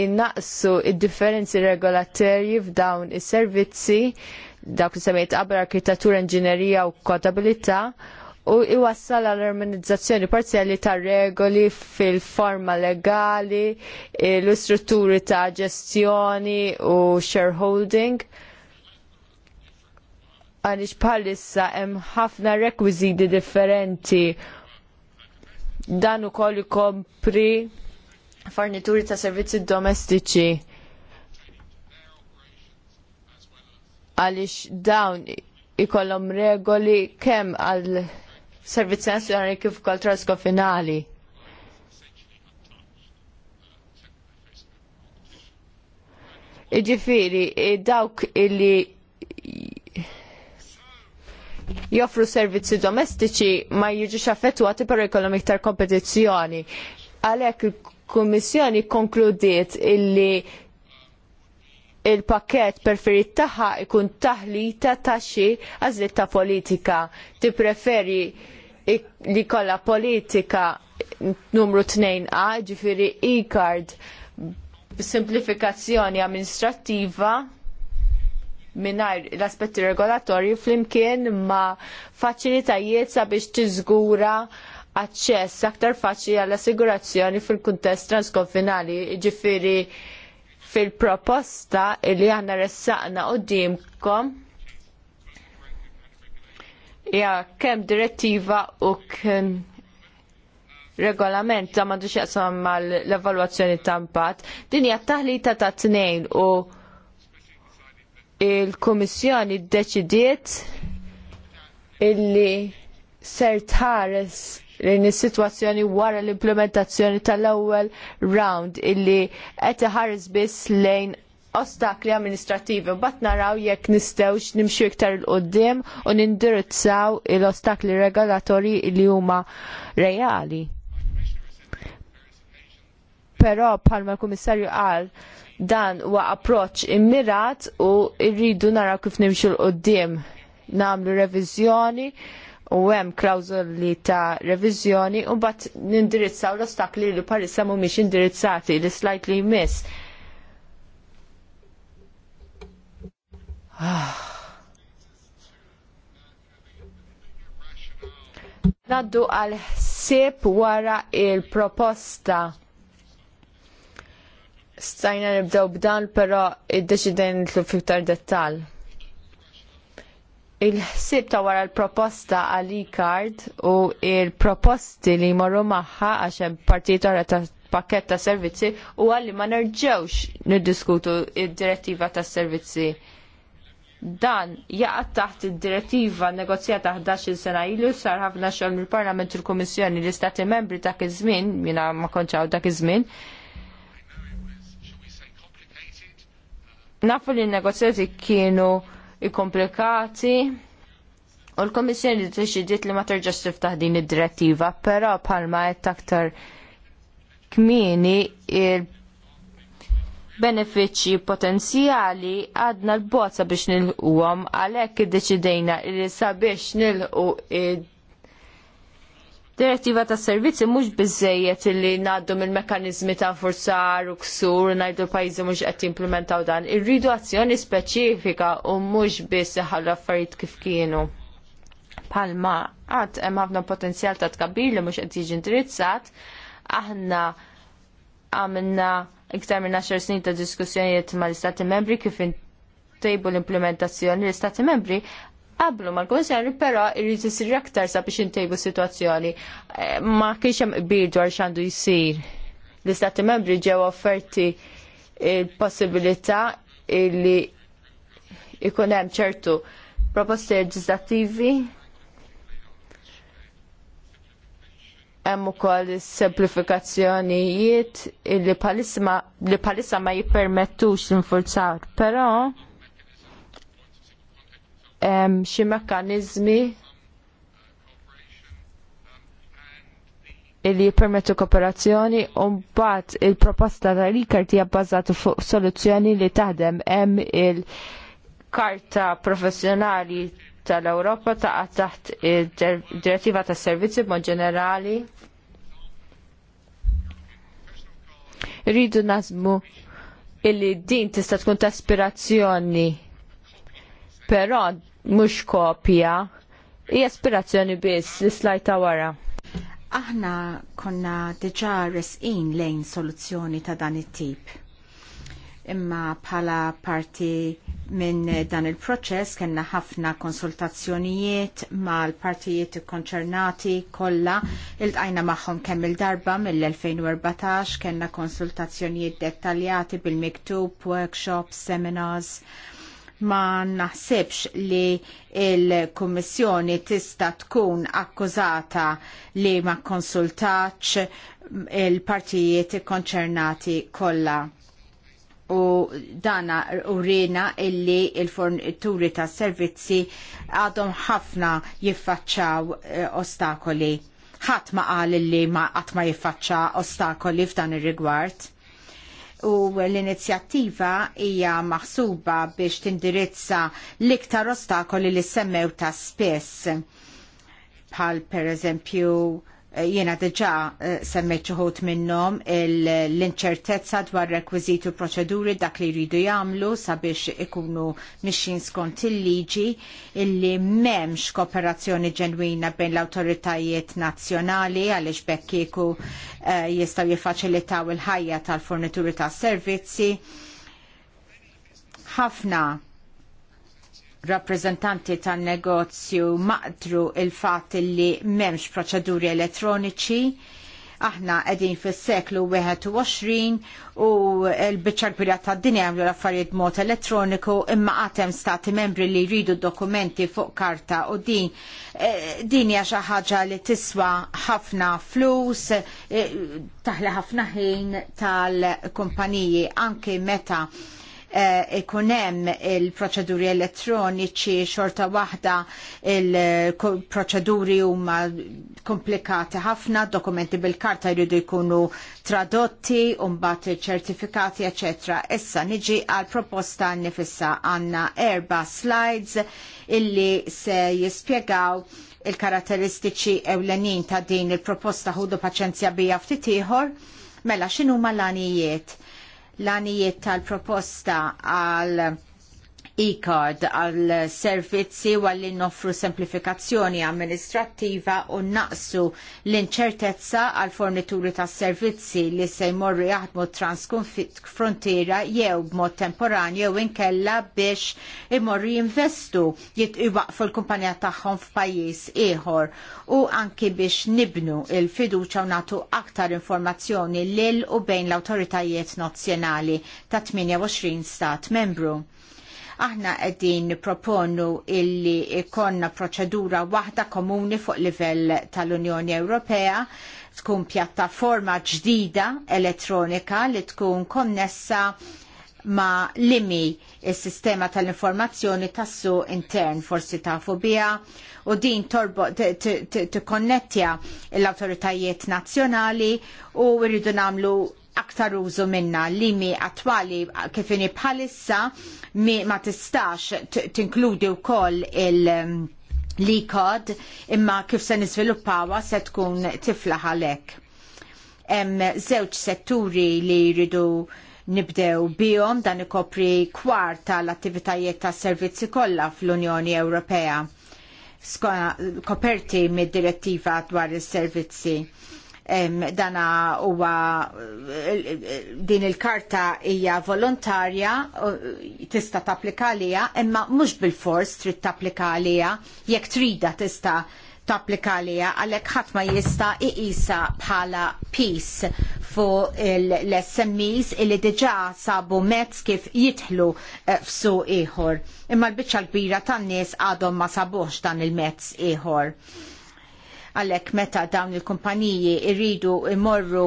innaqsu id-differenzi regolatorji f'dawn is-servizzi dawk li semmejt qabel arkitettura, inġinerija u kontabilità u iwassal għall armonizzazzjoni parzjali ta' regoli fil-forma legali, l-istrutturi ta' ġestjoni u shareholding. Għaliex bħalissa hemm ħafna rekwiżiti differenti dan ukoll ikompri fornituri ta' servizzi domestiċi. Għaliex dawn ikollhom regoli kemm għal servizzi nazjonali kif ukoll finali? Iġifiri, dawk illi joffru servizzi domestiċi ma jiġux affettwati per jkollhom iktar kompetizzjoni. Għalhekk il-Kummissjoni konkludiet illi il-pakket preferit tagħha ikun taħlita ta' xi għażliet politika. Tippreferi preferi li kollha politika numru 2A, ġifiri e-card, simplifikazzjoni amministrattiva mingħajr l-aspetti regolatorju flimkien ma faċilitajiet sabiex tiżgura aċċess aktar faċli għall-assigurazzjoni fil-kuntest transkonfinali, ġifiri fil-proposta li aħna ressaqna qudiemkom ja kemm direttiva u kemm regolament ta' mandu xieqsam l-evaluazzjoni ta' impatt. Din hija taħlita ta' tnejn u il-Kummissjoni ddeċidiet illi ser tħares l is-sitwazzjoni wara l-implementazzjoni tal-ewwel round illi qed iħares biss lejn ostakli amministrativi u bat naraw jekk nistewx nimxu iktar il-qoddim u nindirizzaw il-ostakli regolatori li huma reali. Però bħalma l-Kummissarju qal dan huwa approċċ immirat u rridu naraw kif nimxu l-qoddim nagħmlu reviżjoni u hemm klawżoli ta' reviżjoni u bat nindirizzaw l-ostakli li parissa mhumiex indirizzati li slajt li jmiss Ah. Naddu għal ħsieb wara il-proposta. Stajna nibdew b'dan, però id-deċidejn nitlu fiktar dettal. il ħsib ta' wara l-proposta għal e-card u il-proposti li jmorru magħha għax hemm partijiet ta' pakket ta' servizzi u għalli ma nerġewx niddiskutu id-direttiva tas servizzi dan jaqat taħt id-direttiva negozjata 11 sena ilu sar ħafna xogħol mill-Parlament u l-Kummissjoni l-Istati Membri dak iż-żmien, jiena ma kontx hawn dak iż-żmien. Nafu li n-negozjati kienu ikkomplikati u l kummissjoni deċidiet li ma terġax tiftaħ din id-direttiva, però bħalma qed aktar kmini il benefiċċji potenzjali għadna l-bozza biex nilħuhom għalhekk iddeċidejna li sabiex nilħu Direttiva ta' servizzi mhux biżejjed li ngħaddu mill-mekkaniżmi ta' forzar u ksur ngħidu l-pajjiżi mhux qed jimplementaw dan. Irridu azzjoni speċifika u mhux biss iħallu affarijiet kif kienu. Palma għad hemm ħafna potenzjal ta' tkabbir li mhux qed jiġi indirizzat aħna għamilna iktar minn 10 snin ta' diskussjonijiet mal istati membri kif intejbu l-implementazzjoni l-istati membri qablu mal konserni però irrid isir aktar sabiex intejbu situazzjoni. Eh, ma kienx hemm qbil dwar x'għandu jsir. L-istati membri ġew offerti il-possibilità li ikun hemm ċertu proposti leġislattivi hemm ukoll is-semplifikazzjonijiet li palissa ma jippermettux l-infurzar, però hemm xi mekkaniżmi li jippermettu kooperazzjoni u mbagħad il-proposta ta' Rikard hija bbażata fuq soluzzjoni li taħdem hemm il-karta professjonali tal-Ewropa taqa' taħt id-direttiva tas servizzi b'mod ġenerali. Rridu nazmu illi din tista' tkun ta' aspirazzjoni, però mhux kopja, hija aspirazzjoni biss li slajta wara. Aħna konna diġà resqin lejn soluzzjoni ta' dan it-tip imma bħala parti minn dan il-proċess kena ħafna konsultazzjonijiet mal-partijiet konċernati kollha iltqajna magħhom kemm il-darba mill-2014 kena konsultazzjonijiet dettaljati bil-miktub, workshops, seminars ma naħsibx li il-Kummissjoni tista' tkun akkużata li ma konsultax il-partijiet konċernati kollha u dana u rina illi il-fornituri ta' servizzi għadhom ħafna jiffaċċaw eh, ostakoli. ħadd ma qal illi ma qatt ma jiffaċċa ostakoli f'dan ir-rigward. U l-inizjattiva hija maħsuba biex tindirizza l-iktar ostakoli li semmew ta' spess bħal pereżempju Eh, jiena diġà eh, semmejt ċuħut minnhom l-inċertezza dwar rekwiżiti u proċeduri dak li jridu jagħmlu sabiex ikunu mixin skont il-liġi illi m'hemmx kooperazzjoni ġenwina bejn l-awtoritajiet nazzjonali għaliex bekk kieku eh, jistgħu jiffaċilitaw il-ħajja tal-fornituri tas servizzi ħafna rappreżentanti tan negozju maqdru il-fat li m'hemmx proċeduri elettroniċi aħna qegħdin fis-seklu 21 u l-biċċa kbira tad-dinja jagħmlu l-affarijiet mod elettroniku imma għatem hemm stati membri li jridu dokumenti fuq karta u din eh, din hija xi ħaġa li tiswa ħafna flus eh, taħla ħafna ħin tal-kumpaniji anke meta Eh, ikun hemm il-proċeduri elettroniċi xorta waħda il-proċeduri huma komplikati ħafna, dokumenti bil-karta jridu jkunu tradotti, mbagħad ċertifikati, eċetera. Issa niġi għal proposta nifissa għandna erba slides illi se jispjegaw il-karatteristiċi ewlenin ta' din il-proposta ħudu paċenzja bija ftit ieħor mela x'inhuma l-għanijiet l-anijiet tal-proposta għal e-card għal servizzi u għalli noffru semplifikazzjoni amministrattiva u naqsu l-inċertezza għal fornituri ta' servizzi li se jmorru jaħdmu transfrontiera jew b'mod temporanju jew inkella biex imorru jinvestu jitqibaqfu l-kumpanija tagħhom f'pajjiż ieħor u anki biex nibnu il-fiduċa u natu aktar informazzjoni lil u bejn l-autoritajiet nazzjonali ta' 28 stat membru. Aħna qegħdin proponu illi ikonna proċedura waħda komuni fuq livell tal-Unjoni Ewropea tkun pjattaforma ġdida elettronika li tkun konnessa ma limi il-sistema tal-informazzjoni tassu intern forsi tafu bija u din torbo t-konnettja l-autoritajiet nazjonali u rridu namlu aktar użu minna limi attwali kifini bħalissa Mi ma tistax tinkludi wkoll il- um, li kod imma kif se niżviluppawa se tkun tifla għalhekk. Hemm żewġ setturi li jridu nibdew bihom dan ikopri kwarta l-attivitajiet tas servizzi kollha fl-Unjoni Ewropea koperti mid-direttiva dwar is-servizzi dana huwa din il-karta hija volontarja tista' tapplika għaliha imma mhux bil-fors trid tapplika għaliha jekk trida tista' tapplika għalija għalhekk ħadd ma jista iqisa bħala peace fuq l-SMEs illi diġà sabu mezz kif jitħlu eh, f'suq ieħor. Imma l-biċċa l-kbira tan-nies għadhom ma sabuħx dan il-mezz ieħor għalhekk meta dawn il-kumpaniji irridu imorru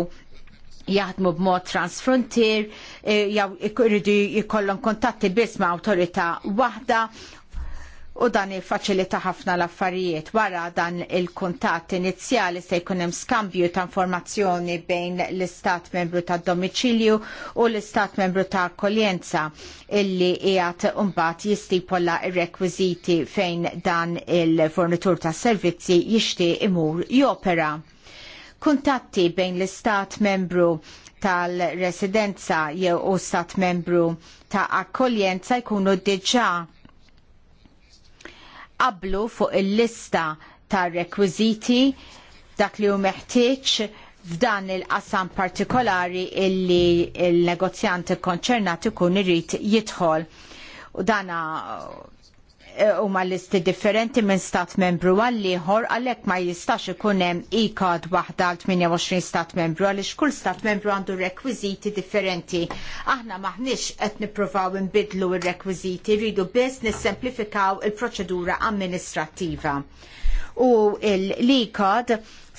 jaħdmu b'mod transfrontier, eh, jew irridu jkollhom kontatti biss ma' awtorità waħda u dan jiffaċilita ħafna l-affarijiet. Wara dan il-kuntatt inizjali se jkun hemm skambju ta' informazzjoni bejn l-istat membru ta' domiċilju u l-istat membru ta' akkoljenza illi qiegħed mbagħad jistipolla r-rekwiżiti fejn dan il-fornitur ta' servizzi jixtieq imur jopera. Kuntatti bejn l-istat membru tal-residenza jew u stat membru ta' akkoljenza jkunu diġà qablu fuq il-lista tar rekwiżiti dak li hu meħtieġ f'dan il-qasam partikolari illi il-negozjanti konċernat ikun irid jidħol. U dana Eh, huma listi differenti minn stat membru għal ieħor għalhekk ma jistax ikun hemm e waħda għal 28 stat membru għaliex kull stat membru għandu rekwiżiti differenti. Aħna maħniex qed nippruvaw inbidlu r rekwiżiti rridu biss nissemplifikaw il-proċedura amministrattiva u l-likod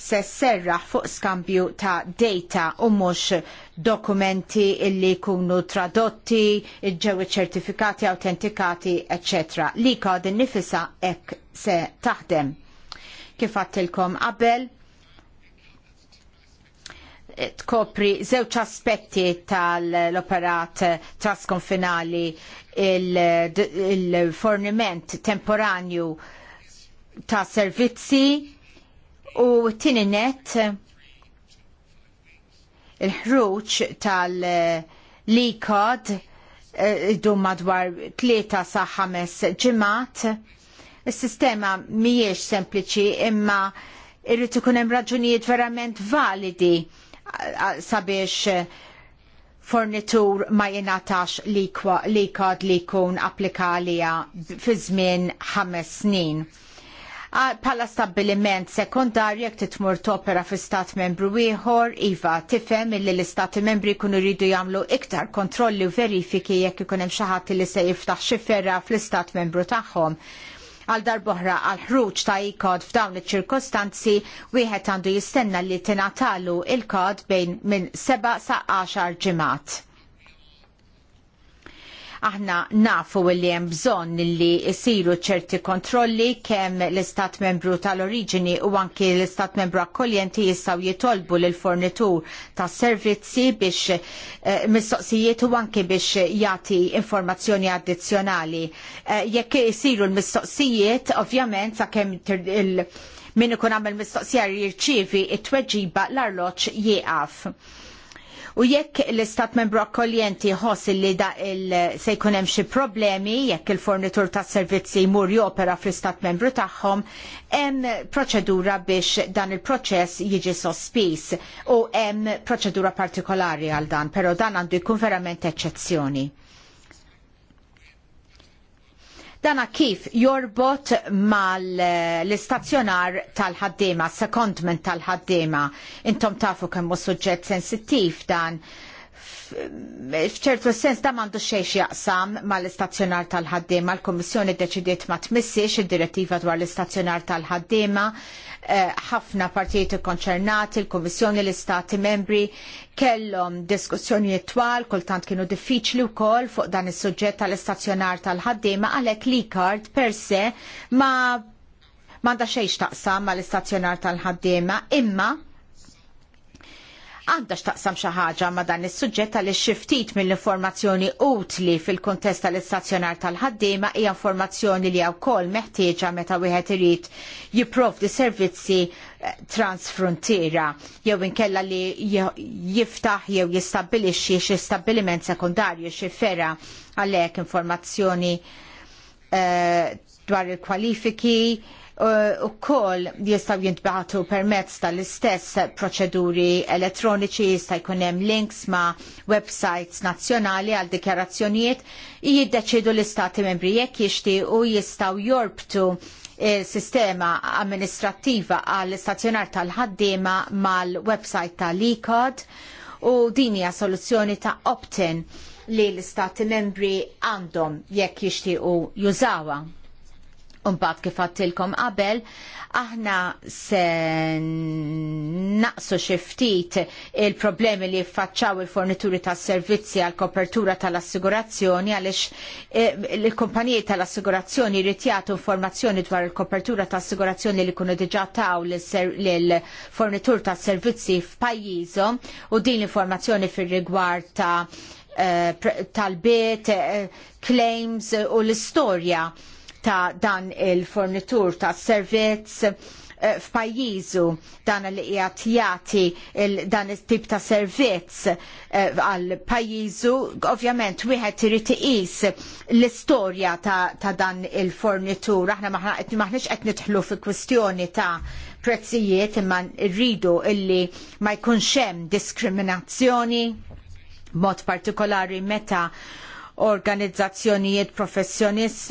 se serraħ fuq skambju ta' data u mhux dokumenti illi jkunu tradotti, ġewi ċertifikati, autentikati, etc. Likod nifisa ek se taħdem. Kif għattilkom qabel, tkopri żewġ aspetti tal-operat trasconfinali il-forniment temporanju ta' servizzi u tini net il-ħruċ tal-likod eh, iddu madwar tlieta sa' ħames ġimgħat. Is-sistema mhijiex sempliċi imma irrid ikun hemm raġunijiet verament validi sabiex eh, fornitur ma jenatax likod li jkun applikalija fi żmien ħames snin bħala ah, stabbiliment sekondarju jekk titmur topera fi stat membru ieħor iva tifhem illi l-istati membri jkunu jridu jagħmlu iktar kontrolli u verifiki jekk ikun hemm xi ħadd li se jiftaħ xi ferra fl-istat membru tagħhom għal darboħra għal ħruġ ta' ikod f'dawn iċ-ċirkostanzi wieħed għandu jistenna li tingħatalu il-kod bejn minn seba' sa' għaxar ġimgħat. Aħna nafu li hemm bżonn li jsiru ċerti kontrolli kemm l-istat membru tal-oriġini u anki l-istat membru akkoljenti jistgħu jitolbu lil fornitur ta' servizzi biex eh, mistoqsijiet u anki biex jagħti informazzjoni addizzjonali. Eh, jekk jsiru l-mistoqsijiet, ovvjament sakemm il- min ikun għamil mistoqsija jirċievi t tweġiba l-arloċ jieqaf. U jekk l-istat membru akkoljenti ħoss li da il se jkun hemm xi problemi jekk il-fornitur tas servizzi jmur jopera fl-istat membru tagħhom, hemm proċedura biex dan il-proċess jiġi sospiż u hemm proċedura partikolari għal dan, però dan għandu jkun verament eċċezzjoni. Dana kif jorbot mal-istazzjonar eh, tal-ħaddima, secondment tal-ħaddima. Intom tafu kemmu suġġett sensittiv dan fċertu sens da mandu xejx jaqsam mal-istazzjonar tal ħaddiema l komissjoni deċidiet ma tmissiex id-direttiva dwar l-istazzjonar tal-ħaddima, eh, ħafna partijiet konċernati, il-Komissjoni, l-Istati membri, kellhom diskussjoni twal, kultant kienu diffiċli wkoll fuq dan is-suġġett tal-istazzjonar tal-ħaddiema għalhekk li kard per se ma m'għandha xejn taqsam mal-istazzjonar tal-ħaddiema, imma għandax x'taqsam xi ħaġa ma' dan is-suġġett għaliex xi ftit mill-informazzjoni utli fil-kuntest tal-istazzjonar tal-ħaddiema hija informazzjoni li hija ukoll meħtieġa meta wieħed irid jipprovdi servizzi eh, transfrontiera jew inkella li jiftaħ jew jistabbilixxi xi stabbiliment sekundarju xi fera għalhekk informazzjoni eh, dwar il-kwalifiki, ukoll jistgħu jintbagħtu permezz tal-istess proċeduri elettroniċi jista' jkun hemm links ma' websites nazzjonali għal dikjarazzjonijiet jiddeċidu l-istati membri jekk jixtiequ jistgħu jorbtu sistema amministrattiva għall istazzjonar tal-ħaddiema mal-website tal-ICOD u din hija soluzzjoni ta' opt-in li l-istati membri għandhom jekk jixtiequ jużawha. Unbat kif għattilkom qabel, aħna se naqsu xiftit il-problemi li jiffaċċaw il-fornituri ta' servizzi għal kopertura tal-assigurazzjoni għalix eh, il-kumpaniji tal-assigurazzjoni jagħtu informazzjoni dwar il-kopertura ta' assigurazzjoni li kunu diġà taw l-fornitur ta' servizzi f'pajjiżhom u din l-informazzjoni fir-rigward ta' eh, talbiet, eh, claims u l-istorja ta' dan il-fornitur ta' servizz eh, f'pajjiżu dan li qiegħed jagħti dan it-tip ta' servizz eh, għal pajjiżu, ovvjament wieħed irid iqis l-istorja ta', dan il-fornitur. Aħna maħniex qed nidħlu fi kwistjoni ta' prezzijiet imma rridu illi ma jkunx hemm diskriminazzjoni b'mod partikolari meta organizzazzjonijiet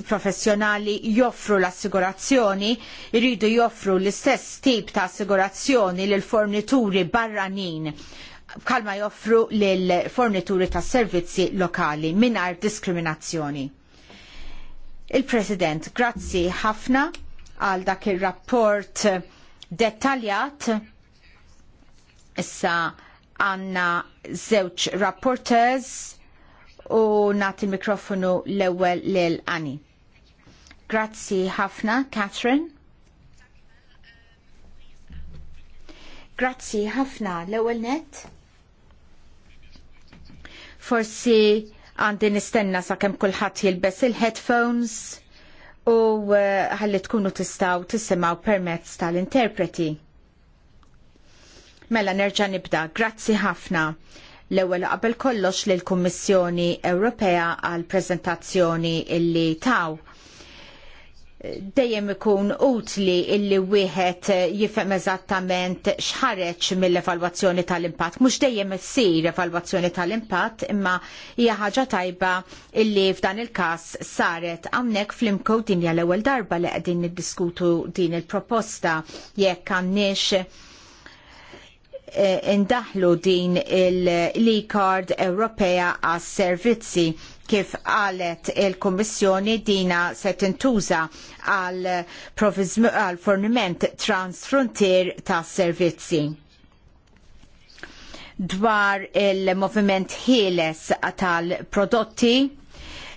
professjonali joffru l-assigurazzjoni, jridu joffru l-istess tip ta' assigurazzjoni l fornituri barranin bħalma joffru l fornituri ta' servizzi lokali mingħajr diskriminazzjoni. Il-President, grazzi ħafna għal dak ir rapport dettaljat issa għanna żewġ rapporters u nati l-mikrofonu l-ewwel lil Ani. Grazzi ħafna, Catherine. Grazzi ħafna l-ewwel net. Forsi għandi nistenna sakemm kulħadd jilbes il-headphones u uh, ħalli tkunu tistaw tisimgħu permezz tal-interpreti. Mela nerġa' nibda. Grazzi ħafna l-ewwel qabel kollox lill kummissjoni Ewropea għal preżentazzjoni illi taw dejjem ikun utli illi wieħed jifhem eżattament x'ħareġ mill-evalwazzjoni tal-impatt. Mhux dejjem issir evalwazzjoni tal-impatt imma hija ħaġa tajba illi f'dan il-każ saret hawnhekk fl-imkow din hija l-ewwel darba li qegħdin niddiskutu din il-proposta jekk għandniex Eh, indaħlu din il e Ewropea għas servizzi kif qalet il-Kommissjoni dina se tintuża għal forniment transfrontier ta' servizzi dwar il-moviment ħieles tal-prodotti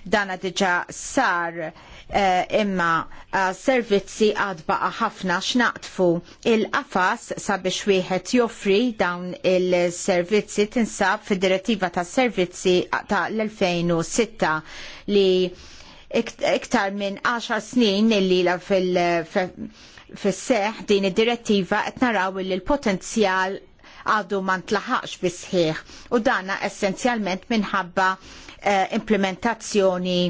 dana diġa sar Eh, imma eh, servizzi għad baqa ħafna x'naqtfu. Il-qafas sabiex wieħed joffri dawn il-servizzi tinsab fid-direttiva tas servizzi ta' l-2006 li iktar minn 10 snin illila fil- seħ din id-direttiva qed naraw li l-potenzjal għadu ma tlaħax bisħiħ u dana essenzjalment minħabba uh, implementazzjoni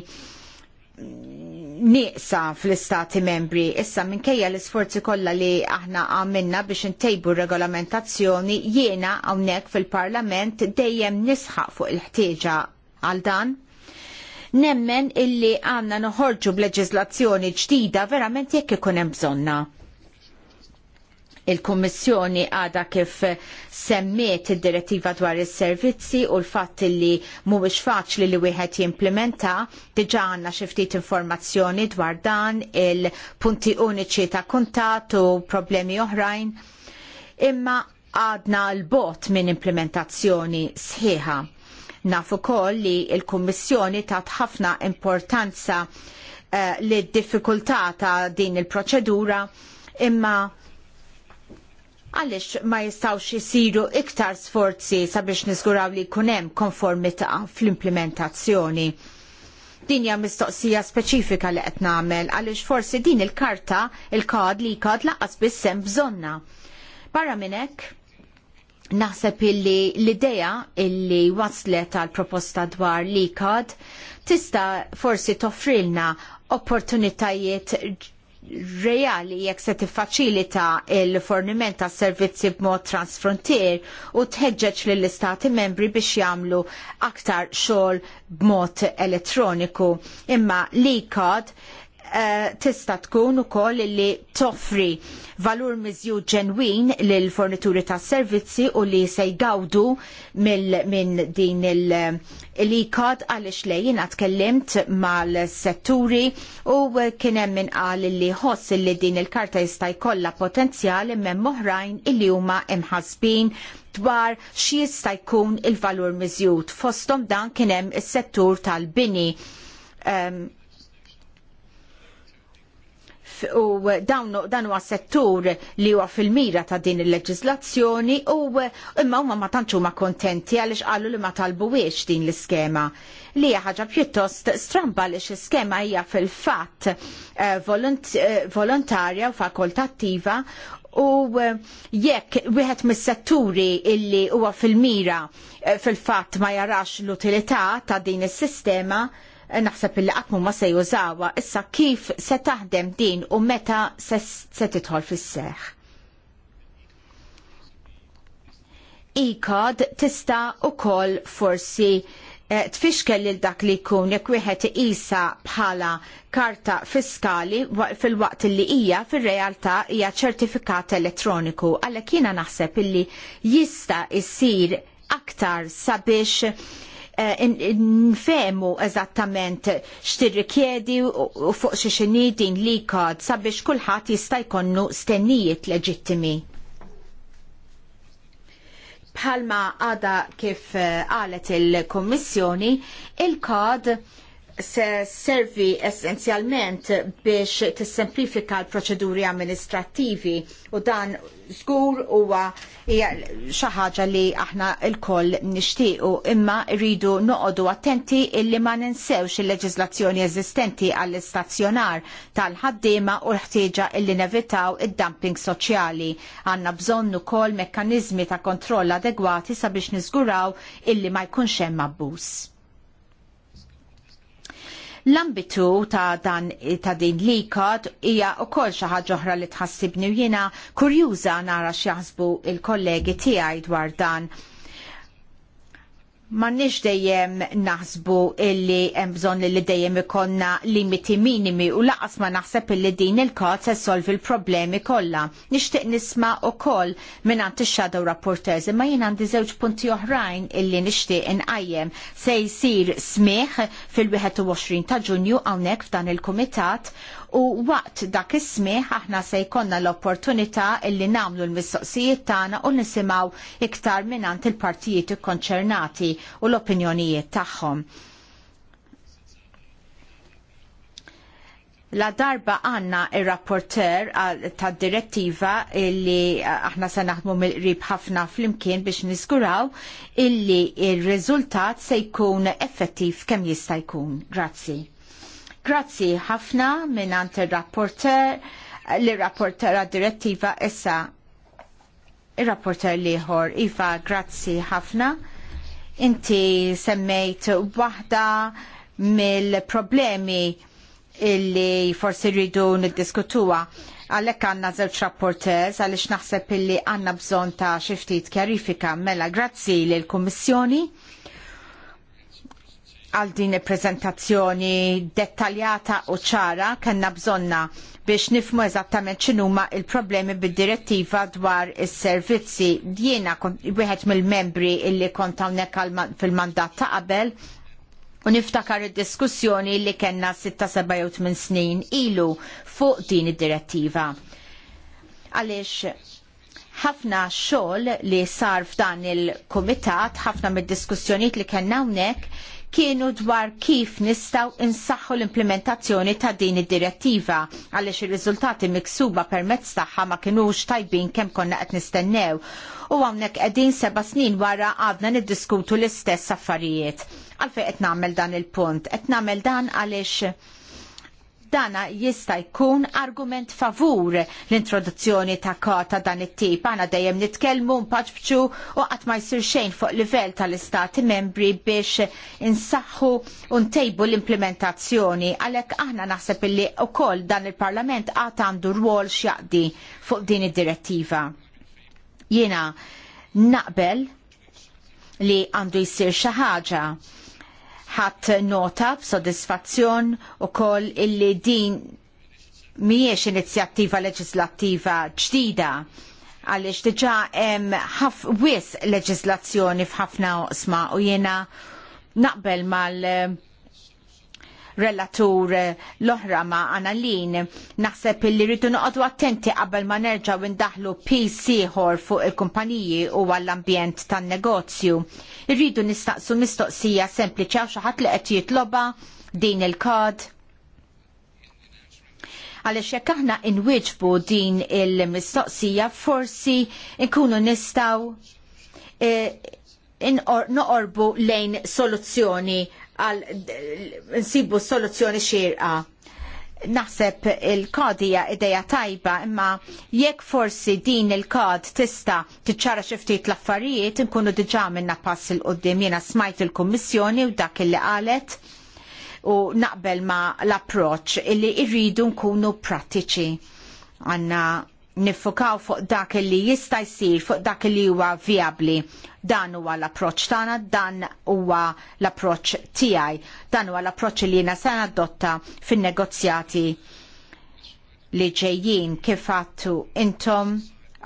nieqsa fl-istati membri. Issa minkejja l-isforzi kollha li aħna għamilna biex intejbu regolamentazzjoni jiena hawnhekk fil-Parlament dejjem nisħaq fuq il-ħtieġa għal dan. Nemmen illi għanna noħorġu b'leġiżlazzjoni ġdida verament jekk ikun hemm bżonna. Il-Kummissjoni għada kif semmiet id-direttiva dwar is-servizzi u l-fatt li mhuwiex faċli li wieħed jimplementa diġà għandna xi ftit informazzjoni dwar dan il-punti uniċi ta' kuntatt u problemi oħrajn. Imma għadna l-bot minn implementazzjoni sħiħa. Nafu kol li il-Kommissjoni tat ħafna importanza uh, li diffikultà ta' din il-proċedura imma għaliex ma jistawx isiru iktar sforzi sabiex niżguraw li jkun hemm konformità fl-implementazzjoni. Dinja mistoqsija speċifika li qed nagħmel għaliex forsi din il-karta il-kod li kod laqas biss bżonna. Barra minn hekk naħseb illi l-idea illi waslet għal proposta dwar li kod tista forsi toffrilna opportunitajiet reali jekk se tiffaċilita l forniment ta' servizzi b'mod transfrontier u tħeġġeġ lill istati membri biex jagħmlu aktar xogħol b'mod elettroniku. Imma l-ICOD Eh, tista' tkun ukoll li toffri valur miżjud ġenwin lil fornituri ta' servizzi u li se jgawdu minn din il-ikod eh, għaliex lejjin tkellimt mal-setturi u kien hemm min qal li ħoss li din il-karta jista' jkollha potenzjal imma oħrajn illi huma imħasbin dwar jista' jkun il-valur miżjud. Fosthom dan kien hemm is-settur tal-bini. Um, u dan huwa settur li huwa fil-mira ta' din il-leġiżlazzjoni u imma huma ma tantx huma kontenti għaliex qalu li ma talbuwiex din l-iskema li hija ħaġa pjuttost stramba li x-iskema hija fil-fatt eh, eh, volontarja u fakultattiva u eh, jekk wieħed mis-setturi illi huwa fil-mira fil-fatt ma jarax l-utilità ta' din is-sistema, naħseb illi qatt ma se jużawha issa kif se taħdem din u meta se tidħol fis-seħ. Ikod tista' ukoll forsi eh, tfixkel il dak li jkun jekk wieħed isa bħala karta fiskali fil-waqt li hija fir-realtà hija ċertifikat elettroniku għalhekk jiena naħseb illi jista' jsir aktar sabiex Eh, nfemu eżattament x'tirrikjedi u fuq xi xini din li kod sabiex kulħadd jista' jkollu stennijiet leġittimi. Bħalma għada kif eh, qalet il-Kommissjoni, il-kod il kod se servi essenzjalment biex tissemplifika l-proċeduri amministrattivi u dan żgur huwa xi ħaġa li aħna lkoll nixtiequ imma rridu noqogħdu attenti illi ma ninsewx il leġizlazzjoni eżistenti għall-istazzjonar tal-ħaddiema u l-ħtieġa illi nevitaw id-dumping soċjali. Għandna bżonn ukoll mekkaniżmi ta' kontroll adegwati sabiex niżguraw illi ma jkunx hemm abbuż. L-ambitu ta' dan ta' din l-ikod hija wkoll xi ħaġa oħra li tħassibni jiena kurjuża nara x'jaħsbu il-kollegi tiegħi dwar dan nix dejjem naħsbu illi hemm bżonn li dejjem ikonna limiti minimi u laqas ma naħseb illi din il-kod se solvi l-problemi kollha. Nixtieq nisma' ukoll mingħand ix-shadow rapporteurs imma jien għandi żewġ punti oħrajn illi nixtieq nqajjem se jsir smih fil-21 ta' Ġunju hawnhekk f'dan il-kumitat U waqt dak ismiħ aħna se jkollna l-opportunità illi nagħmlu l-mistoqsijiet tagħna u nisimgħu iktar minant il-partijiet ikkonċernati u l-opinjonijiet tagħhom. La darba għanna il-rapporter ta' direttiva illi aħna se naħdmu mill-qrib ħafna fl-imkien biex niskuraw illi il-riżultat se jkun effettiv kemm jista' jkun. Grazzi. Grazzi ħafna minn il-rapporter li rapporter direttiva issa il-rapporter liħor. Iva, grazzi ħafna. Inti semmejt waħda mill-problemi illi forsi rridu niddiskutuha għalhekk għandna żewġ rapportez għaliex naħseb illi għandna bżonn ta' xi ftit kjarifika mela grazzi lill kummissjoni għal din il-prezentazzjoni dettaljata u ċara kanna bżonna biex nifmu eżattament x'inhuma il-problemi bid-direttiva dwar is-servizzi. Jiena wieħed mill-membri illi kont hawnhekk fil-mandat ta' qabel u niftakar id-diskussjoni li kellna 6-7 jew 8 snin ilu fuq din id-direttiva. Għaliex ħafna xogħol li sar f'dan il-kumitat, ħafna mid-diskussjonijiet li kellna hawnhekk kienu dwar kif nistaw insaħħu l-implementazzjoni ta' din id-direttiva għaliex ir-riżultati miksuba permezz tagħha ma kinux tajbin kemm konna qed nistennew u hawnhekk qegħdin seba snin wara għadna niddiskutu l-istess affarijiet. Għalfej qed nagħmel dan il-punt, qed nagħmel dan għaliex dana jista' jkun argument favur l-introduzzjoni ta' kota dan it-tip. Għana dejjem nitkellmu mpaċbċu u qatt ma jsir xejn fuq livell tal-istati membri biex insaħħu u ntejbu l-implementazzjoni. Għalhekk aħna naħseb illi wkoll dan il-Parlament għad għandu rwol x'jaqdi fuq din id-direttiva. Jiena naqbel li għandu jsir xi ħaġa ħadd nota b'sodisfazzjon ukoll illi din mhijiex inizjattiva leġislattiva ġdida għaliex diġà hemm ħaf wis leġislazzjoni f'ħafna oqsma u jiena naqbel mal- relatur l-oħra ma' Analin. Naħseb li rridu noqogħdu attenti qabel ma nerġgħu indaħlu PC ieħor fuq il-kumpaniji u għall-ambjent tan-negozju. Irridu nistaqsu mistoqsija sempliċi għaw xi ħadd li qed jitloba din il-kod għalix jekk aħna inwiġbu din il-mistoqsija forsi nkunu nistaw e, noqorbu lejn soluzzjoni għal nsibu soluzzjoni xirqa naħseb il-kodija ideja tajba imma jekk forsi din il-kod tista tiċċara xi ftit l-affarijiet inkunu diġa' minna pass il qudiem jena smajt il-Kummissjoni u dak li qalet u naqbel ma l approċċ illi irridu nkunu prattiċi għanna nifukaw fuq dak li jista' jsir, fuq dak li huwa viabli. Dan huwa l-approċċ tagħna, dan huwa l-approċċ tiegħi, dan huwa l-approċċ li jiena se nadotta fin-negozjati li ġejjin kif fattu intom,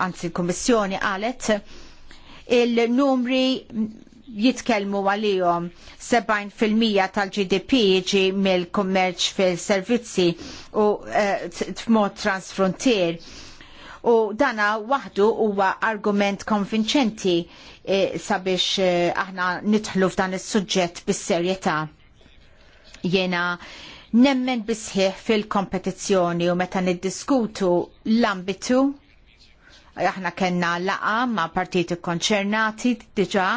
anzi l-Kummissjoni qalet il-numri jitkelmu għalihom 70% tal-GDP jiġi mill-kummerċ fil-servizzi u uh, eh, f'mod transfrontier u dana waħdu huwa argument konvinċenti eh, sabiex eh, aħna nidħlu f'dan is-suġġett bis-serjetà. Jena nemmen bisħiħ fil-kompetizzjoni u meta niddiskutu l-ambitu aħna kellna laqa ma' partiti konċernati diġà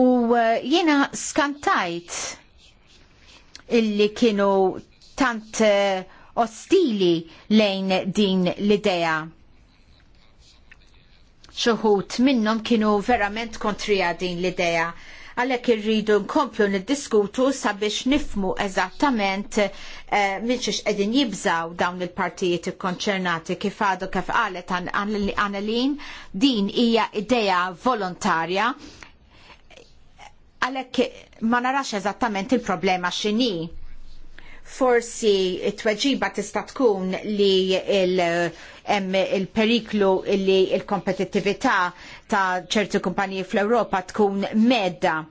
u eh, jiena skantajt illi kienu tant uh, ostili lejn din l-idea. Xuħut minnom kienu verament kontrija din l-idea għalek irridu nkomplu niddiskutu sabiex nifmu eżattament eh, minn xiex edin jibżaw dawn il-partijiet konċernati kif għadu kif għalet għanelin din hija ideja volontarja għalek ma narax eżattament il-problema xini forsi it-tweġiba tista' tkun li il-periklu il li il-kompetittività ta' ċerti kumpaniji fl-Ewropa tkun medda.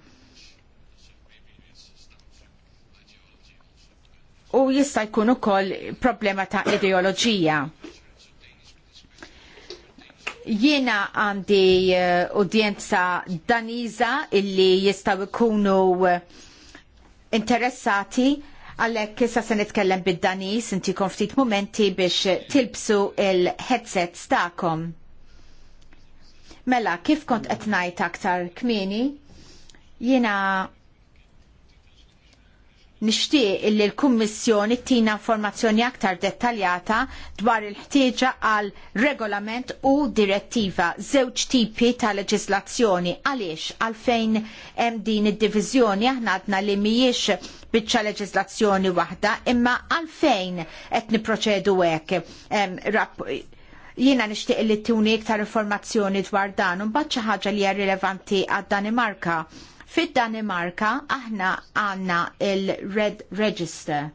U jista' jkun ukoll problema ta' ideoloġija jiena għandi eh, udjenza daniża illi jistgħu jkunu eh, interessati Għalhekk issa se nitkellem bid-Danis inti ftit mumenti biex tilbsu il-headsets tagħkom. Mela, kif kont qed ngħid aktar kmieni, jiena Nixtieq illi l-Kummissjoni tina informazzjoni aktar dettaljata dwar il-ħtieġa għal regolament u direttiva żewġ tipi ta' leġislazzjoni għaliex għalfejn hemm din id-diviżjoni aħna għadna li mhijiex biċċa leġislazzjoni waħda imma għalfejn qed niproċedu hekk. Jiena nixtieq li tuni iktar informazzjoni dwar dan u mbagħad xi ħaġa li hija rilevanti għad-Danimarka Fid-Danimarka aħna għandna il-Red Register.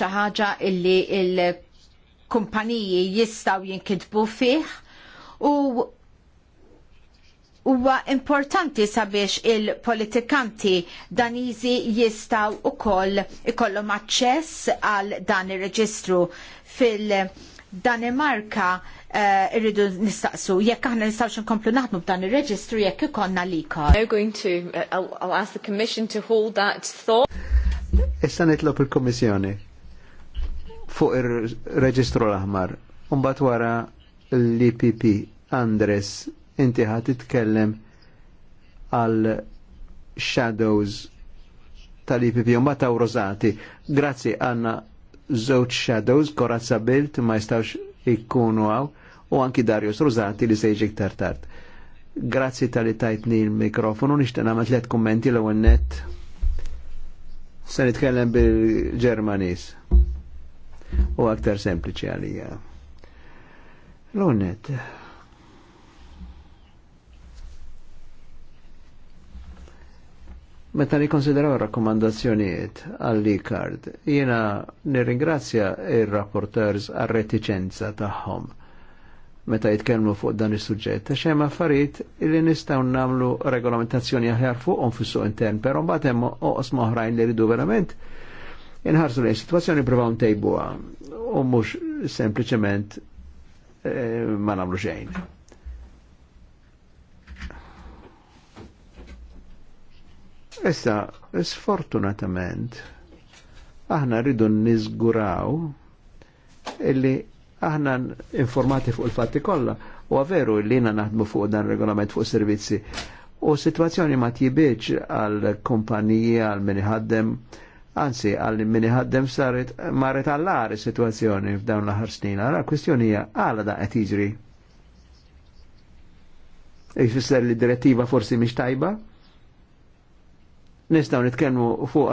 xi ħaġa illi il-kumpaniji jistgħu jinkitbu fih u huwa importanti sabiex il-politikanti daniżi jistgħu koll ikollhom aċċess għal dan ir-reġistru fil-Danimarka Eh, irridu nistaqsu jekk aħna nistgħux nkomplu naħdmu b'dan ir-reġistru jekk ikollna lika. They're going to uh, I'll I'll ask the commission to hold that thought. Issa nitlob il-Kommissjoni fuq ir-reġistru l-aħmar. Umbat wara l-IPP Andres inti ħad titkellem għal shadows tal-IPP umbat taw rozati. Grazzi għanna żewġ shadows, Korazza Bilt ma jistawx ikkunu għaw, u anki Darius Ruzati li sejġi jiġi iktar tard. Grazzi tal-li tajtni l-mikrofonu, nishtan għamat tlet kommenti l net se nitkellem bil-Ġermanis. U aktar sempliċi għalija. L-għonnet. Meta nikonsideraw rakkomandazzjonijiet għall Likard. card jena nirringrazzja il-rapporters għal-reticenza tagħhom meta jitkellmu fuq dan is-suġġett. Ta' xejn affarijiet li nistgħu nagħmlu regolamentazzjoni aħjar fuqhom fis-suq intern, però mbagħad hemm oqosma oħrajn li ridu verament inħarsu lejn sitwazzjoni privaw ntejbuha u mhux sempliċement eh, ma nagħmlu xejn. Issa, sfortunatament, aħna rridu niżguraw illi aħna informati fuq il-fatti kollha u għaveru li jina naħdmu fuq dan regolament fuq servizzi. U situazzjoni ma tjibieċ għal kumpanija għal miniħaddem, anzi għal miniħaddem saret marret għall-għari situazzjoni f'dawn l-ħar snin. Għara hija għala da qed jiġri. Jfisser li direttiva forsi mhix tajba? Nistgħu nitkellmu fuq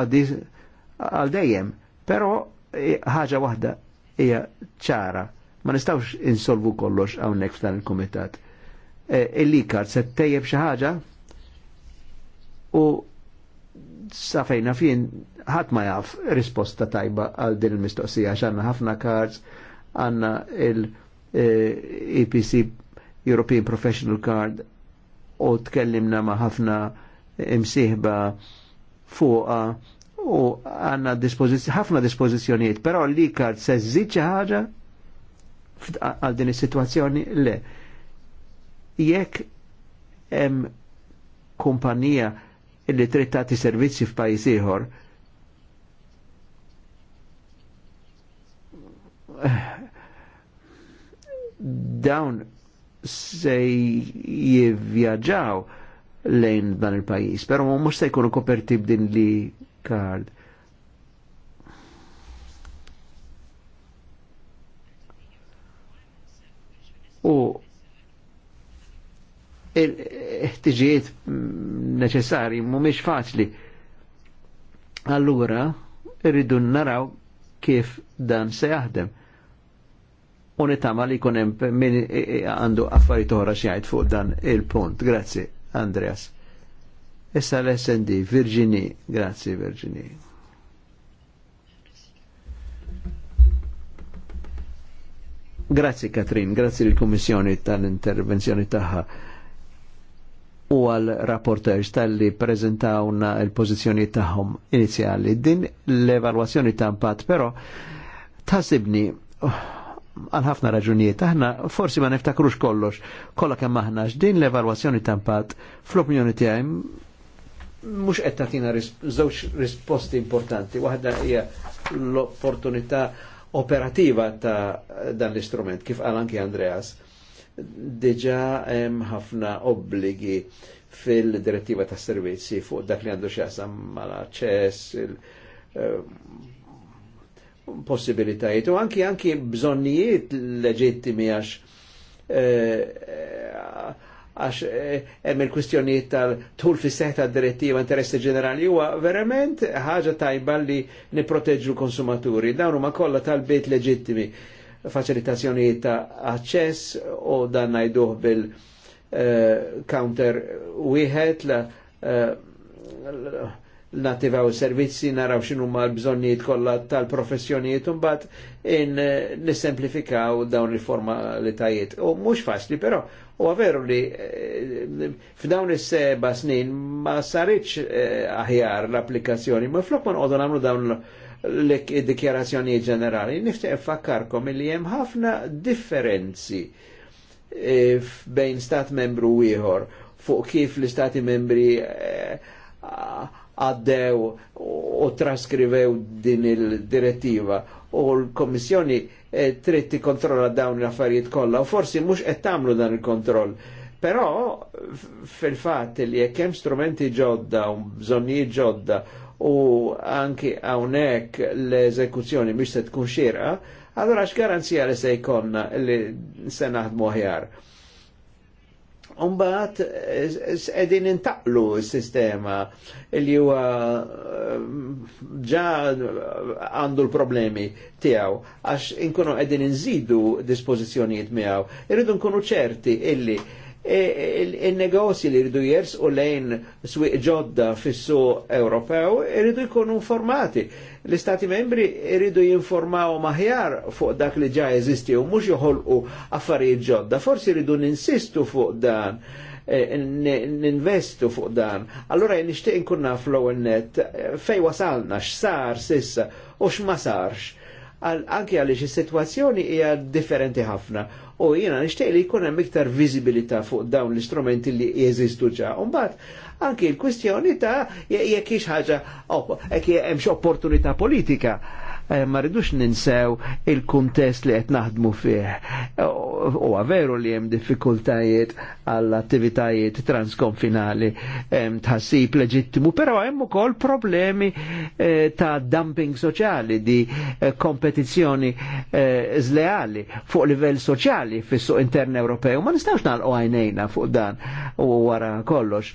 għal dejjem, però ħaġa waħda hija ċara Ma nistawx insolvu kollox hawnhekk f'dan il-kumitat. E, Il-likar se tejjeb xi ħaġa u safejna fin ħadd ma jaf risposta tajba għal din il-mistoqsija xanna ħafna cards, għandna il-EPC e European Professional Card u tkellimna ma ħafna imsieħba fuqa u għanna ħafna dispozizjoniet, pero l-likard se zid ħaġa għal din is-sitwazzjoni le. Jekk hemm kumpanija li trid tagħti servizzi f'pajjiż ieħor, dawn se jivvjaġġaw lejn dan il-pajis, pero mhux se jkunu koperti b'din li kard. u il-ħtiġijiet neċessari mhumiex faċli. Allura irridu naraw kif dan se jaħdem. U nitama li kunem min għandu affarijiet oħra xjajt fuq dan il-punt. Grazzi, Andreas. Issa l-SND, Virginie, grazzi Virginie. Grazzi Katrin, grazzi l-Kummissjoni tal-intervenzjoni tagħha u għal rapporters tal-li prezentawna il-pozizjoni tagħhom inizjali. Din l-evalwazzjoni ta' impatt però tasibni uh, għal ħafna raġunijiet. Aħna forsi ma niftakrux kollox, kollha kemm aħna din l-evalwazzjoni ta' impatt fl-opinjoni tiegħi mhux qed tagħtina żewġ risposti importanti. Waħda hija l-opportunità operativa ta' dan l-istrument, kif għal anki Andreas, deġa hemm ħafna obbligi fil-direttiva ta' servizzi fuq dak li għandu xjaqsam mal-aċċess, eh, possibilitajiet u anki anki bżonnijiet leġittimi għax eh, għax eh, hemm il-kwistjonijiet tal-tul fis tad direttiva interessi ġenerali huwa verament ħaġa tajba li nipproteġġu l-konsumaturi. Dawn huma kollha tal-bejt leġittimi faċilitazzjonijiet ta' aċċess u dan ngħiduh bil-counter eh, wieħed eh, nattivaw servizzi, naraw xinu ma l-bżonniet kolla tal-professjoniet un-bat in nissemplifikaw dawn il-formalitajiet. U mux faċli, pero U għaveru li eh, f'dawn is-seba snin ma saritx eh, aħjar l-applikazzjoni, ma flok ma nqogħdu nagħmlu dawn l-dikjarazzjoni ġenerali. Niftaq fakkarkom li hemm ħafna differenzi eh, bejn stat membru ieħor fuq kif l-istati membri għaddew u traskrivew din il-direttiva u l-Komissjoni E, trid tikkontrolla dawn l-affarijiet kollha u forsi mhux qed tagħmlu dan il-kontroll. Però fil-fatt li jekk hemm strumenti ġodda u bżonnijiet ġodda u anki hawnhekk l-eżekuzzjoni mhix se tkun xierqa, allora x'garanzija li se jkollna li se naħdmu aħjar. Umbat, edin intaqlu s-sistema li huwa ġa għandu l-problemi tijaw, għax inkunu edin nżidu dispozizjoniet miegħu. Irridu nkunu ċerti illi il-negozji li rridu jers u lejn swiq ġodda fissu Ewropew rridu jkunu informati. L-Istati membri rridu jinformaw maħjar fuq dak li ġa jeżisti u mux joħolqu affarijiet ġodda. Forsi rridu ninsistu fuq dan, eh, ninvestu fuq dan. Allora nishtiq nkun naf l net eh, fej wasalna x'sar sissa u x'ma sarx anki għaliex is-sitwazzjoni hija differenti ħafna. U jiena nixtieq li jkun hemm iktar viżibilità fuq dawn l-istrumenti li jeżistu ġa. Mbagħad anki l-kwistjoni ta' jekk hix ħaġa opportunità politika Eh, ma rridux ninsew il-kuntest li qed naħdmu fih. U veru li hemm diffikultajiet għall attivitajiet transkonfinali tħassib leġittimu, però hemm ukoll problemi eh, ta' dumping soċjali di eh, kompetizzjoni zleali fuq livell soċjali fis-suq intern Ewropew. Ma nistgħux nagħlqu għajnejna fuq dan u wara kollox.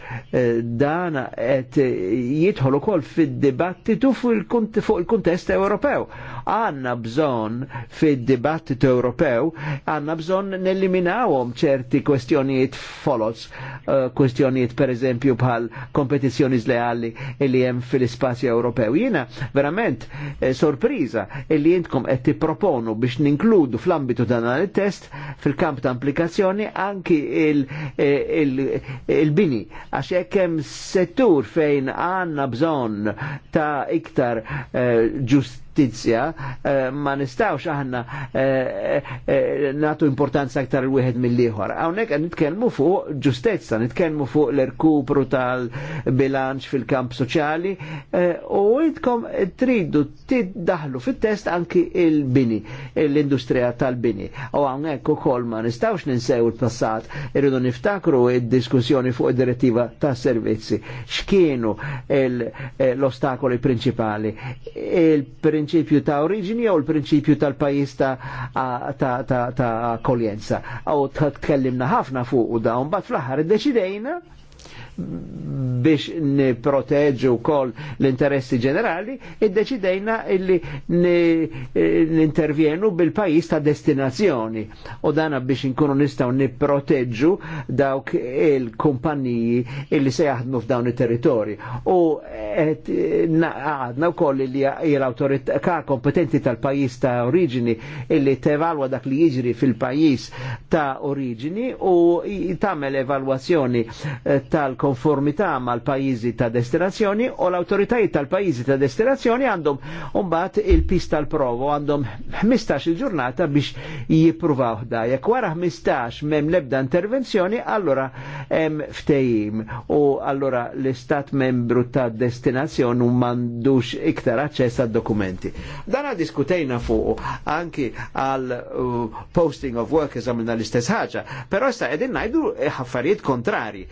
Dan qed jidħol ukoll fid-dibattitu fuq il-kuntest Ewropew Ewropew. Għanna bżon fid-dibattitu Ewropew, għanna bżon nelliminawom ċerti kwestjonijiet folos, eh, kwestjonijiet per eżempju bħal kompetizjoni zleali li hemm fil-ispazju Ewropew. Jina verament eh, sorpriza li jintkom qed tipproponu biex ninkludu fl-ambitu dan test fil-kamp ta' implikazzjoni anki il-bini eh, għax hekk settur fejn għanna bżon ta' iktar ġust tizja eh, ma nistawx aħna eh, eh, natu importanza aktar il-wieħed mill-ieħor. Hawnhekk qed nitkellmu fuq ġustezza, nitkellmu fuq l-erkupru tal-bilanċ fil-kamp soċjali u jitkom tridu tiddaħlu fit-test anki il-bini, l-industrija tal-bini. U hawnhekk ukoll ma nistawx ninsew il-passat, irridu niftakru id-diskussjoni fuq id-direttiva tas-servizzi. X'kienu l-ostakoli prinċipali? il il-prinċipju ta' oriġini jew il-prinċipju tal-pajis ta' akkoljenza. Aw tkellimna ħafna fuq u dawn bat fl-aħħar iddeċidejna biex niproteġu kol l-interessi ġenerali, id-deċidejna illi eh, n-intervjenu bil-pajis ta' destinazzjoni. U dana biex nkunu nistaw niproteġu dawk il-kumpaniji illi se jaħdmu f'dawn il territori U eh, għadna u koll illi l autorita kompetenti tal-pajis ta' origini illi tevalwa dak li jiġri fil-pajis ta' origini u tamel evalwazzjoni eh, tal konformità mal-pajjiżi ta' destinazzjoni u l-awtoritajiet tal-pajjiżi ta' destinazzjoni għandhom mbagħad il-pista l-provo għandhom 15 il-ġurnata biex jippruvaw da. wara 15 m'hemm lebda intervenzjoni, allora hemm ftejim. u allora l-istat membru ta' destinazzjoni m'għandux iktar aċċess għad-dokumenti. Dana diskutejna fuq anki għal uh, posting of workers għamilna l-istess ħaġa, però sta qegħdin ngħidu ħaffariet kontrari.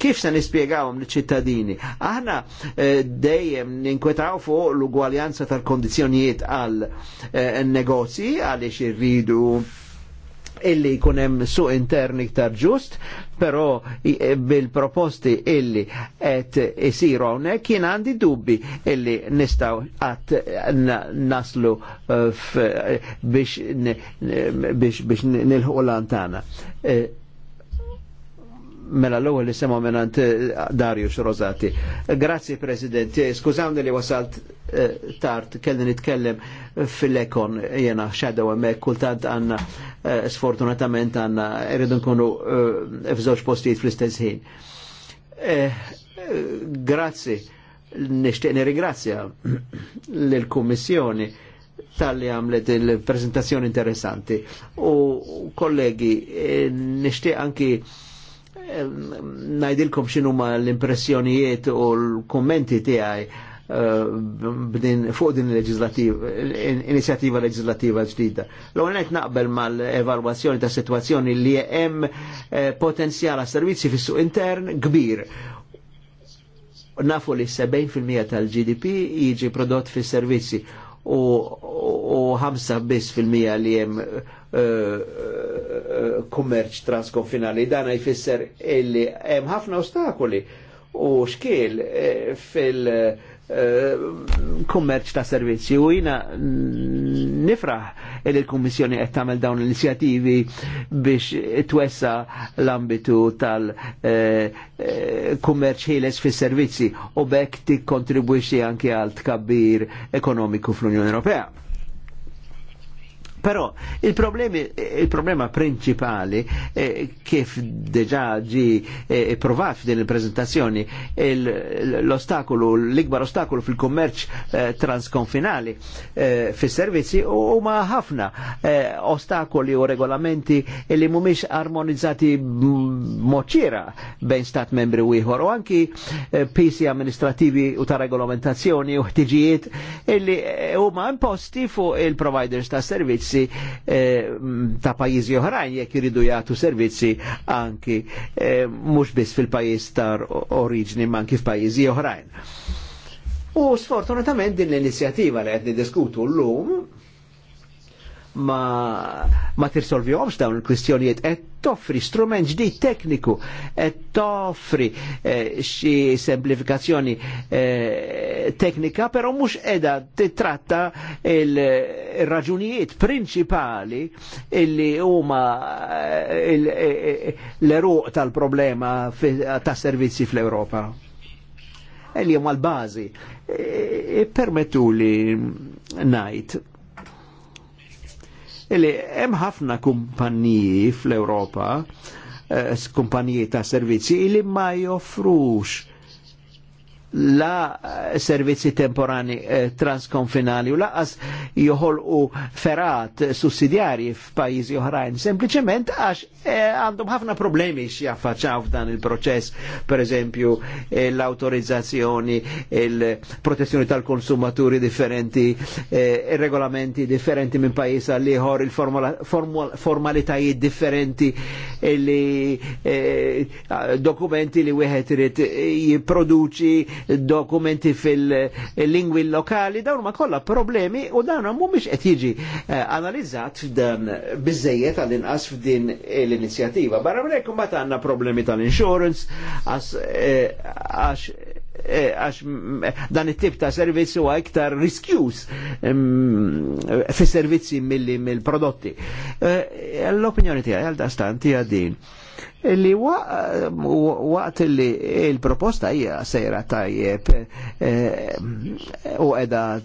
Kif se se nispjegawhom liċ-ċittadini. Aħna eh, dejjem ninkwetaw fuq l-ugwaljanza tal-kondizzjonijiet għal eh, negozji għaliex irridu illi jkunem su intern iktar ġust, però eh, bil-proposti illi et isiru hawnhekk jien għandi dubbi illi nistgħu qatt naslu biex biex biex nilħu l-antana mela l-ewwel li sema minant eh, Darius Rosati. Grazzi President, eh, skużawni li wasalt eh, tard kellni nitkellem fil-ekon jena xadaw hemmhekk kultant għandna sfortunatament għandna irridu nkunu f'żewġ postijiet fl-istess ħin. Grazzi, nixtieq nirringrazzja lill-Kummissjoni tal-li għamlet il-prezentazzjoni interessanti. U kollegi, nishtiq anki najdilkom xinu ma l-impressjonijiet u l-kommenti tiegħi eh, b'din fuq din l inizjativa leġislativa ġdida. L-għonet naqbel ma l-evaluazzjoni ta' situazzjoni li jem eh, potenzjala servizzi fissu intern kbir. Nafu li 70% tal-GDP jiġi prodott fis servizzi u 5 biss fil-mija li hemm Eh, eh, eh, kummerċ transkonfinali. Dana jfisser illi hemm ħafna ostakoli u xkiel fil- kummerċ ta' servizzi u jina nifraħ il l kommissjoni qed tagħmel dawn l-inizjattivi biex twessa l-ambitu tal-kummerċ ħieles fis servizzi u bekk tikkontribwixxi anke għal tkabbir ekonomiku fl-Unjoni Ewropea. Però il-problema il principali eh, kif deġa ġi eh, provat f'din il-prezentazzjoni l-ostakolu, il l-ikbar ostakolu l ikbar ostakolu fil kommerċ eh, transkonfinali eh, fis-servizzi huma ħafna eh, ostakoli u regolamenti e li mhumiex armonizzati mm, moċira bejn stat membri u ieħor u anki eh, pisi amministrativi u ta' regolamentazzjoni u ħtiġijiet illi e huma eh, imposti fuq il-providers ta' servizi servizzi eh, ta' pajjiżi oħrajn jekk iridu jagħtu servizzi anki eh, mhux biss fil-pajjiż tar oriġni ma anki f'pajjiżi oħrajn. U sfortunatament din l-inizjattiva li qed niddiskutu llum ma, ma tirsolvihomx dawn il-kwistjonijiet, et toffri strument ġdid tekniku, et toffri eh, xi semplifikazzjoni eh, teknika, però mhux qiegħda titratta il-raġunijiet eh, prinċipali illi huma eh, eh, l-eruq tal-problema tas servizzi fl-Ewropa. Elli huma l-bażi. E, e, Permettu li najt illi hemm ħafna kumpaniji fl europa eh, kumpaniji ta' servizzi illi ma joffrux la eh, servizzi temporani eh, transkonfinali u laqas u ferat eh, sussidjarji f'pajjiżi oħrajn, sempliċement għax eh, għandhom eh, ħafna problemi x'jaffaċċaw f'dan il-proċess, per eżempju eh, l-autorizzazzjoni, il-protezzjoni tal-konsumaturi differenti, regolamenti differenti minn pajjiż għal ieħor, il-formalitajiet differenti, li dokumenti li wieħed irid jipproduċi dokumenti fil-lingwi lokali, dawn ma kollha problemi u dawn mhumiex qed jiġi eh, analizzat f'dan biżejjed għall-inqas f'din l-inizjattiva. Barra minn hekk għandna problemi tal-insurance eh, għax eh, għax mm, dan it-tip ta' servizz huwa iktar riskjus mm, fi servizzi mill-prodotti. L-opinjoni tiegħi għal dastan tiegħi din li waqt li il-proposta hija sejra tajjeb eh, u edha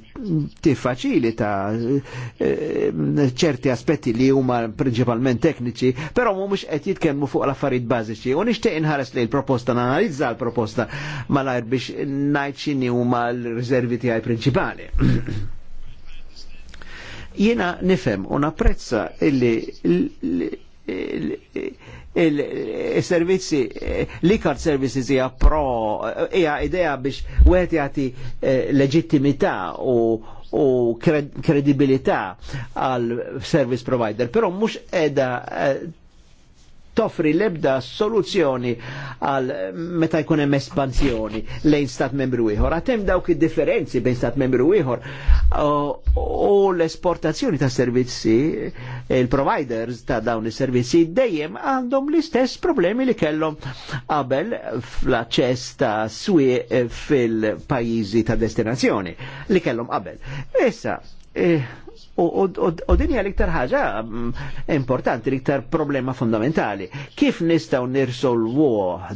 ta' eh, ċerti aspetti li huma principalment tekniċi, però mhumiex qed jitkellmu fuq l-affarijiet bażiċi. U nixtieq inħares li l-proposta nanalizza l-proposta malajr biex ngħid x'inhi huma l-riservi tiegħi prinċipali. Jiena nifhem u napprezza illi il-servizzi, l ikart servizzi zija pro, ija idea biex wieħed jati eh, leġittimità u u kredibilità għal service provider, pero mux edha eh, toffri lebda soluzzjoni għal meta jkun hemm espansjoni lejn stat membru ieħor. Għad hemm dawk id-differenzi bejn stat membru ieħor u l-esportazzjoni ta' servizzi il-providers ta' dawn is-servizzi dejjem għandhom l-istess problemi li kellhom qabel fl-aċċess ta' swieq eh, fil-pajjiżi ta' destinazzjoni li kellhom qabel. Issa, eh, U din hija l-iktar ħaġa mm, importanti, l-iktar problema fundamentali. Kif nistgħu nirsolvu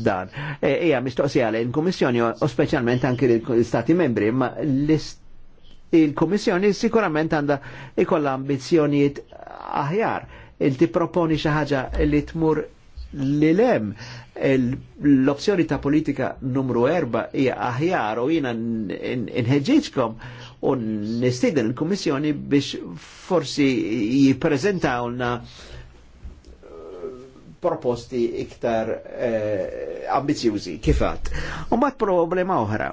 dan? E, hija mistoqsija il kummissjoni u speċjalment anke l istati membri, ma il-Kummissjoni sikurament għandha ikolla ambizzjonijiet aħjar. Il-ti proponi xi ħaġa li tmur li lem l-opzjoni ta' politika numru erba hija aħjar u jiena inħeġġiġkom u nistiden il-Kommissjoni biex forsi jiprezentawna eh, proposti iktar eh, ambizjużi kifat. U mat problema oħra,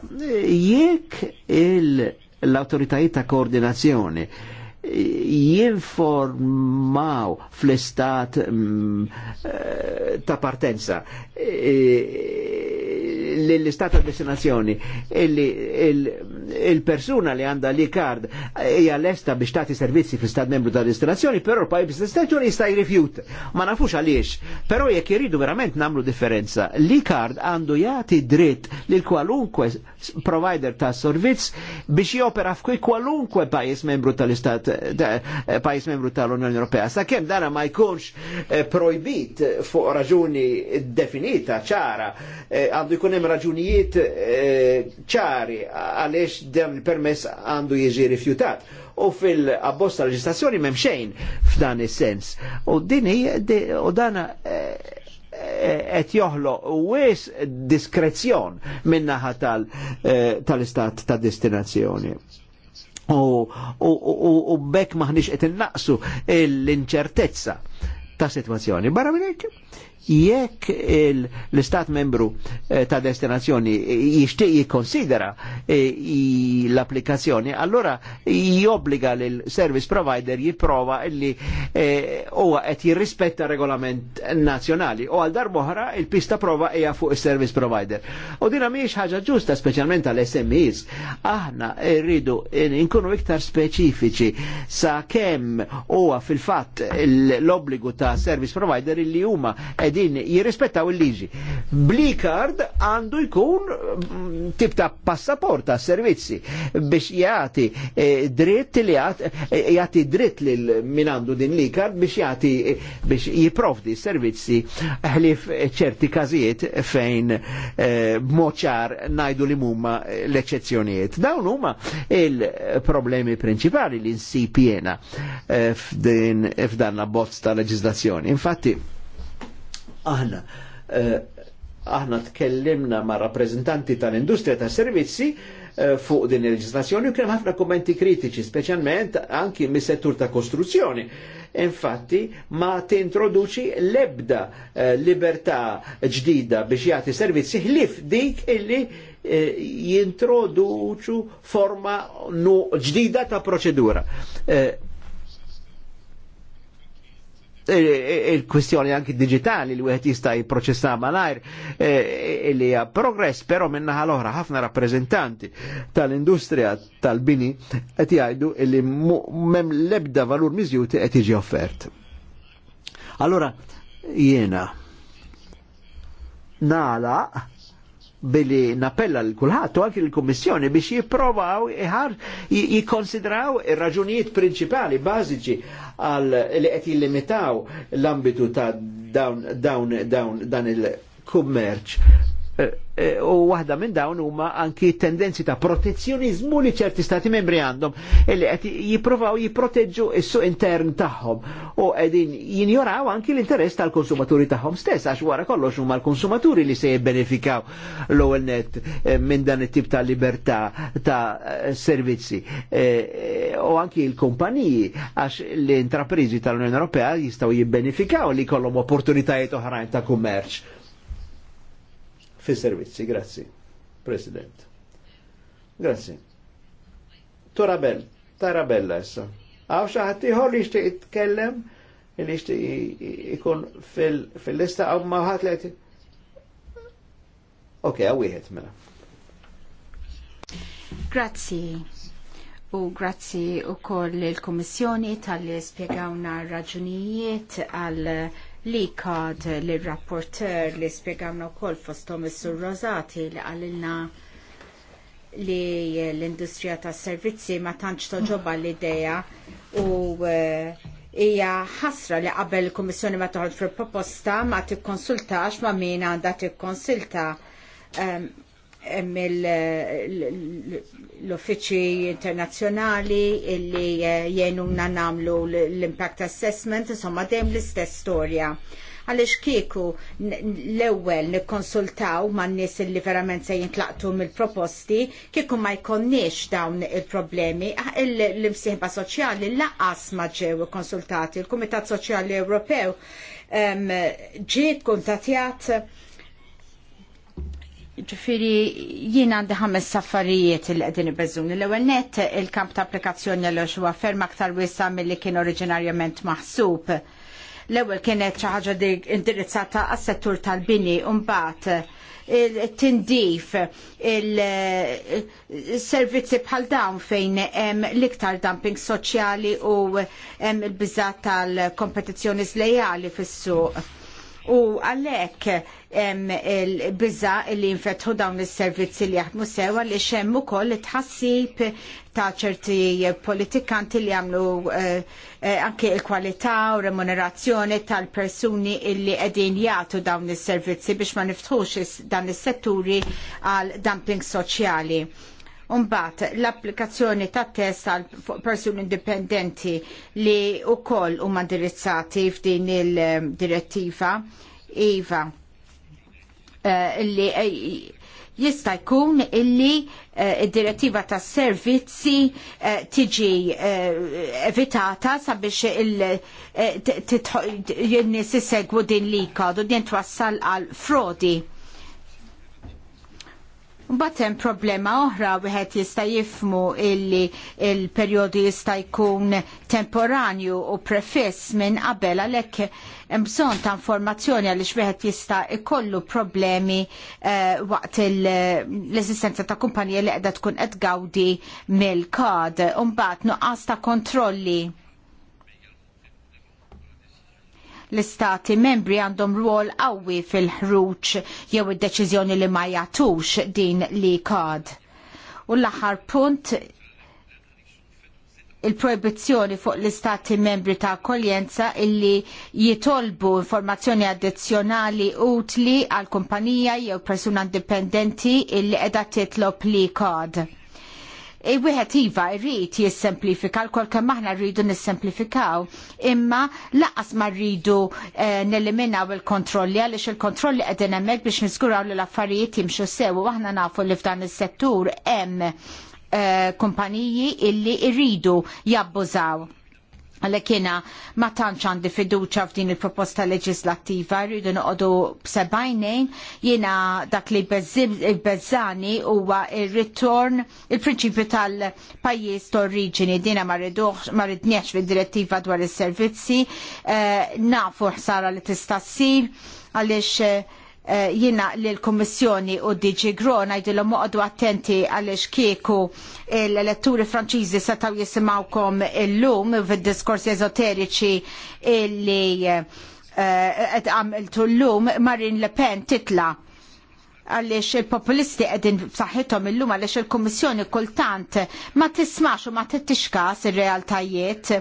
jekk l-autoritajiet ta' koordinazzjoni jinformaw fl-istat mm, eh, ta' partenza. Eh, l-istat ta' destinazzjoni il-persuna li għanda li kard hija lesta biex tagħti servizzi fl-istat membru ta' destinazzjoni, però l-pajjiż destinazzjoni jista' jirrifjut. Ma nafux għaliex, però jekk jiridu verament namlu differenza, li kard għandu jagħti dritt lil kwalunkwe provider ta' servizz biex jopera f'kwi kwalunkwe pajis membru tal-istat pajis membru tal-Unjoni Ewropea. kem dana ma jkunx eh, proibit fuq raġuni definita, ċara, eh, għandu jkun hemm raġunijiet eh, ċari għaliex dem il-permess għandu jiġi rifjutat u fil abbosta tal memxejn f'dan is-sens. U din u dan eh, eh, qed joħloq wis diskrezzjon min-naħa tal-istat ta' destinazzjoni. U bekk maħniex qed innaqsu l-inċertezza ta' situazzjoni. Barra minn jekk l-istat membru eh, ta' destinazzjoni jixtieq jikkonsidera eh, l-applikazzjoni, allora jobbliga l service provider jipprova li eh, huwa qed jirrispetta regolament nazzjonali u għal darbohra il-pista prova hija fuq is-service provider. U dina mhijiex ħaġa ġusta speċjalment għal SMEs. Aħna rridu nkunu iktar speċifiċi sa kemm huwa fil-fatt l-obbligu ta' service provider li huma qed din jirrispettaw il-liġi. Bli card għandu jkun mm, tip ta' passaport ta' servizzi biex jgħati eh, dritt li jgħati eh, dritt li min għandu din li biex jgħati eh, biex jiprofdi servizzi ħlif ċerti kazijiet fejn eh, b'moċar najdu li mumma l-eċezzjonijiet. Dawn huma il-problemi principali li nsib jena f'dan la bozz ta' leġizlazzjoni. Infatti, aħna. Eh, aħna tkellimna ma' rappresentanti tal-industrija tal servizzi eh, fuq din il-leġislazzjoni u kien ħafna kommenti kritiċi, speċjalment anki mis-settur ta' kostruzzjoni. Infatti, ma tintroduċi l-ebda eh, libertà ġdida biex jagħti servizzi ħlif dik illi jintroduċu forma ġdida ta' proċedura il-kwistjoni anki digitali li wieħed jista' jipproċessa malajr eh, eh, li hija progress, però minnaħa l-oħra ħafna rappreżentanti tal-industrija tal-bini qed jgħidu li m'hemm l-ebda valur miżjut qed jiġi offert. Allora jiena nala billi nappella l kulħat u għakil l-Kummissjoni biex jiprovaw iħar jikonsidraw il raġunijiet principali, bażiċi għal li għet jillimitaw l-ambitu ta' dawn, dawn, dawn dan il-kummerċ Eh, eh, u waħda minn dawn huma anki tendenzi ta' protezzjonizmu li ċerti stati membri għandhom illi qed jippruvaw jipproteġġu is-suq intern tagħhom u qegħdin jinjoraw anki l-interess tal-konsumaturi tagħhom stess għax wara kollox huma l-konsumaturi li se jibbenefikaw l-ewwel net eh, minn dan it-tip ta' libertà ta' servizzi u anki l-kumpaniji għax l-intrapriżi tal-Unjoni Ewropea jistgħu jibbenefikaw li jkollhom opportunitajiet oħrajn ta' kummerċ fis-servizzi. Grazzi, President. Grazzi. Torabell, Tarabella essa. Għaw xaħat iħor li jishtiq jitkellem, li jishtiq ikun fil-lista għaw maħat li għati. Ok, għawihet mela. Grazzi. U grazzi u koll il-Komissjoni tal-li spiegawna raġunijiet għal li kad li rapporter li spiegamna u kol fostom il-sur Rosati li għalilna li l-industrija tas servizzi ma tantx toġoba l-ideja u eh, hija uh, ħasra li qabel il-Kummissjoni ma toħod fil proposta ma tikkonsultax ma min għandha tikkonsulta um, l-uffiċi internazzjonali illi eh, jenuna namlu l-impact assessment, insomma dejjem l-istess storja. Għalix kieku l-ewel nikkonsultaw ma' n-nis li verament se jintlaqtu mill-proposti, kieku ma' jkonniex dawn il-problemi, ah, l-imsieħba soċjali laqqas ma' ġew konsultati, il-Kumitat Soċjali Ewropew ġiet kuntatjat Ġifiri, jien għandi ħames saffarijiet il qegħdin bezzun. L-ewwel net il-kamp ta' applikazzjoni l huwa ferm aktar wiesa milli kien oriġinarjament maħsub. L-ewwel kienet xi ħaġa indirizzata għas-settur tal-bini un mbagħad il-tindif il-servizzi bħal dawn fejn hemm l-iktar dumping soċjali u hemm il biża tal-kompetizzjoni zlejali fis-suq u għalhekk hemm il-biża li jinfetħu dawn is-servizzi li jaħdmu sewa li xemm ukoll tħassib ta' ċerti politikanti li għamlu eh, eh, anke il kwalità u remunerazzjoni tal-persuni illi qegħdin jagħtu dawn is-servizzi biex ma niftħux dan is-setturi għal dumping soċjali Umbat, l-applikazzjoni ta' test għal persuni indipendenti li u koll u mandirizzati f'din il-direttiva, Iva, li jista' jkun illi id-direttiva ta' tas servizzi tiġi evitata sabiex il-nis segwu din li kod u din twassal għal frodi Batem problema oħra wieħed jista' jifmu illi il-perjodu jista' jkun temporanju u prefiss minn qabel għalhekk hemm bżonn ta' informazzjoni għaliex wieħed jista' jkollu problemi uh, waqt l-eżistenza ta' kumpanija li qiegħda tkun qed gawdi mill-kad u mbagħad nuqqas ta' kontrolli L-istati membri għandhom rwol qawwi fil-ħruġ jew id-deċiżjoni li ma jagħtux din li kod. U l-aħħar punt il-proibizzjoni fuq l-istati membri ta' akkoljenza illi jitolbu informazzjoni addizzjonali utli għal kumpanija jew persuna indipendenti illi qiegħda titlob li kod. E, wieħed iva jrid jissemplifika l-kol kemm aħna rridu nissemplifikaw, imma laqas ma rridu eh, neliminaw il-kontrolli għaliex il-kontrolli qegħdin hemmhekk biex niskuraw li l-affarijiet jimxu sew aħna nafu li f'dan is-settur hemm eh, kumpaniji illi rridu jabbużaw għalek kiena ma tantx għandi fiduċa f'din il-proposta leġislattiva, rridu noqogħdu b'sebajnejn, jiena dak li bezzani huwa il ritorn il-prinċipju tal-pajjiż t-oriġini, dina ma rridniex fid-direttiva dwar is-servizzi, eh, nafu ħsara li tista' ssir għaliex eh, Eh, jina li l-Kommissjoni u DG Gro najdilom uqdu attenti għalix kieku l-elettori franċiżi setaw jisimawkom l lum fil ezoterici ezoteriċi li eh, għamiltu l-lum Marine Le Pen titla għalix il-populisti għedin b'saħħithom illum għalix il-Kommissjoni kultant ma tismax u ma tittixkas il-realtajiet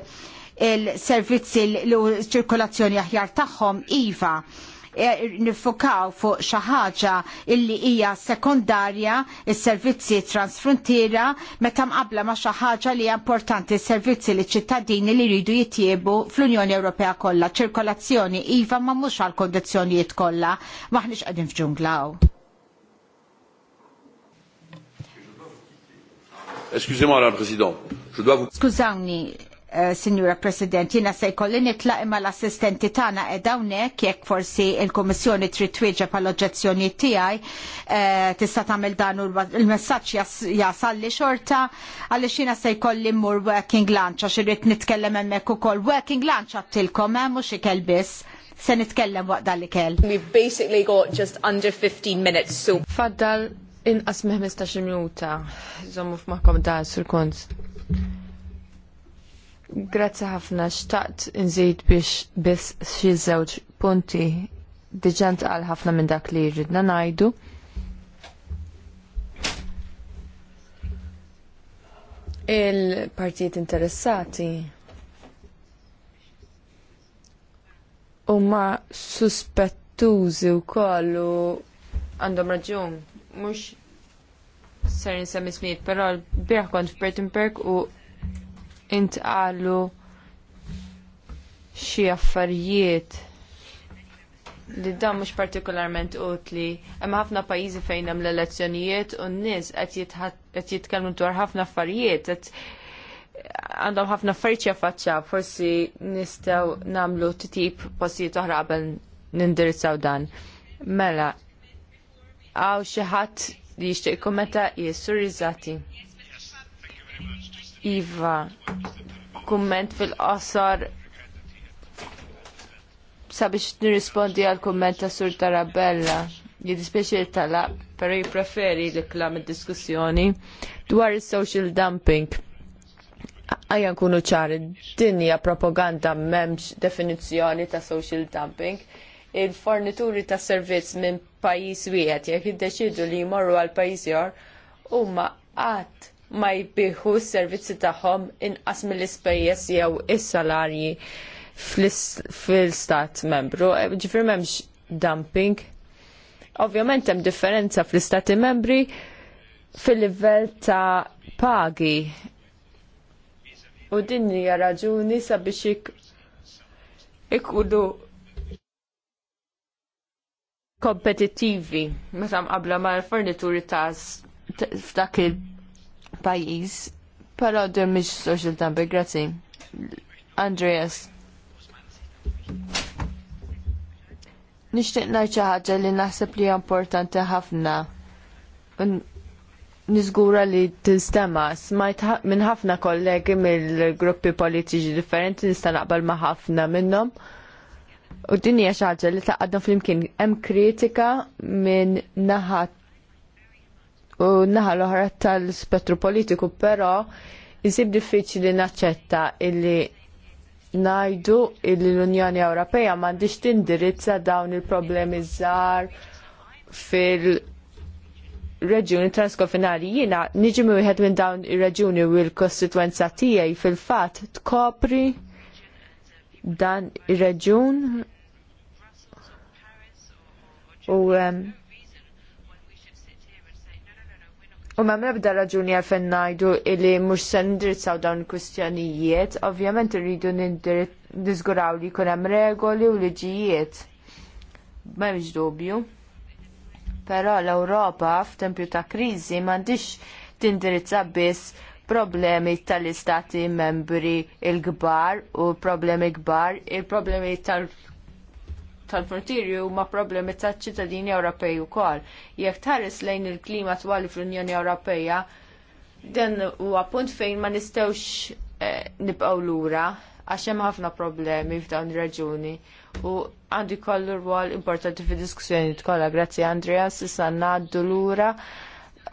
il-servizzi l-ċirkolazzjoni aħjar tagħhom iva E, nifokaw fuq xi ħaġa illi hija sekondarja is-servizzi transfrontiera meta mqabbla ma' xi ħaġa li hija importanti s-servizzi li ċittadini li jridu jitjiebu fl-Unjoni Ewropea kollha. Ċirkolazzjoni iva ma mhux għal kondizzjonijiet kollha maħniex qegħdin f'ġunglaw. Excusez-moi, Madame la Présidente. Je dois vous... Eh, Signora President, jina se jkolli nitlaq imma l-assistenti tagħna qiegħda hawnhekk jekk forsi l-Kummissjoni trid twieġeb għall oġġezzjoni tiegħi eh, tista' tagħmel dan il-messaġġ jasal li xorta għaliex jiena se jkolli mmur working lunch għax irid nitkellem hemmhekk ukoll working lunch għattilkom hemm eh, mhux ikel biss se nitkellem waqt dan ikel. We've basically got just under 15 minutes so. Faddal inqas me 15 minuta. Żommu f'maħkom dan sur kont. Grazzi ħafna, xtaqt nżid biex biss xi żewġ punti diġant għal ħafna minn dak li jridna ngħidu. Il-partijiet interessati huma suspettużi wkoll u għandhom raġun mhux ser nisem ismijiet, però l-biraħ kont f'Pertenberg u intqalu xi affarijiet li dan mhux partikolarment utli. Hemm ħafna pajjiżi fejn hemm l-elezzjonijiet u n-nies qed jitkellmu dwar ħafna affarijiet għandhom ħafna affarijiet jaffaċċja forsi nistgħu nagħmlu titjib postijiet oħra qabel nindirizzaw dan. Mela, għaw xi ħadd li jixtieq jikkumenta jissu riżati. Iva, kumment fil-qasar sabiex nirrispondi għal kumment ta' Sur Tarabella. Jidispeċi tala, pero jipreferi li klam id-diskussjoni dwar il-social dumping. Għajja nkunu ċari, dinja propaganda memx definizjoni ta' social dumping. Il-fornituri ta' servizz minn pajis wieħed jekk jiddeċidu li jmorru għal pajis jor, huma qatt ma jbieħu s-servizzi tagħhom inqas mill-ispejjeż jew is-salarji fil-stat membru. Eh, Ġifir m'hemmx dumping. Ovvjament hemm differenza fl-istati membri fil-livell ta' pagi. U din hija raġuni sabiex ikunu kompetittivi meta mqabbla mal-fornituri ta' f'dak il- pajis, però dir mhix social tampe, grazzi. Andreas. Nixtieq ngħid xi ħaġa li naħseb li hija importanti ħafna. Niżgura li tinstema' smajt minn ħafna kollegi mill-gruppi politiċi differenti nista' naqbel ma' ħafna minnhom. U din hija xi ħaġa li imkien flimkien hemm kritika minn naħat u naħa l-oħra tal-spettru politiku, però jisib diffiċli naċċetta illi najdu illi l-Unjoni Ewropea m'għandix tindirizza dawn il-problemi zzar fil-reġjuni transkofinali. Jiena niġi wieħed minn dawn ir-reġjuni u l-kostitwenza tiegħi fil-fatt tkopri dan ir-reġjun u um, U ma mebda raġuni għalfen najdu illi mux se indirizzaw dawn il-kustjonijiet, ovvjament rridu nizguraw li kunem regoli u liġijiet. Ma dubju. Pero l-Europa f'tempju ta' krizi mandiċ tindirizza biss problemi tal-istati membri il-gbar u problemi gbar, il-problemi tal tal-frontieri huma problemi tal-ċittadini Ewropej ukoll. Jekk taris lejn il-klima twali fl-Unjoni Ewropea, dan huwa punt fejn ma nistgħux eh, nibqgħu lura għax hemm ħafna problemi f'dawn ir-raġuni u għandu kollu rwol importanti fid-diskussjoni tkollha. Grazzi Andreas, issa ngħaddu lura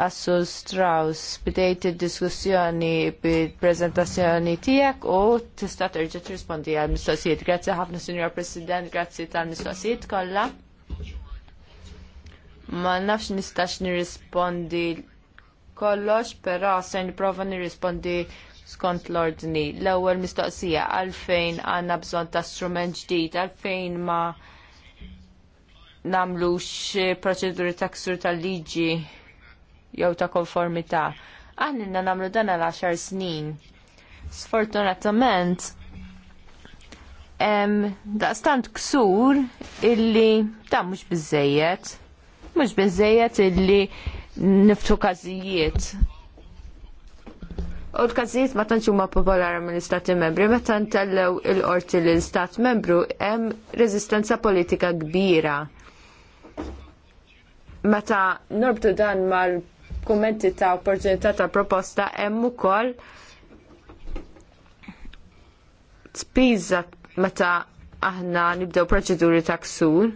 Assur Strauss bidejt id-diskussjoni bil-prezentazzjoni tiegħek u tista' terġa' tirrispondi għall mistoqsijiet. Grazzi ħafna Signor President, grazzi tal-mistoqsijiet kollha. Ma nafx nistax nirrispondi kollox, però se nipprova nirrispondi skont l-ordni. L-ewwel mistoqsija għalfejn għandna bżonn ta' strument ġdid, għalfejn ma namlux proċeduri ta' ksur tal-liġi jew ta' konformità. Aħna nagħmlu dan għal 10 snin. Sfortunatament, daqstant ksur illi ta' mhux biżejjed, mhux biżejjed illi niftu każijiet. U l-każijiet ma tantx huma popolari mill-Istati Membri, meta ntellew il-qorti l-Istat Membru hemm reżistenza politika kbira. Meta norbtu dan mal kummenti ta' opportunità ta' proposta hemm ukoll spiża meta aħna nibdew proċeduri ta' ksur.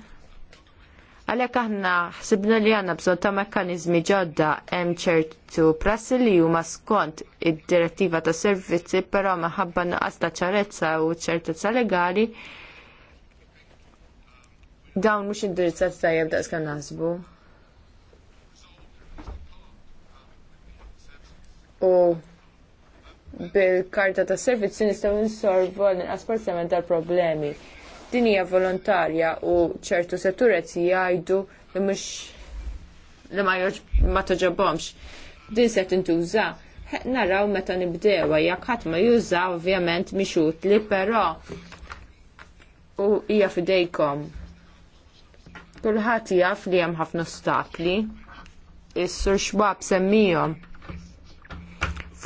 Għalhekk aħna ħsibna li għandna bżonn ta' mekkaniżmi ġodda hemm ċertu prassi li huma skont id-direttiva ta' servizzi, però maħabba naqas ta' ċarezza u ċertezza legali dawn mhux indirizzati tajjeb daqs kan naħsbu. u bil-karta ta' servizzi nistgħu nsolvu l-inqas parzjament tal-problemi. Din hija volontarja u ċertu setturet jgħidu li mhux li ma ma toġobhomx. Din se tintuża naraw meta nibdewa jekk ħadd ma juża ovvjament mhix utli però u hija fidejkom. Kulħadd jaf li hemm ħafna ostakli. Is-sur xbab semmihom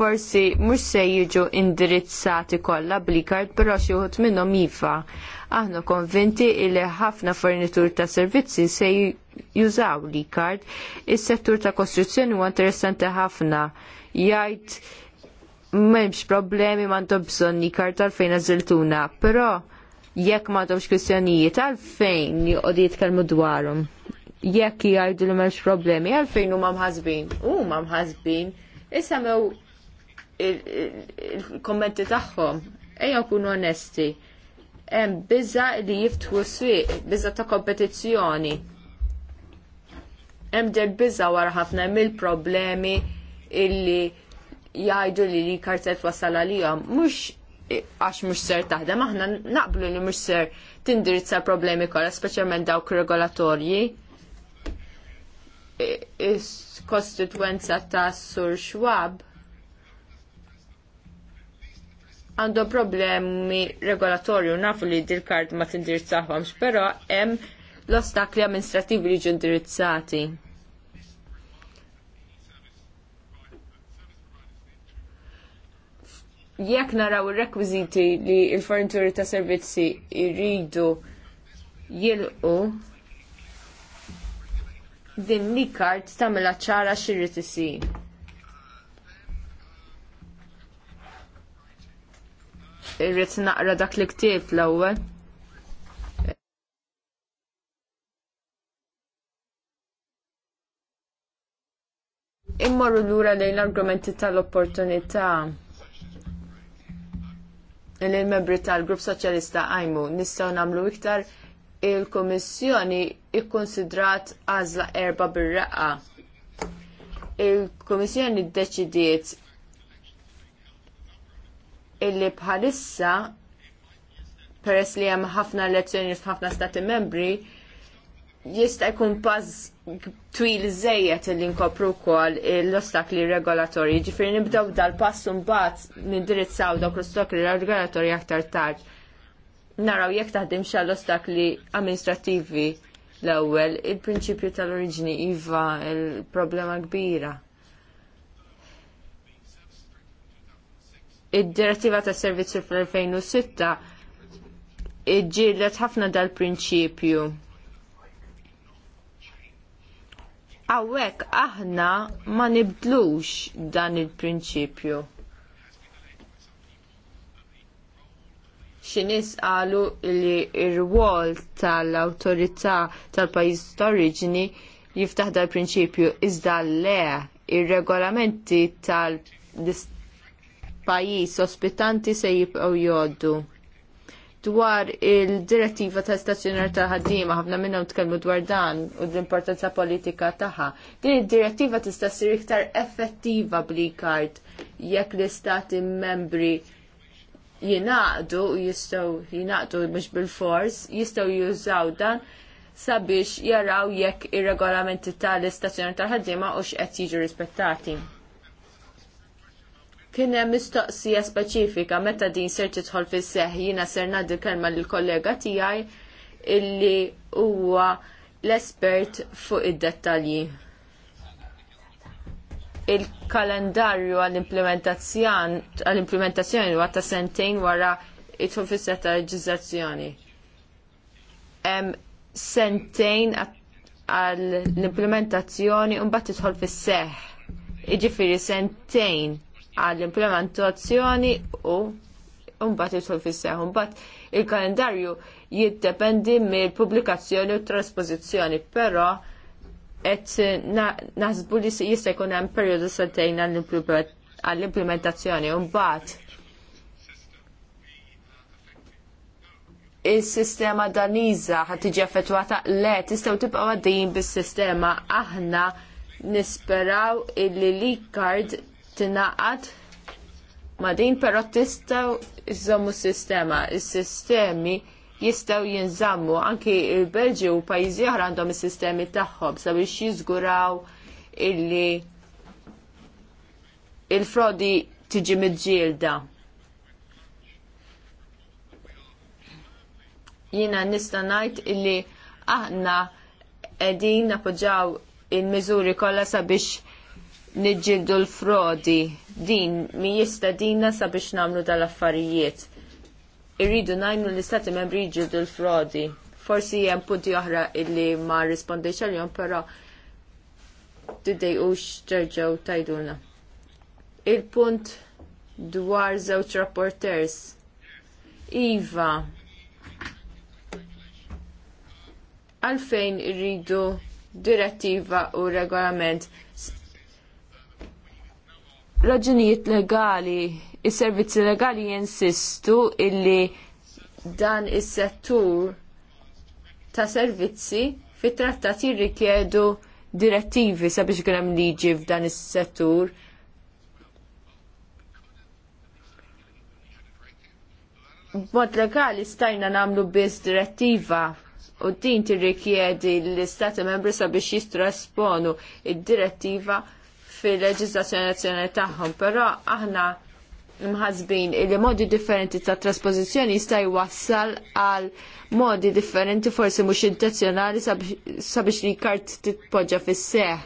forsi mhux se jiġu indirizzati kollha bl-ikard però xi wħud minnhom iva. Aħna konvinti li ħafna fornitur ta' servizzi se jużaw l-ikard. Is-settur ta' kostruzzjoni huwa interessanti ħafna. Jgħid m'hemmx problemi m'għandhom bżonn ikard kart għalfejn għażiltuna, però jekk m'għandhomx kwistjonijiet għalfejn joqogħdu jitkellmu dwarhom jekk jgħidu li m'hemmx problemi, għalfejn huma mħasbin. Huma mħasbin. Isemew il-kommenti tagħhom. Ejja kunu onesti. Hemm biża li jiftħu swieq, biża ta' kompetizzjoni. Hemm del biża wara ħafna mill-problemi illi jgħidu li li kartet wasal għalihom. Mhux għax mhux ser taħdem, aħna naqblu li mhux ser tindirizza problemi kollha, speċjalment dawk regolatorji is-kostituenza ta' Sur Schwab għandhom problemi regolatorju nafu li dil kart ma tindirizzahomx, però hemm l-ostakli amministrativi li ġu indirizzati. Jekk naraw ir-rekwiżiti li l-fornituri ta' servizzi jridu jilqu din li kart tagħmilha ċara xirrid isir. irrid naqra dak li ktieb l-ewwel. Immorru lura lejn l-argumenti tal-opportunità l membri tal-Grupp Soċjalista għajmu nistgħu nagħmlu iktar il-Komissjoni ikkonsidrat għażla erba bir-raqqa. Il-Komissjoni ddeċidiet illi bħalissa peress li hemm ħafna elezzjoni f'ħafna stati membri jista' jkun pass twil żejjed li nkopru wkoll l-ostakli regolatorji. Ġifieri nibdew dal-pass mbagħad nindirizzaw dawk l-ostakli regolatorji aktar tard. Naraw jekk taħdim l-ostakli amministrattivi l-ewwel, il-prinċipju tal-oriġini iva il-problema kbira. Id-direttiva ta' servizzi fl-2006 iġġillet ħafna dal-prinċipju. Għawek aħna ma nibdlux dan il-prinċipju. xinis qalu li r-wol tal awtorità tal pajjiż t-oriġini jiftaħ dal-prinċipju iżda le ir regolamenti tal pajjiż ospitanti se jibqgħu jgħoddu. Dwar il-direttiva ta' stazzjonar ta' ħaddiema ħafna minnhom tkellmu dwar dan u l-importanza politika tagħha. Din id-direttiva tista' ssir iktar effettiva bli jekk l-istati membri jinaqdu u jistgħu jinaqdu mhux bil-fors, jistgħu jużaw dan sabiex jaraw jekk ir-regolamenti tal-istazzjonar tal-ħaddiema u x'qed jiġu rispettati. Kien hemm mistoqsija speċifika meta din ser tidħol fis-seħ jiena ser ngħaddi kelma lill-kollega tiegħi illi huwa l-espert fuq id-dettalji. Il-kalendarju għall-implementazzjoni huwa ta' sentejn wara jidħol fis-seħ ta' reġizzazzjoni. Sentejn għall-implementazzjoni u mbagħad tidħol fis-seħ. Iġifieri sentejn għall-implementazzjoni u mbagħad jidħol fis-seħħ. Mbagħad il-kalendarju jiddependi mill-pubblikazzjoni u trasposizzjoni, però qed naħsbu li jista' jkun hemm perjodu sentejn għall-implementazzjoni u mbagħad il-sistema daniza tiġi effettwata le tistgħu tibqa' għaddejjin bis-sistema aħna nisperaw illi l-card tinaqad ma' din però tistgħu iżommu s-sistema. Is-sistemi jistgħu jinżammu anki il belġi u pajjiżi oħra għandhom is-sistemi tagħhom sabiex jiżguraw illi il-frodi tiġi mid Jina nista' ngħid illi aħna qegħdin appoġġaw il-miżuri kollha sabiex niġġieldu l-frodi din mi jista dinna sabiex nagħmlu dal-affarijiet. Irridu najnu l-istati membri jġildu l-frodi. Forsi hemm punti oħra illi ma rispondejx għalihom, però tiddejqux terġgħu xterġaw tajduna. Il-punt dwar żewġ rapporters. Iva, għalfejn irridu direttiva u regolament raġunijiet legali, is-servizzi legali jinsistu illi dan is-settur ta' servizzi fit-trattati jirrikjedu direttivi sabiex ikun hemm liġi f'dan is-settur. B'mod legali stajna nagħmlu biss direttiva u din tirrikjedi l-Istati membri sabiex jistrasponu id-direttiva fil-leġizzazzjoni nazzjonali tagħhom, però aħna mħazbin li modi differenti ta' trasposizjoni jista' jwassal għal modi differenti forsi mhux intenzjonali sabiex li kart titpoġġa fis-seħ.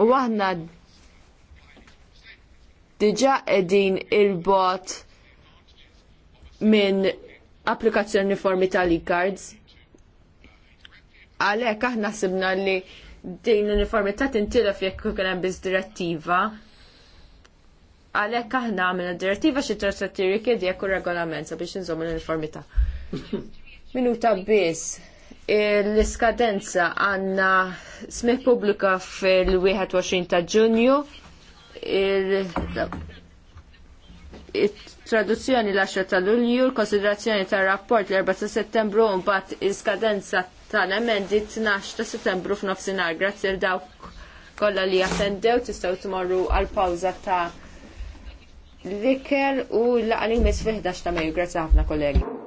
U aħna diġà qegħdin il-bot minn applikazzjoni formi tal-e-cards. Għalhekk aħna sibna li din l-uniformità tintilef jekk kien hemm biss direttiva. Għalhekk aħna għamilna direttiva xi trattati rikjedi jekk regolament sabiex inżomm l-uniformità. Minuta biss l-iskadenza għanna smih pubblika fil-21 ta' ġunju traduzzjoni l-10 ta' lulju, l-konsiderazzjoni ta' rapport l-4 ta' settembru un bat iskadenza tal-emendi 12 ta' settembru f'nofsinhar. Grazzi l dawk kollha li attendew tistgħu tmorru għal pawza ta' l u l-għalim fil-11 ta' Mejju. Grazzi ħafna kollegi.